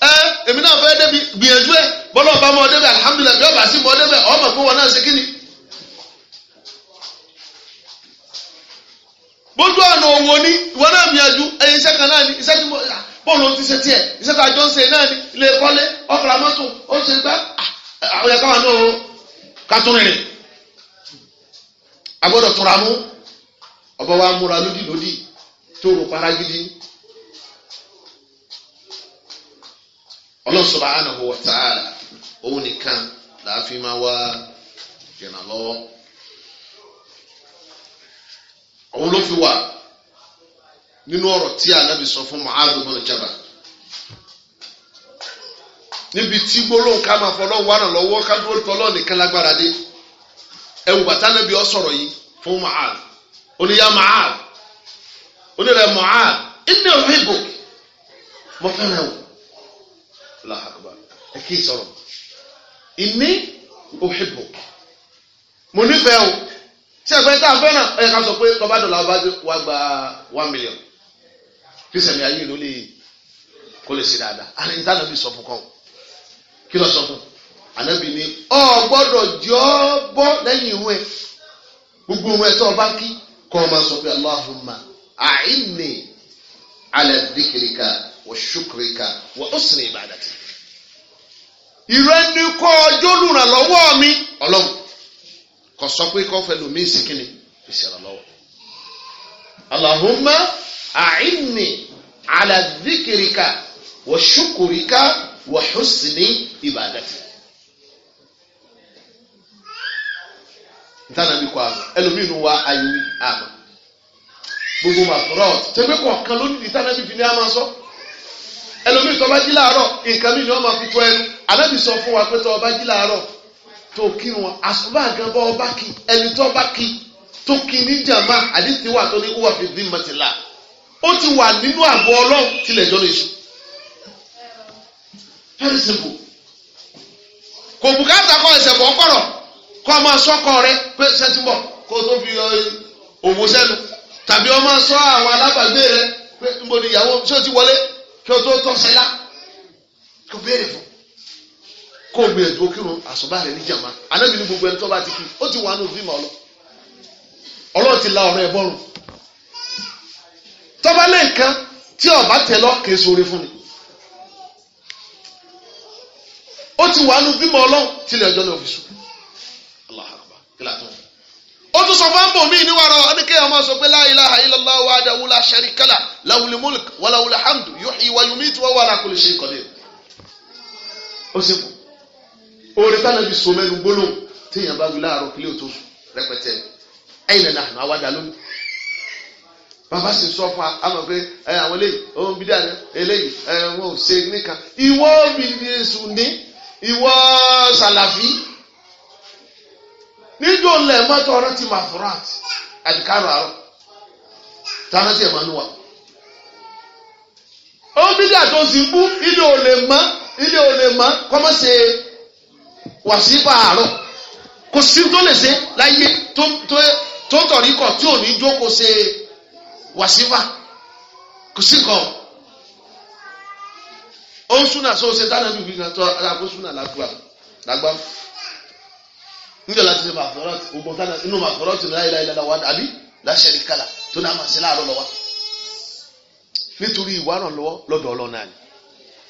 A: ẹ èmi náà fẹ́ débi gbìyànjú ẹ bọ́lá ọba mọ́ ọdẹ bẹ alihamudulilayi bí ọba sì mọ ọdẹ ọmọ pé wọn náà ṣe kíni. bójú ọ̀nà òwò ni ìwọ náà gbìyànjú ẹyin iṣẹ́ kan náà ni iṣẹ́ tí mo bọ́ọ̀lù ti ṣe tiẹ̀ iṣẹ́ tí a jọ ń ṣe náà ni ilé kọ́lé ọkọ̀ àmọ́tò ó ṣe gbá ọ̀yẹ̀ káwọn náà tura mú wa múra lódì lódì tó rò para gidi ọlọ́run subhanahu wa ta'ala òun nìkan làá máa wá ìrànlọ́wọ́ òun ló fi wà nínú ọ̀rọ̀ tí Ànábì sọ fún Mu'adh ibn Jabal níbi tí gbólóhùn ká máa fọlọ́ wà náà lọ́wọ́ ká dúró tọ́lọ́ nìkan lágbára dé ẹ̀wù bàtà Ànábì ọ sọ̀rọ̀ yìí fún Mu'adh onye onírẹ̀ الله ẹ kì í sọ̀rọ̀ ìní òhìbò mo nífẹ̀ẹ́ o ṣé ẹgbẹ́ tá a fẹ́ náà ẹ ká sọ pé tọ́ba dọ̀là ọba wa gba one million fi sẹ̀mí ayé ló lè kó lè ṣe dáadáa àní ìdáná bí sọ fún kàn kí lọ sọ fún ànábì ni ọ gbọ́dọ̀ jọ bọ́ lẹ́yìn ìhun ẹ gbogbo ohun ẹ tó ọba kí kọ́ ọ máa sọ pé Allahumma a'inni ala dhikrika wa shukrika wa husni ibadati. ìrẹ́ ní kọ́ ọjọ́ olu mi ọlọ́run kò sọ pé kọ́ fẹ́ẹ́ lómi sí kíni ala wa shukurika wa husni ibadati. ntana mi kọ àmà ẹlòmíì wa ayé àmà gbogbo ma tẹ́gbẹ́ kọ̀ọ̀kan ntana bi fi ẹlòmíì tó bá jí láàárọ̀ nǹkan mi ni wọ́n máa fi fọ ẹnu anábì sọ fún wa pé tó bá jí láàárọ̀ tó kírun wọn àsùbá gan bọ́ ọba kì ẹni tó bá kì tó kì ní jàmbá àdìsí wà tó ní wà fi dín mọ́tìlá ó ti wà nínú àgọ́ ọlọ́run tilẹ̀ jọ lè ṣù. very simple kò bùkátà kọ́ ẹsẹ̀ bọ́ kọ̀rọ̀ kọ́ ọ máa sọ́kọ rẹ pé sẹ́tìmọ̀ kó o tó fi eh, òwò sẹ́nu tàbí ọ máa sọ àwọn alábàgbé rẹ pé nbọ ni ìyàwó ṣé o ti wọlé kí o tó tọ́ ṣe lá kò béèrè fún kó o gbìyànjú o kírun àsùbá rẹ níjàmá anábìíní gbogbo ẹni tó bá ti kí ó ti wà ní òfin màá lọ ọlọ́run ti la ọ̀rọ̀ ẹ̀ bọ́rùn tọ́ba lé nǹkan tí ọba tẹ lọ kì í sóore fún ni ó ti wà ní bímọ ọlọ́run tilẹ̀ ọjọ́ náà fi sùn ó tún sọ fún bòmí níwàrọ̀ ẹnikẹ́ni ọmọ sọ pé la ilaha illallah wahdahu la sharika lahu lahul mulk wa lahul hamdu yuhyi wa yumitu wa huwa ala kulli shay'in qadir. ó sì kù oore tánàbí so mẹ́nu gbólóhùn téèyàn bá wí láàárọ̀ kílé òtó rẹpẹtẹ ẹ̀yìn náà àná àwádà lónìí. bàbá sì sọ fún àmọ̀ pé ẹ àwọn eléyìí ohun bídà eléyìí ẹ wọn ò ṣe nìkan ìwọ mi ni èsù ní ìwọ sàlàfí n'iji ole ma toro ti maforat edekaro aro toro ti emaniwa o n bidya to si bu ile ole ma komo si wasipa aro ko si to le se laye to tori ko ti o ni jo ko se wasipa ko si ko o n suna so se toro ti o bidya to lagba níjọ́ láti ṣe màfúrọ́tì ogun tánà inú màfúrọ́tì láìláìláìlá wa àbí láṣẹ̀rí kálá tó náà máa ṣe láàárọ̀ lọ́wọ́ nítorí ìwà ràn lọ́wọ́ lọ́dọ̀ ọlọ́nà ni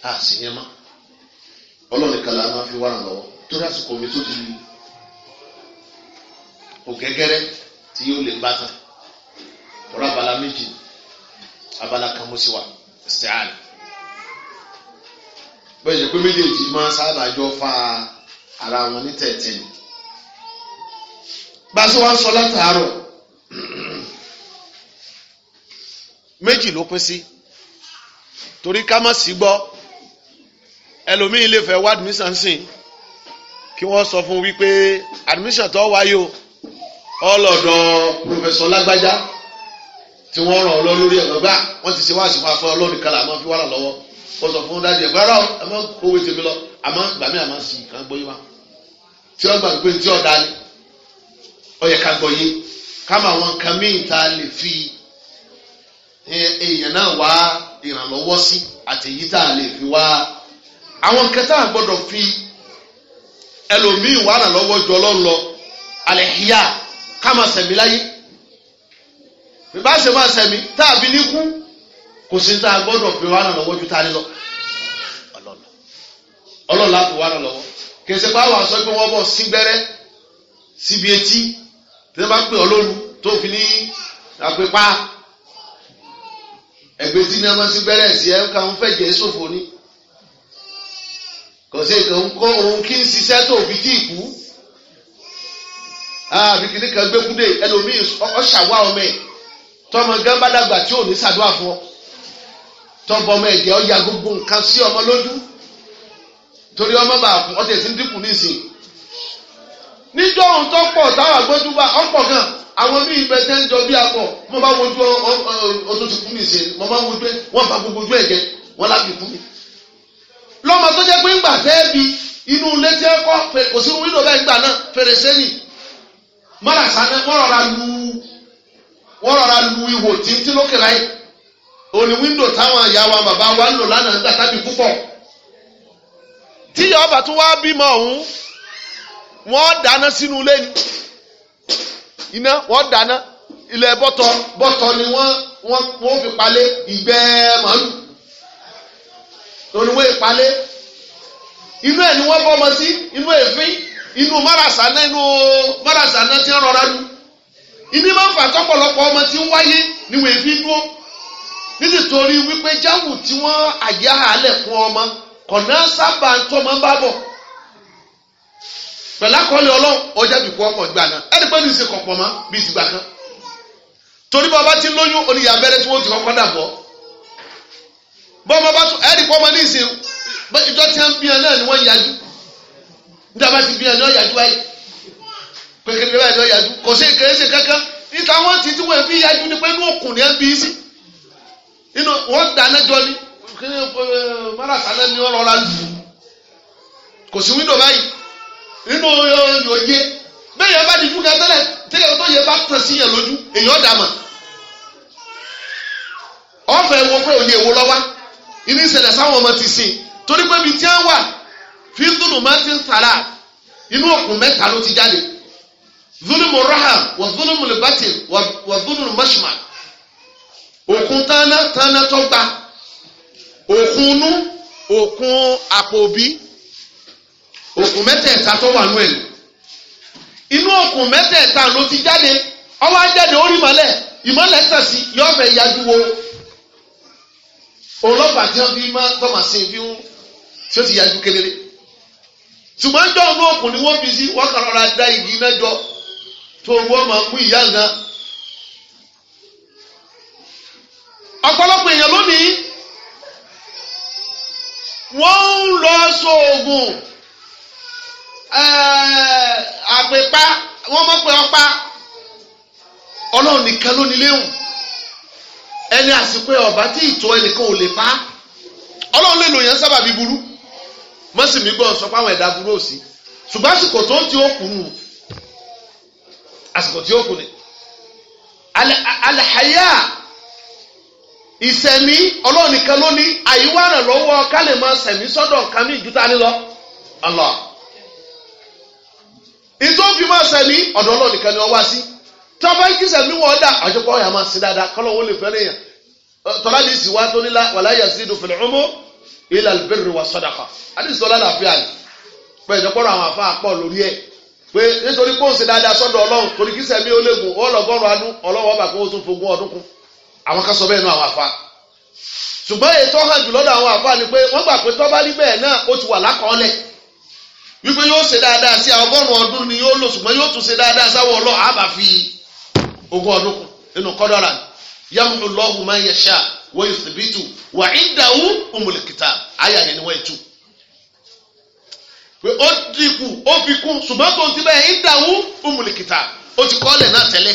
A: a sì yẹn mọ́ ọlọ́ni kálá máa fi wà ràn lọ́wọ́ torí àsìkò mi tó di ògẹ́gẹ́rẹ́ tí yóò lè bá tán ọ̀rọ̀ abala méjì abala kan mo sì wà ṣáàlì bẹ́ẹ̀ ni pé méjèèjì máa sábà jọ fa ara wọn ní tẹ̀tẹ̀ ni bá a ṣe wá ń sọ látàárọ̀ méjì ló pín sí torí ká má sí gbọ́ ẹlòmíín lè fẹ́ wá admission sìn kí wọ́n sọ fún wípé admission tó wáyé o ọlọ́dọ̀ pòfẹsọ lágbájá tí wọ́n ràn ọ́ lọ lórí ẹ̀gbọ́n bá wọ́n ti ṣe wá àṣìwọ́n afọ ọlọ́run kan làmọ́ fi wá rà lọ́wọ́ wọ́n sọ fún dájú ẹ̀gbọ́n rà ẹ má kówé tèmi lọ àmọ́ gbàmí àmọ́ sì kàn gbóyè wá tí wọ́n gbàgbé tí ọ̀dà ni ó yẹ ká gbọ́yé káma àwọn lè fi èèyàn náà wá ìrànlọ́wọ́ sí àti èyí tá a lè fi wá àwọn nǹkan tá fi ẹlòmíì wà lọwọ jọ lọlọ àlẹ́híyà káma sẹ̀mí láyé bíbá ṣe máa sẹ̀mí tá a kò sí tá a fi ju tá a ní lọ ọlọ́ọ̀lá fi wá lọwọ kèsì pàwọn àṣọ pé síbi tí wọ́n bá pè ọ́ lóru tó fi ní àpépá ẹgbẹ́ tí ní ọmọ sí bẹ́rẹ̀ sí ẹ ká ń fẹ̀jẹ̀ ṣòfò ni kò sí nǹkan ń kó òun kí ń ṣiṣẹ́ tó fi tí ì kú àbí kìnnìkan gbẹ́kúndé ẹlòmíì ọ̀ṣàwá ọmọ ẹ̀ tọmọ gan bá dàgbà tí ò ní ṣàdúrà fún ọ tọmọ ọmọ ẹ̀jẹ̀ ọjà gbogbo nǹkan sí ọmọ lójú torí ọmọ bàá fún ọtí ẹ̀sìn dínkù nísìn níjọ́ ohun tó pọ̀ táwọn agbójúbà ọ̀pọ̀ gan àwọn míì bẹ tẹ́ ń jọ bí akọ mo bá wojú ọtún ti mi ṣe mo bá wojú ẹ wọ́n bá gbogbo ojú ẹ̀ jẹ wọ́n lábì kú mi. lọ́mọ tó jẹ́ pé ń gbà tẹ́ bi inú ilé tí ẹ kọ́ kò sí wíńdò bẹ́ẹ̀ gbà náà fèrèsé nì mọ́ràsá náà wọ́n rọra lu wọ́n rọra lu ihò títí lókè láyé òní wíńdò táwọn ìyá wa bàbá wa ń lò lánàá ń dàtàbí púpọ̀ tíyọ̀ ọba tún wá bímọ ọ̀hún wọ́n dáná sínú ilé ni iná wọ́n dáná ilẹ̀ bọ́tọ̀ bọ́tọ̀ ni wọ́n wọ́n wọ́n fi palẹ̀ ìgbẹ́ màálù lóníwọ̀n ìpalẹ̀ inú ẹ̀ ni wọ́n bọ́ ọmọ sí inú èéfín inú márasàná inú márasàná tí ń rọra lu ìní máa ń fà tọ́pọ̀lọpọ̀ ọmọ tí ń wáyé níwọ̀n èéfín dúró nítorí wípé jáwù tí wọ́n àyà àlẹ̀ fún ọmọ kọ̀nà sábà ń ọmọ bá bọ̀ pẹ̀lú akọ́lé ọlọ́run ọjà bìkú ọkọ̀ gbà náà ẹni pé ní ìṣe kọ̀pọ̀ mọ́ bí ìsìgbà kan torí bọ́ ọba ti lóyún oníyà abẹ́rẹ́ tí wọ́n ti kọ́kọ́ dàbọ̀ bọ́ ọba tún ẹni ọmọ ní ìjọ tí wọ́n bí náà ni wọ́n yájú ti bí ayé kékeré eh, kò sí kéré nínú òye bẹ́ẹ̀ yẹn bá di fún kan tẹ́lẹ̀ tẹ́lẹ̀ tó yẹ bá tàn sí yẹn lójú èèyàn dà mà ọ̀fẹ́ wo pé òye wo lọ́wọ́ ilé ìṣẹ̀lẹ̀ sáwọn ọmọ ti sìn torí pé ibi tí wọ́n wà fíntùnù máa ti ń tàlà inú òkun mẹ́ta ló ti jáde zulumu raham wa zulumu libatin wa zulumu mashma òkun tánà òkun nú òkun àpòbí òkun mẹ́tẹ̀ẹ̀ta tó wà nú ẹ̀ inú òkun mẹ́tẹ̀ẹ̀ta ló ti jáde ọwọ́ ajáde orí mọ́lẹ̀ ìmọ́lẹ̀ tàn sí yọ fẹ́ yájú wo ọlọ́pàá tí wọ́n fi máa tọ́mà sí ibi ń tí ó ti yájú kedere ṣùgbọ́n jọ ọmọ òkun ni wọ́n fi sí wọ́n kàn rọra da igi mẹ́jọ tó wọ́n máa mú ìyá nǹkan. ọ̀pọ̀lọpọ̀ èèyàn lónìí wọ́n ń lọ sóògùn. Eh, àpèpá wọ́n mọ̀ pé ọ̀pá ọlọ́run nìkan ló ní léwu ẹni àsìkò ọ̀bá tí ìtọ́ ẹnìkan ò lè pa ọlọ́run lè lò yẹn sábàbí burú mọ́sí mi gbọ́ sọ pé àwọn ẹ̀dá burú ò sí ṣùgbọ́n àsìkò tó ti ó kù nù àsìkò tí ó kù ni alahaya ìsẹ̀mí ọlọ́run nìkan ló ní àyíwá rẹ̀ lọ́wọ́ ká lè máa sẹ̀mí sọ́dọ̀ nǹkan mi ìjútani lọ Allah ìtòfi máa sẹ̀mí ọ̀dọ̀ ọlọ́run nìkan ni wọ́n wá sí tọ́fẹ́ kí sẹ̀mí wọ́n dà àjọpọ̀ ọ̀yà máa sí dáadáa kọ́lọ́ wọ́n lè fẹ́ lẹ́yìn tọ́lá ní ìsìnwá tó nílá wàlá yazidu fil umri illa albirri wa sadaqa àdìsí tọ́lá làáfíà ni pé ìjọpọ̀rọ̀ àwọn afá pọ̀ lórí ẹ̀ pé nítorí pé ó ń ṣe dáadáa sọ́dọ̀ ọlọ́run torí kí sẹ̀mí ó léegun ọlọ́gọ́rùn adún ni pé wọ́n gbà pé tọ́ba níbẹ̀ náà ó wípé yóò ṣe dáadáa sí ọgọ́rùn-ún ọdún ni yóò lò ṣùgbọ́n yóò tún ṣe dáadáa sáwọ́ ọlọ́ọ̀ àbá fi ogún ọdún kù nínú kọ́dọ̀rà yamhu Allahu ma yasha wa yuthbitu wa indahu umul kitab ayé àyẹ̀ ni wọ́n ètù pé ó dínkù ó fi kú ṣùgbọ́n tó ti bẹ́ẹ̀ indahu umul kitab ó ti kọ́lẹ̀ náà tẹ́lẹ̀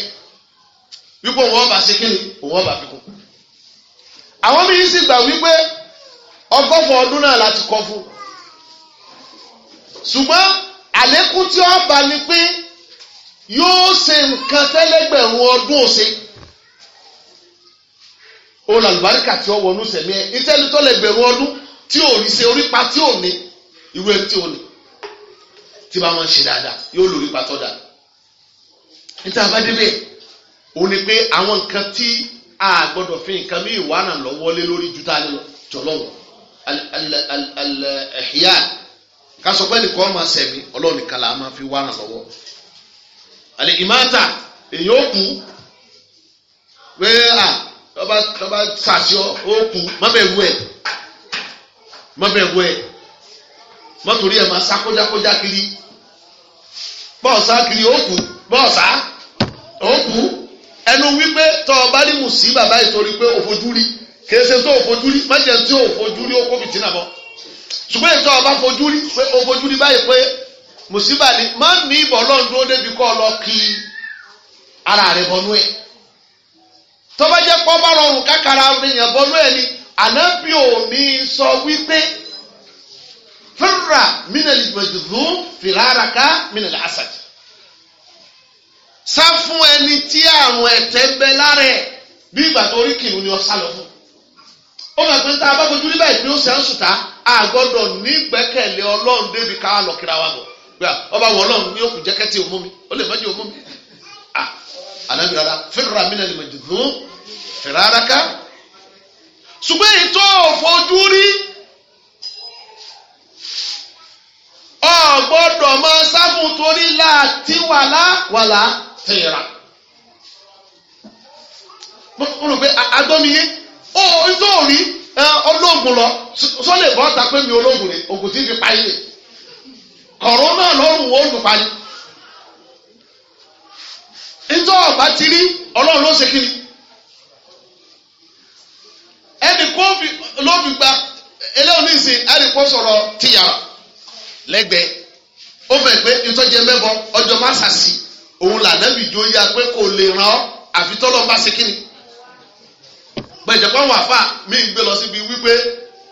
A: wípé òun ọba ṣe kíni òun ọba fi kú àwọn míín sì gbà ṣùgbọ́n àlékún tí ó bá ní pé yóò ṣe nǹkan tẹ́lẹ́gbẹ̀rún ọdún ọ̀sẹ̀ òun làlùbáríkà tí ó wọnú sẹ̀mí ẹ̀ ìtẹ́lẹ̀ tó lẹ́gbẹ̀rún ọdún tí ò rí ṣe orípa tí ò ní ìwé tí ò ní tí bá wọn ṣe dáadáa yóò lórí ipa tó dáa níta bá òun ni pé àwọn nǹkan tí a gbọ́dọ̀ fi nǹkan mí ìwà náà lọ́wọ́lé lórí ju tá a lè lọ jọlọ́wọ́ al al al al ẹ̀híyá. Al, al, al, ká sọ pé nìkan máa sẹ̀mí ọlọ́run nìkan là á máa fi wá ràn lọ́wọ́ àlè ìmáàtà èyí ó kú pé à lọ́ba lọ́ba sàṣọ ó kú má bẹ̀ wú ẹ̀ má bẹ̀ wú kiri okwu kiri ó kú bọ́ọ̀sá ó kú ẹnu wípé tọ́ ọ bá ní mùsí bàbá ìtorí pé òfojú rí tó òfojú ṣùgbọ́n ìtọ́ ọba fojú rí pé o fojú rí báyìí pé mùsíbà ni má mi ìbọn lọ́n dúró débi kọ́ lọ kí ara rẹ̀ bọnú ẹ̀ tọ́ba jẹ́ pọ́ bá rọrùn kákàrà èèyàn bọnú ẹ̀ ni ànábì ò ní sọ wípé fúnra mínàlì gbẹ̀dùdù fìláraka mínàlì asàjì sá fún ẹni tí àrùn ẹ̀tẹ̀ bẹ lára ẹ̀ bí ìgbà tó rí kìlú ni ọ sá lọ fún un ó mọ̀ pé tá a bá fojú nílẹ̀ ìpín oṣù ẹ̀sùn ta a gbọ́dọ̀ ní gbẹ́kẹ̀lé ọlọ́run débi ká lọ kíra wa bọ̀ gbà ọba wọ ọlọ́run ní òkun jẹ́kẹ́tì òmú mi ó lè mọ́jú òmú mi ah, ànábi rárá fẹ́ràn mi náà lè mọ̀jú dùn fẹ́ràn ara ká ṣùgbọ́n èyí tó fojú rí ọ gbọ́dọ̀ máa sáfún torí láti wàlá wàlá tẹ̀yẹ̀rà mo rò pé agbọ́mi yé. ó orí o rí ológun lọ sọlẹ̀ bọ́ ta pé mi ológun ni ògùn tí fi parí ni kọ̀rọ̀nà lọ́rùn ó lù parí nítorí ti rí ọlọ́run ló ṣe kí ni ẹnì kó ló fi gba eléyìí ní ìsìn ẹnì sọ̀rọ̀ tìyàrá lẹ́gbẹ̀ẹ́ ó ya pé ìtọ́jẹ mẹ́bọ ọjọ́ má sàṣì kò lè ràn gbẹ̀jẹ̀pọ̀ wà fà mí gbé lọ síbi wípé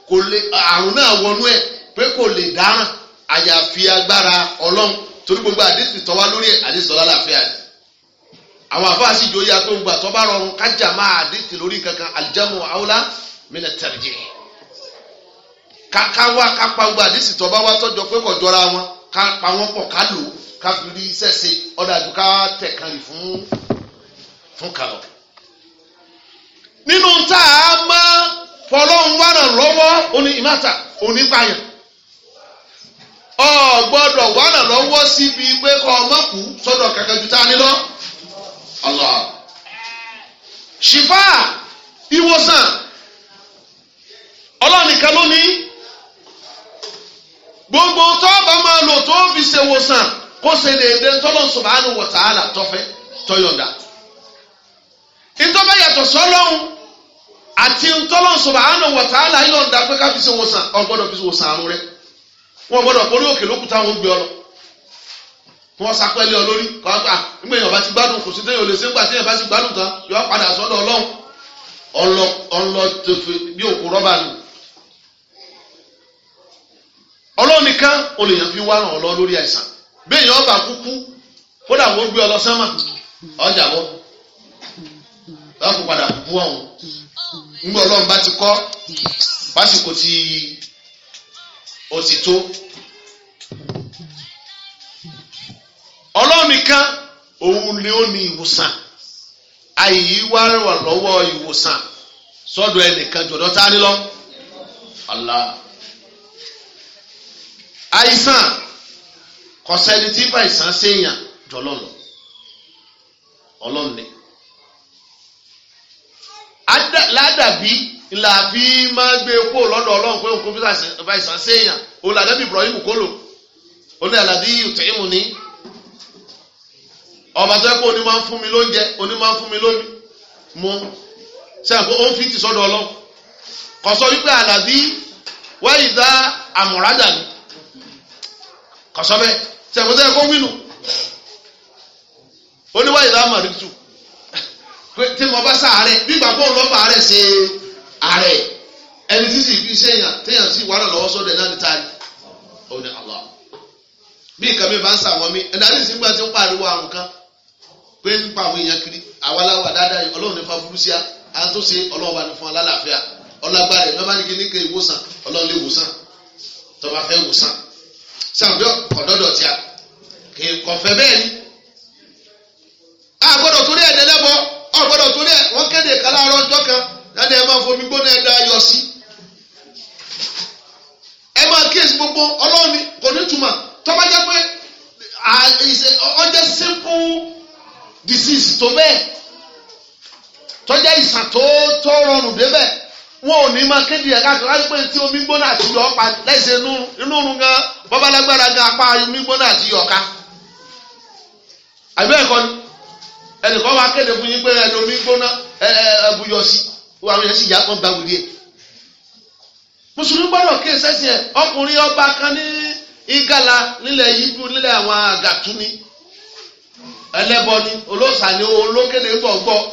A: kò lè àrùn náà wọnú ẹ̀ pé kò lè dáràn àyàfi agbára ọlọ́run torí gbogbo àdìsí tọ́wá lórí ẹ̀ àdìsí ọ̀la làáfíà ni àwọn àfáà sì jòyè àtòǹgbà tó bá rọrùn kájà máa àdìsí lórí kankan àlìjámu àwòlá mìíràn tẹ̀rẹ̀jẹ̀ kàkà wá kápá gbogbo àdìsí tó bá wá tọ́jọ pé kò jọra wọn kápá wọn pọ̀ ká lò ká fi rí sẹ́sẹ̀ ọ̀dà àdùká fún fún kàlọ́. nínú tá ma máa fọlọ́run wà náà lọ́wọ́ oní ìmáta onípayàn ọ gbọ́dọ̀ wà náà lọ́wọ́ síbi pé kọ́ ọmọkù sọ́dọ̀ kẹ̀kẹ́ ju tá a ní lọ. ọlọ ṣìfà ìwòsàn ọlọ́run nìkan ló ní gbogbo tọ́ọ̀bà máa lò tó fi ṣèwòsàn kó ṣe lè dé tọ́lọ́ subhanahu wa ta'ala tọ́fẹ́ tọ́yọ̀dà ìtọ́fẹ́ yàtọ̀ sọ́lọ́hún. àti ntọ́lọ́ subhanahu wa ta'ala ayọ̀ǹda pé a fi ṣe wòsàn ọgbọ́dọ̀ fi ṣe wòsàn àrùn rẹ wọn gbọ́dọ̀ borí òkè lókùtà wọn gbé ọ lọ wọn sapẹlẹ ọ lórí kọ àgbà yẹn ọba ti gbádùn kò sí téèyàn lè ṣe ńgbà téèyàn bá ti gbádùn tán yọ padà sọ́dọ̀ Ọlọ́run ọlọ ọlọ tẹfẹ bí òkú Ọlọ́run o fi lórí àìsàn ọba kúkú kódà wọn gbé ọ ńgbọ́ ọlọ́run bá ti kọ́ básìkò tí ó ti tó. ọlọ́run nìkan òun ni ó ní ìwòsàn àyè wá wà lọ́wọ́ ìwòsàn sọ́dọ̀ ẹnìkan jọ̀dọ̀ tá a ní lọ. Allah àìsàn kọ̀sẹ́ni tí bá àìsàn ṣèyàn jọlọ́lọ́ ọlọ́run nìkan ládàbí là fi máa gbé kó lọ́dọ̀ ọlọ́run pé òkú bá ìsàn séèyàn òun làdẹ́bí Ibrahim kó lò òun lè àlàdí ìtẹ́mù ní ọba tó yẹ kó oní máa ń fún mi lóúnjẹ oní máa ń fún mi lómi mu sẹ́yìn pé ó ń fi ti sọ́dọ̀ ọlọ́run kò sọ wípé àlàdí wáyé dá àmọ̀rádà ni kò sọ bẹ́ẹ̀ sẹ́yìn pé tó yẹ oníwáyé dá àmọ̀rítù pé tí mo bá sàárẹ̀ bí gbàgbọ́ ń lọ fàárẹ̀ ṣe àárẹ̀ ẹni tí sì fi sẹ́yìn téèyàn sì wà lọ́wọ́ sọ́dọ̀ náà níta ni ó ní Allah bí nǹkan mi bá ń sàwọn mi ẹ̀dá ní ìsìnkú àti ń pariwo àrùn kan pé ń pa àwọn èèyàn kiri àwa aláwọ̀ dáadáa yìí ọlọ́run ní fa burúkú a tó ṣe ọlọ́run bá ní fún alálàáfíà ọlọ́gbàrá ẹ̀ lọ́ba ní kí ní kẹ́ ìwòsàn ọlọ́run lè wòsàn tọ́ba fẹ́ wòsàn sàbíọ́ ọ̀dọ́dọ̀ tíya kì í kọ̀fẹ́ bẹ́ẹ̀ ni tó bẹ́ẹ̀ tọ́jà ìsàn tó tó rọrùn débẹ̀ wọn ò ní máa kéde ẹ̀ka tí omi gbóná àti yọ pa lẹ́sẹ̀ inú oorun gan bọ́bálágbára gan apá omi gbóná àti ká àbí omi gbóná sí àwọn yẹn sì yá gba mùsùlùmí gbọ́dọ̀ kí ẹsẹ̀ ẹ ọkùnrin ọba kan ní igala nílẹ̀ nílẹ̀ àwọn àgàtúni ẹlẹ́bọ ni olóòsà ni olókèdè ń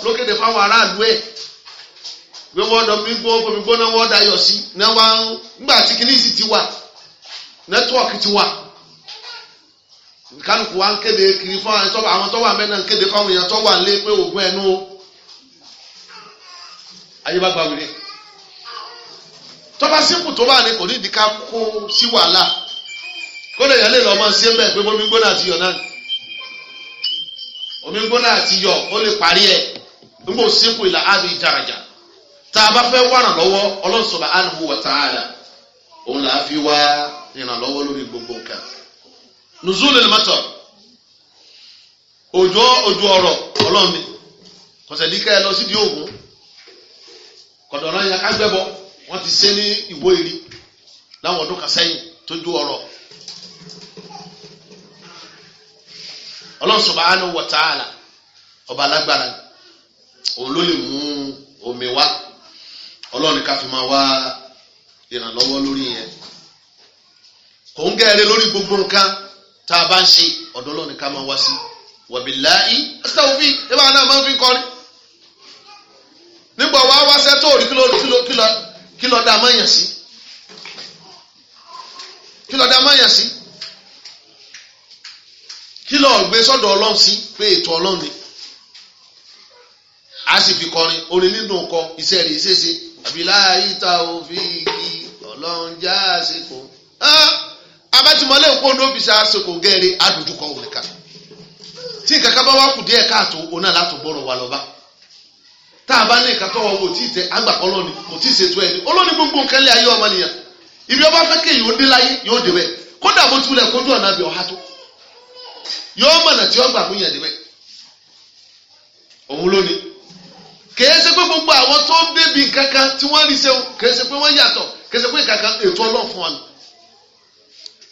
A: lókèdè fáwọn aráàlú ẹ̀ pé wọ́n dọ̀ mí gbó fomi gbóná wọ́n dayọ̀ sí náà wá tí kìnìsì ti wà nẹ́tíwọ̀kì ti wà kálukú wa ń kiri fún àwọn ń ẹnu o ayé bá gba wèrè tọ́ba sínkù tó bá ní kò ní ìdíkà kó sí wàhálà kó lè yẹn lè lọ́ọ́ máa ṣe bẹ́ẹ̀ pé bómi gbóná àti omi gbóná àti yọ ó lè parí ẹ̀ nígbà òsínkù ìlà àbí ìdàràjà tá a bá fẹ́ wà lọ́wọ́ Ọlọ́run subhanahu wa ta'ala òun là á fi wá ìrànlọ́wọ́ lórí gbogbo nǹkan. nùzúlù ni mọ́tọ̀ òjò òjò ọ̀rọ̀ Ọlọ́run ni kọ̀sẹ̀díkà ẹ lọ sídìí òògùn kọ̀dọ̀nà yẹn kágbẹ́bọ wọ́n ti ní ìwó láwọn ọdún kan sẹ́yìn tó ọlọ́run subhanahu wa ta'ala ọba alágbára òun ló lè mú omi wá ọlọ́run ká fi máa wá ìrànlọ́wọ́ lórí yẹn kò ń gẹ́rẹ́ lórí gbogbo nǹkan tá a bá ń ṣe ọ̀dọ̀ ọlọ́run ká máa wá sí wàbíláì ẹsẹ̀ òfin náà máa ń fi kọrin nígbà wàá wáṣẹ́ tó rí kí ló kí ló dá a máa yàn sí kí dá a máa yàn sí. kí lọ́ọ́ gbé sọ́dọ̀ ọlọ́run sí pé ètò ọlọ́run ni a sì fi kọrin orin nínú kọ iṣẹ́ rẹ̀ ṣeéṣe àbí láàyè ta òfin igi ọlọ́run já ní òbí ṣe gẹ́rẹ́ tí nǹkan bá wà kù díẹ̀ káàtó gbogbo ayé ọmọ ibi ọba fẹ́ kéèyàn ó dé láyé yóò dé bẹ́ẹ̀ kódà bó yóò mọ̀nà tí ó gbà mú yàn débẹ̀ òun ló ní kèé ṣe pé gbogbo àwọn tó ń débi kankan tí wọ́n rí sẹ́wọ̀n kèé ṣe pé wọ́n yàtọ̀ kèé ṣe pé kankan ètò Ọlọ́run fún wa nù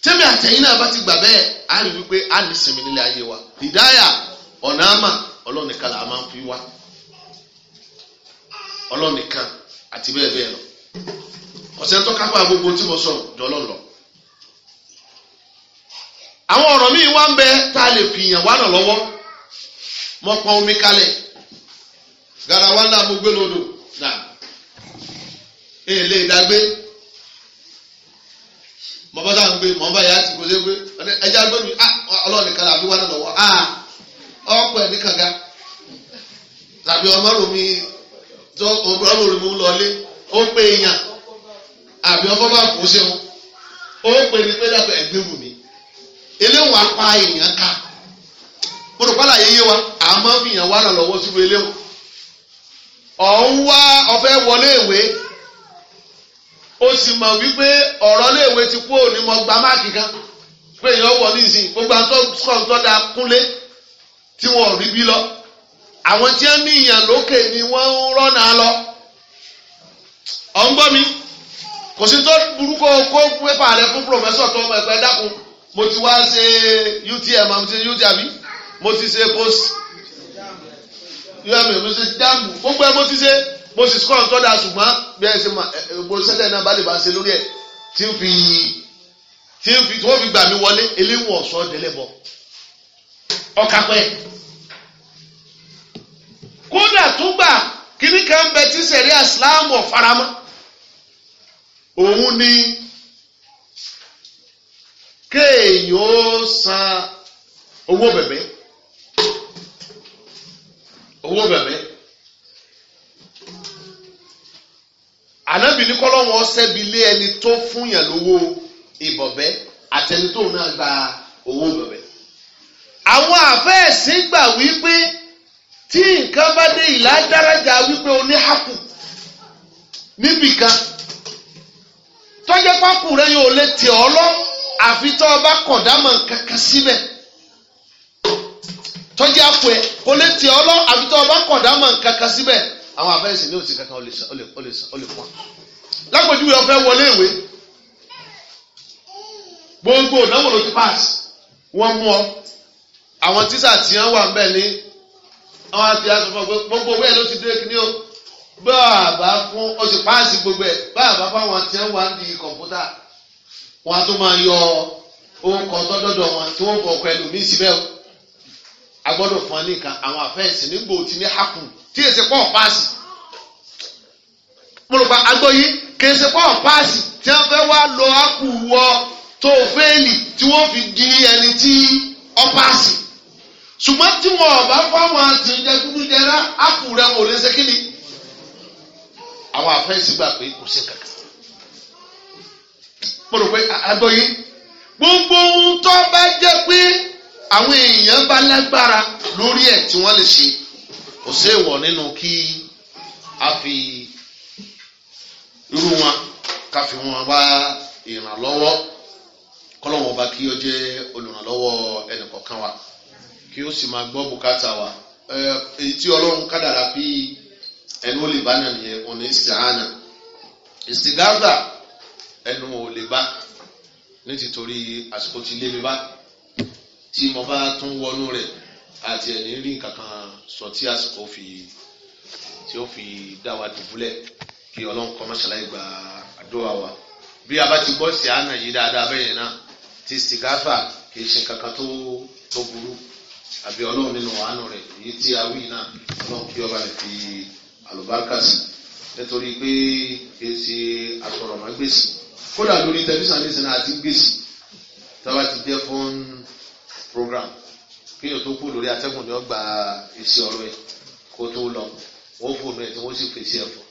A: tẹ́mi àtẹ̀yìn náà bá ti gbà bẹ́ẹ̀ á rí wípé á ní sinmi nílé ayé wa ìdáyà ọ̀nà àmà Ọlọ́run nìkan là á máa ń fi wá Ọlọ́run nìkan àti bẹ́ẹ̀ bẹ́ẹ̀ lọ ọ̀sẹ̀ tó kápá gbogbo tí mo sọ jọ lọ́nà àwọn ọ̀rọ̀ míì wá ń bẹ tá a lè fìyàn wá nà lọ́wọ́ mọ pọn omi kalẹ̀ garawa ńlá mo gbé nà èlé ìdágbé mọ̀mọ́ tá gbé mọ̀mọ́ yà á ti kò lé gbé ẹja gbé mi ah, kan làbí wá nà lọ́wọ́ ẹ̀ ọmọ rò mí tó ọmọ eléwọ̀n apá èèyàn ká mo rò pálá wa àmọ́ fìyàn wà lọ́wọ́ sínú eléwọ̀n ọ̀hún wá ọ̀fẹ́ wọlé ìwé ó sì mọ̀ wípé ọ̀rọ̀ ti kú òní mọ̀ gba máàkì kan pé èèyàn wọ̀ nísìnyí gbogbo da kúnlé tí wọ́n lọ àwọn tí wọ́n ní ìyàn lókè ni wọ́n ń rọ́nà lọ ọ̀hún gbọ́ mi kò sí tó fún tó ọmọ mo ti wá ṣe UTM àmì ti UTM àbí mo ti ṣe post UM mo ti ṣe jáàmù gbogbo ẹ mo ti ṣe mo sì score tọ́da ṣùgbọ́n bí ẹ ṣe ma mo ṣẹ́tẹ̀ náà balẹ̀ ba ṣe lórí ẹ̀ tí ń fi tí ń fi tí wọ́n fi gbà mí wọlé eléwọ̀n ọ̀ṣọ́ délẹ̀bọ̀ ọ̀kápẹ́ kódà tó gbà kíní kan bẹ tí sẹ̀rí àsìlámù ọ̀faramọ́ òun ni kéèyàn ó san owó bẹ̀bẹ̀ owó bẹ̀bẹ̀ ànábì ní kọ́lọ́wọ́n ọ̀sẹ́bi lé ẹni tó fún yàn lówó ìbọ̀bẹ́ àtẹni tó náà gba owó bẹ̀bẹ̀ àwọn àfẹ́ẹ̀sìn gbà wípé tí nǹkan bá dé ìlà wípé o hapù níbìkan tọ́jẹ́ pápù rẹ yóò lè tẹ̀ ọ́ lọ́wọ́ àfi tọ́ ọ bá kọ̀dámọ̀ kankan síbẹ̀ tọ́jú àpò ẹ̀ kò lè tì ọ́ lọ àfi tọ́ ọ bá kọ̀dámọ̀ kankan síbẹ̀ àwọn abẹ́rẹ́sì ní òsì kankan ó lè pọ́n lápèjúwe ọ̀fẹ́ wọlé ìwé gbogbo ìdánwò ló ti pass wọ́n mú ọ àwọn tíṣà tí wọ́n wà ń bẹ̀ ní àwọn àti àsopọ̀ gbogbo owó ẹ̀ ló ti dé kíní o bá a bá fún oṣù páàsì gbogbo ẹ̀ bá a bá fún àwọn tí wọ́n wà ń di kọ̀ǹpútà wọn a tún máa yọ orúkọ tọ́dọ̀dọ̀ wọn tí wọ́n fọkọ ẹlòmíì síbẹ̀ o a gbọ́dọ̀ fún wa ní nǹkan àwọn àfẹ́ǹsì nígbò tí ní hàkù tí èsì pọ̀ páàsì mo rò pa agbóyé kì í ṣe pọ̀ páàsì tí wọ́n fẹ́ wá lọ hàkù wọ tó fẹ́ẹ̀lì tí wọ́n fi di ẹni tí ọ páàsì ṣùgbọ́n tí wọn ọ̀bá fáwọn àti ìjẹkúrú rẹ wò lè ṣe kí ni àwọn àfẹ́ǹsì gbà pé kò ṣe kankan mo rò pé àgbọ̀yé gbogbo ohun tó bá jẹ́ pé àwọn èèyàn bá lágbára lórí ẹ̀ tí wọ́n lè ṣe kò sí èèwọ̀ nínú kí a fi irú wọn ká fi wọn wá ìrànlọ́wọ́ kọ́lọ́wọ́ ọba kí ó jẹ́ olùrànlọ́wọ́ ẹnìkọ̀ọ̀kan wa kí ó sì máa gbọ́ bùkátà wa èyí tí ọlọ́run kádàrá bí ẹnu ó lè bá nàìyẹn òní ìsìtìhánà ìsìtìgáàdà ẹnu ò lè bá ní títorí àsìkò ti lé mi bá tí mo bá tún wọnú rẹ̀ àti ẹni rí nǹkan kan sọ tí àsìkò fi tí ó fi dá wa dùbúlẹ̀ kí ọlọ́run kọ́ mọ́ṣálá ìgbà àdúrà wa bí a bá ti gbọ́ sí àánà yìí dáadáa bẹ́yẹn náà ti sìgáfà kì í ṣe kankan tó tó burú àbí ọlọ́run nínú àánú rẹ̀ èyí tí a wí náà ọlọ́run kí ọba rẹ̀ fi àlùbáríkà sí nítorí pé kì í ṣe àsọ̀rọ̀ kódà lórí tẹlifíṣàn ní sinmi àti gbèsè tọ́ba ti jẹ́ fún program kéèyàn tó kú lórí atẹ́gùn ni ó gba èsì ọ̀rọ̀ ẹ̀ kó tó lọ wọ́n fòònù ẹ̀ tí wọ́n sì fèsì ẹ̀fọ́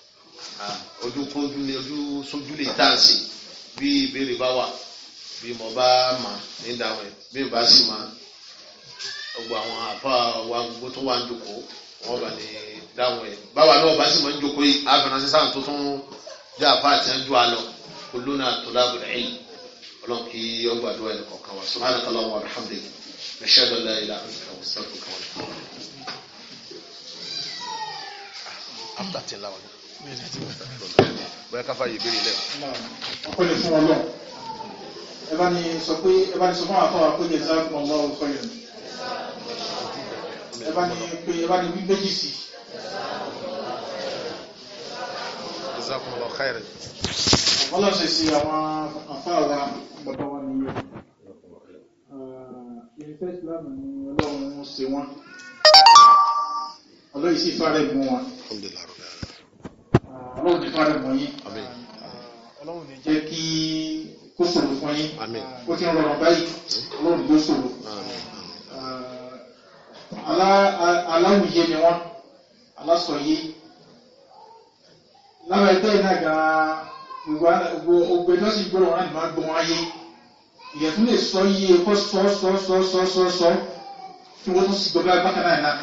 A: ojú kójú ni ojú sójú lè tà sí bí ìbéèrè bá wà bí mo bá mà ní ìdáhùn ẹ̀ bí mo bá sì mà gbogbo àwọn àfa wa gbogbo tó wà ń jòkó wọn bá ní dáhùn ẹ̀ báwa náà bá sì mọ̀ ń jòkó yìí àfẹnusẹ́sàn tó tún jẹ́ àfa àti ẹ̀ńjú àlọ́ kulluna tulabul ilm ọlọ́run kí ó gbàdúrà ẹni kọ̀ọ̀kan wa subhanaka allahumma wa bihamdika nashhadu an la ilaha illa anta astaghfiruka wa atubu after ten lawa bóyá káfá yìí béèrè lẹ́yìn.
B: ọkọ lè fún ọlọ ẹ bá ní sọ pé ẹ bá ní sọ fún àwọn àtọwà pé jẹjẹrẹ kún ọmọ ọkọ yẹn ẹ bá ní pé ẹ bá ní wí méjì sí i. Jazakumullahu khairan. ọlọ́run ṣe ṣe àwọn afáàlà bàbá wa nìyẹn ìrìnsẹ́ ìsìlámù ni ọlọ́run ṣe wọ́n ọlọ́run sì fárẹ̀ mú wọn ah, ọlọ́run ti fárẹ̀ mọ́ yín ah, ọlọ́run ní jẹ́ kí kó ṣòro fún yín ó ti ń rọrùn báyìí ọlọ́run ló ṣòro ah, aláwùyé ni wọ́n alásọ̀yé lábẹ́ ẹgbẹ́ iná gan-an gbogbo ẹjọ́ sì gbọ́dọ̀ wọn láti máa gbọ́ wọn ayé ìyẹ̀tún lè sọ iye kọ́ sọ sọ sọ sọ sọ sọ kí wọ́n tún sì gbọ́ bá bákan náà náà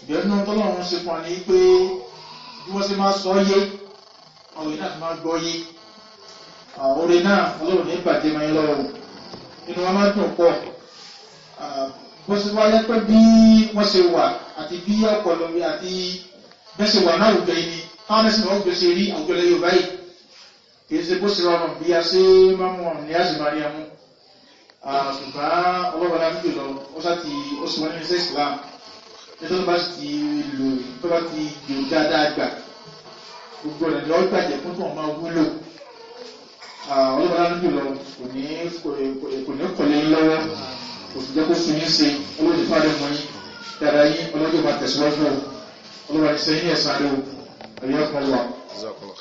B: ìbẹ̀rún tọ́lọ́run ṣe fún wa ní pé bí wọ́n ṣe máa sọ yé ọ̀rẹ́ náà máa gbọ́ yé ọ̀rẹ́ náà ọlọ́run ní ìbàjẹ́ máa ń lọ́wọ́ nínú wọn máa dùn pọ̀ bó ṣe wáyé pé bí wọ́n ṣe wà àti bí ọ̀pọ̀lọpọ̀ àti bẹ́ẹ̀ ṣe wà náà ò gbẹ̀yìn ni káwọn ẹ̀sìn wọn gbèsè rí àwùjọ ilẹ̀ Yorùbá yìí kìí ṣe bó ṣe rọrùn bí a ṣe máa mú ọ̀rùn ní àṣì máa rí amú ṣùgbọ́n ọlọ́bàlá ń jùlọ ó sá ti ó sì wọ́n ní ṣe Islam nítorí bá ti lò tó bá ti gbèrò dáadáa gbà gbogbo ọ̀nà ni ó gbàjẹ́ fún tó máa wúlò ọlọ́bàlá ń jùlọ kò ní kọ̀lẹ́ lọ́wọ́ kò sì jẹ́ kó sun yín ṣe olóòdì fáadé mọ́ yín yín ọlọ́jọ́ máa tẹ̀síwájú ọlọ́bàlá ti sẹ́yìn ẹ̀sán lóhùn ẹ̀rí ọ̀pọ̀ lọ.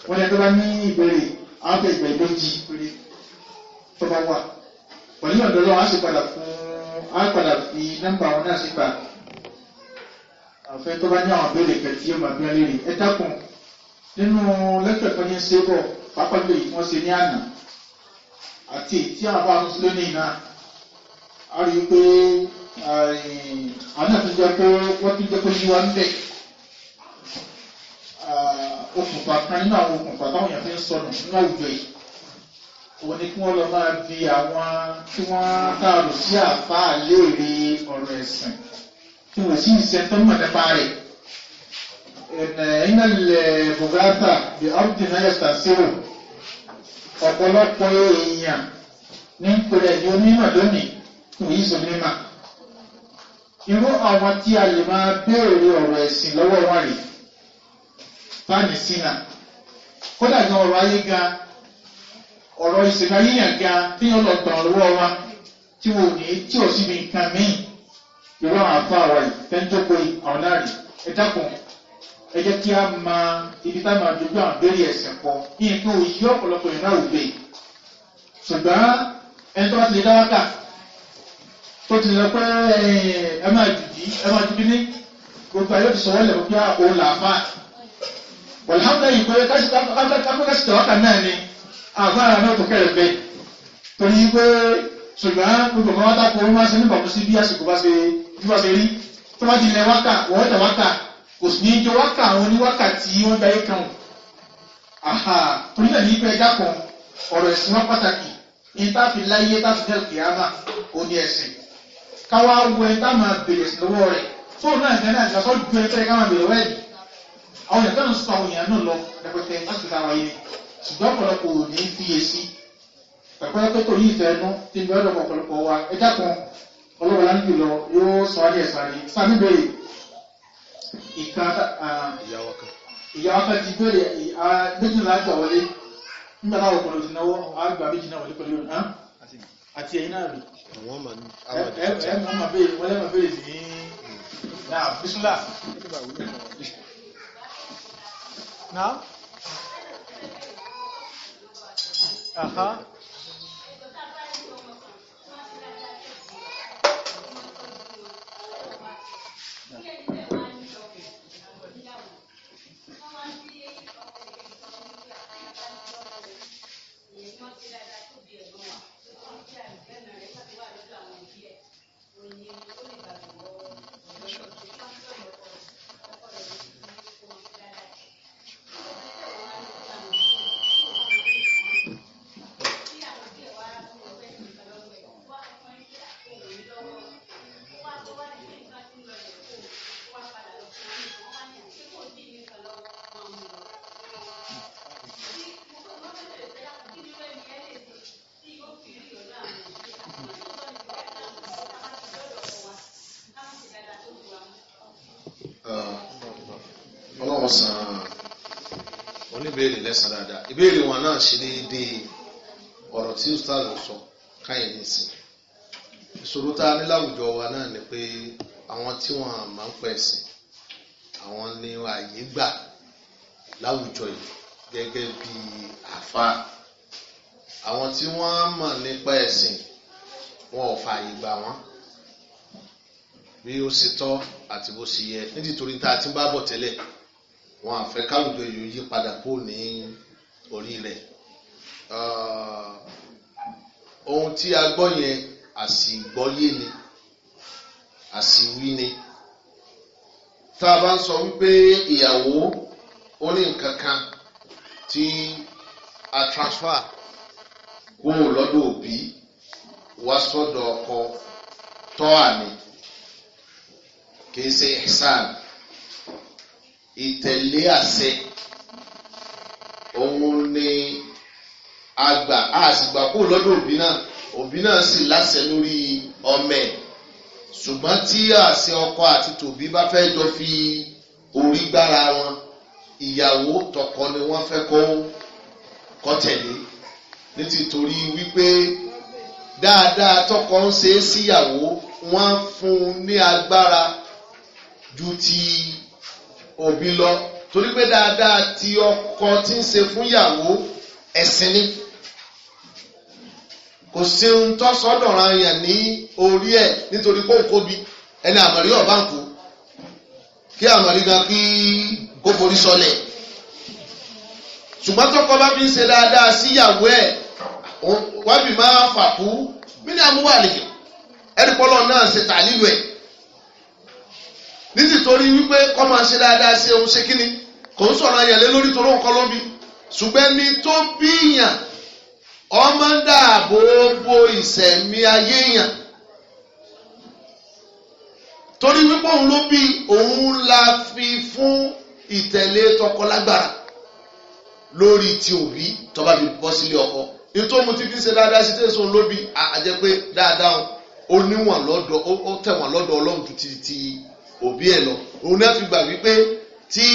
B: wọ́n yẹ tó bá ní ìbéèrè àwọn tó ìgbẹ́ méjì péré tó bá wà. pẹ̀lú ọ̀dọ́ lọ́wọ́ á sì padà fún á padà fi nọ́mbà wọn náà sí gbà. àfẹ́ tó bá ní àwọn ìbéèrè kẹ̀tì yóò máa bí wọn léèrè. ẹ dákun nínú lẹ́tọ̀ kan ní sébọ̀ pápákọ̀ yìí wọ́n ṣe ní àná àti tí àbá mùsùlùmí náà a rí i pé àná tó jẹ́ pé wọ́n tún jẹ́ pé yíwá ń bẹ̀. Uh, okùnfà kan nínú àwọn okùnfà táwọn èèyàn fi ń sọnù nínú àwùjọ yìí òun ni kí wọ́n lọ máa bi àwọn tí wọ́n dàrú sí àfáà léèrè ọ̀rọ̀ ẹ̀sìn tí wọ́n sì ń ṣe tó mọ̀ nípa rẹ̀ ẹ̀nà ilẹ̀ bùgátà the ordinary náírà tàṣírò ọ̀pọ̀lọpọ̀ èèyàn ní pẹ̀lẹ́ ní onímọ̀ lónìí kò yí sọ mímọ̀ irú àwọn tí a lè máa béèrè ọ̀rọ̀ ẹ̀sìn lọ́wọ́ wọn rèé báàmì sínà kódà gan ọ̀rọ̀ ayé gan ọ̀rọ̀ ìṣèlú ayéyàn gan tí yóò lọ gbọ̀n lọ́wọ́ wa tí wò ní tí ò síbi nǹkan míì irú àwọn afọ àwọn yìí tẹ́ńtọ́kọ yìí àwọn náà rí ẹ dákun ẹ jẹ́ kí a máa ibi tá a máa dojú àwọn béèrè ẹ̀sìn pọ̀ ní nǹkan òyì ọ̀pọ̀lọpọ̀ ìrìnà òbí ṣùgbọ́n ẹni tó bá ti lè dá tó ti lọ pé ẹ máa dìdí ẹ máa dìdí ní gbogbo ayé ti sọ wọ́n lẹ̀ wàlúhàmdà yìí pé káfíńkásí tẹ̀wákà náà ni àwọn ará náà tó kẹ̀rẹ̀ pé torí pé ṣùgbọ́n gbogbo ọmọ wáta kò máa ṣe ní bàbú sí bí àsìkò bá ṣe bí wá ṣe rí tó bá ti lẹ wákà wọ́n tẹ̀ wákà kò sì ní jọ wákà àwọn oníwákà tí wọ́n gba ayé kan àhà torí náà ní pé ẹja kan ọ̀rọ̀ ẹ̀sìn wọn pàtàkì ní táfi láyé táfi dẹ́rù kìámà ó ní ẹ̀sìn káwá wọ ẹ tá máa bèrè sí lọ́wọ́ rẹ̀ fóònù náà ìgbẹ́ náà ìgbà sọ́ọ́ àwọn ìyàtọ̀ ń sọ àwọn èèyàn náà lọ rẹpẹtẹ láti ra wáyé ni ṣùgbọ́n ọ̀pọ̀lọpọ̀ ò ní fi yé sí pẹ̀pẹ́pẹ́ tó yí ìfẹ́ ẹnu tí ìgbẹ́ ọ̀dọ̀ ọ̀pọ̀lọpọ̀ wa ẹjá kan ọlọ́wọ́ láńkì lọ yóò sọ adìẹ sáré sáré bèrè ìka ìyàwó kan ti bèrè méjì náà gbà wọlé nígbà náà ọ̀pọ̀lọpọ̀ ti náwó àgbà méjì náà wọlé pẹ̀lú ọ̀nà àti ẹ̀yìn náà rí ẹ̀ bísúlà. Não? Aham.
A: ìbéèrè wọn náà ṣe déédéé ọ̀rọ̀ tí ustaz sọ káyìn nìsín ìṣòro tá a ní láwùjọ wa náà ni pé àwọn tí wọn máa ń pẹ̀ sìn àwọn ní ààyè gbà láwùjọ yìí gẹ́gẹ́ bí àáfàá àwọn tí wọ́n mọ̀ nípa ẹ̀sìn wọn ò fààyè gbà wọ́n bí ó ṣe tọ́ àti bó ṣe yẹ nítorí tá a ti ń bá bọ̀ tẹ́lẹ̀ wọn àfẹ́ káwùjọ yìí yí padà kó ní orí rẹ̀ ah, ohun tí a gbọ́ yẹn àsìgbọ́yé ni àsìwí ni tá a bá ń sọ wípé ìyàwó ó nǹkan kan tí a transfer kúrò lọ́dọ̀ òbí wá sọ́dọ̀ ọkọ tọ́à ni kì í ṣe ihsan ìtẹ̀lé àṣẹ òun ni àgbà àsìgbà kú lọ́dọ̀ òbí náà òbí náà sì láṣẹ lórí ọmọ ẹ̀ ṣùgbọ́n tí àṣẹ ọkọ àti tòbí bá fẹ́ jọ fi orí gbára wọn ìyàwó tọkọ ni wọ́n fẹ́ kó kọ́ tẹ̀lé nítorí wípé dáadáa tọkọ ń ṣe síyàwó wọ́n fún un ní agbára ju ti òbí lọ torí pé dáadáa ti ọkọ tí ń ṣe fún ìyàwó ẹ̀sìn ni kò sí ohun tó sọ́dọ̀ràn àyàn ní orí ẹ̀ nítorí pé òkú bi ẹni àmọ̀rí ọ̀bá ń kú kí àmọ̀rí gan kí kó forí sọlẹ̀ ṣùgbọ́n tọkọ bá fi ń ṣe dáadáa sí ìyàwó ẹ̀ wábì máa fà kú mí ní amúwàlè ẹ̀rí pọ́lọ́ náà ṣe tàlílù ẹ̀ nítorí wípé kọ́ máa ṣe dáadáa ṣe òun ṣe kíni kò ń sọ̀rọ̀ ayẹ̀lé lórí torí òun kọ́ ló ń bi ṣùgbọ́n ẹni tó bíyàn ọmọ ń dáàbò bo ìṣẹ̀mí ayé yàn torí wípé òun ló bí òun la fi fún ìtẹ̀lé tọkọ lágbára lórí ti òbí tọba bí bọ́ sílé ọkọ nítorí mo ti fi ṣe dáadáa sí tẹ̀sán lóbi àjẹpé dáadáa ó níwọ̀n lọ́dọ̀ ó tẹ̀wọ̀n lọ́dọ̀ ọlọ́run tuntun ti òbí ẹ̀ lọ òun náà fi gbà wípé tí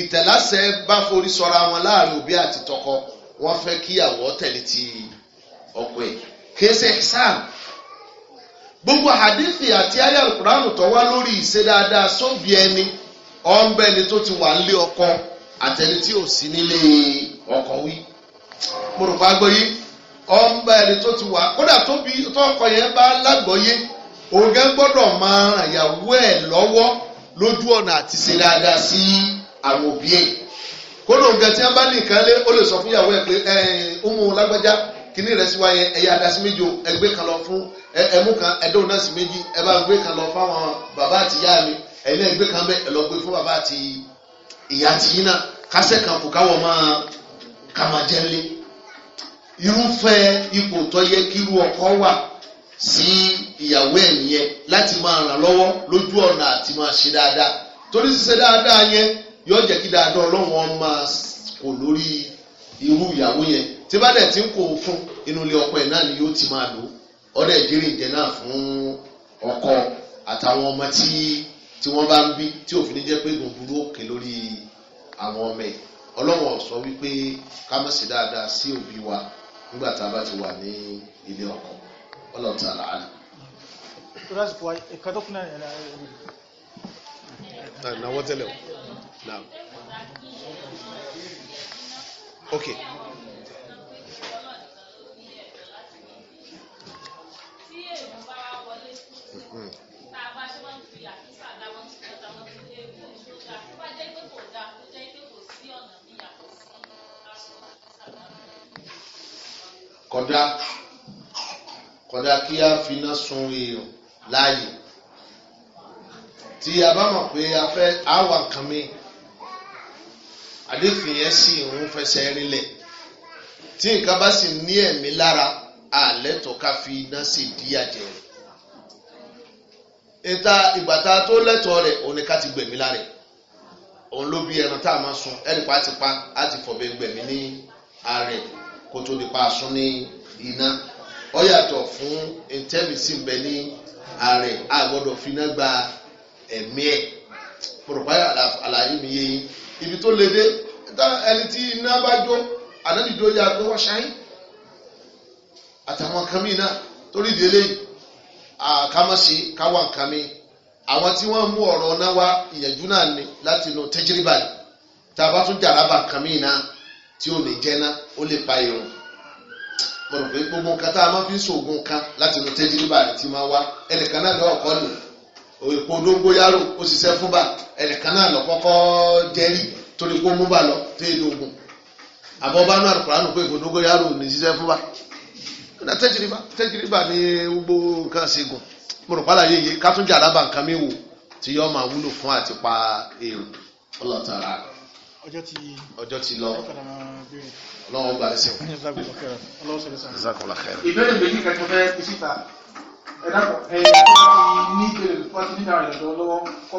A: ìtẹ̀láṣẹ bá forí sọra wọn láàrin òbí àti tọkọ wọn fẹ́ kí tẹ̀lé ti ọkọ ẹ̀ kéésì ẹ̀sán gbogbo hadithi àti aya alukuraanu tó wá lórí ìṣe dáadáa sóbi ẹni ọ̀nbẹ́ni tó ti wà nílé ọkọ àtẹni tí ò sí nílé ọkọ wí mo rò bá gbọ́ yìí ọ̀nbẹ́ni tó ti wà kódà tóbi tọkọ yẹn bá lágbọ́ yìí òun gẹ́ gbọ́dọ̀ máa ràn ìyàwó ẹ̀ lọ́wọ́ lójú ọ̀nà àti ṣe dáadáa sí àwọn òbí ẹ̀ kódò nǹkan tí wọ́n bá ní nǹkan lé ó lè sọ fún ìyàwó ẹ̀ pé ẹ̀ ọmọ lágbájá kíní rẹ̀ sí wáyé ẹ̀yà adásí méjì o ẹgbẹ́ kan lọ fún ẹ̀mú kan ẹ̀dọ́n náà sí méjì ẹ bá gbé kan lọ fáwọn bàbá àti ìyá mi ẹ̀yìn náà gbé kan bẹ́ẹ̀ ẹ̀ lọ gbé fún bàbá àti ìyá àti yín náà kásẹ̀ kan kò káwọ̀ máa kàmájẹ́lé irúfẹ́ ipò tó yẹ kírú ọkọ wà sí ìyàwó ẹ̀ nìyẹn láti máa ràn lọ́wọ́ lójú ọ̀nà àti máa ṣe dáadáa torí ṣíṣe dáadáa yẹn yóò jẹ́ kí dáadáa ọlọ́wọ́n máa kò lórí irú ìyàwó yẹn tí bá dẹ̀ ti ń kó o fún inú ilé ọkọ ẹ̀ náà ni yóò ti máa lò ọdẹ ìjírí ìjẹ náà fún ọkọ àtàwọn ọmọ tí tí wọ́n bá ń bí tí òfin jẹ́ pé gbòǹgbòrò òkè lórí àwọn ọmọ ẹ̀ ọlọ́wọ́n sọ wípé ká má ṣe dáadáa sí òbí wa nígbà tá a bá ti wà ní ilé ọkọ. Wallahu ta'ala alam.
B: lásìkò ẹ̀ka tó kún náà ẹ̀ náà. náà wọ́n ok. Mm-hmm
A: kódà kí a finá sun èèyàn láàyè tí a bá mọ̀ pé a fẹ́ àwa kan mi àdéhùn yẹn sì ń fẹsẹ̀ rinlẹ̀ tí nǹkan bá sì ní ẹ̀mí lára àlẹ́ tó ká fi iná sì di àjẹ́ ìta ìgbà tá a tó lẹ́tọ̀ọ́ rẹ̀ òun ni ká ti gbẹ̀mí lára òun ló bí ẹran tá a máa sun ẹnì pa ti pa á ti fọ̀bẹ gbẹ̀mí ní ààrẹ kó tó di pa a ní iná ọ yàtọ̀ fún ntẹ́mísì mbẹ ní ààrẹ àgbọ̀dọ̀ finá gba ẹ̀mí ẹ̀ pòròpáyà àlàyé mi yé yín ibi tó le dé ẹni tí iná bá jó ànádìdó yà pé wọ́n ṣáyé àtàwọn kan mìíràn torí délé àkàmọ́sí káwọn nǹkan mi àwọn tí wọ́n mú ọ̀rọ̀ náà wá ìyẹ̀jú náà ni láti inú tẹ́jírìbà tá a bá tún jàrá bá nǹkan mìíràn tí ò ní jẹ́ náà ó lè pa irun mọ̀rọ̀ pé gbogbo nǹkan tá a máa fi ń ṣoògùn kan láti inú tẹ́jú rẹ̀ ti máa wá ẹnìkan náà lọ́wọ́ kọ́ lò èpo dóngóyárò ó ṣiṣẹ́ fún bà ẹnìkan náà lọ kọ́kọ́ jẹ́rì torí kó lọ náà pé èpo ní ṣiṣẹ́ fún tẹ́jú tẹ́jú gbogbo nǹkan ṣègùn mọ̀rọ̀
B: ọjọ́ lọ. ọlọ́run ọba ẹsẹ̀ wọn. ìbéèrè méjì kẹtọ fẹ́ fi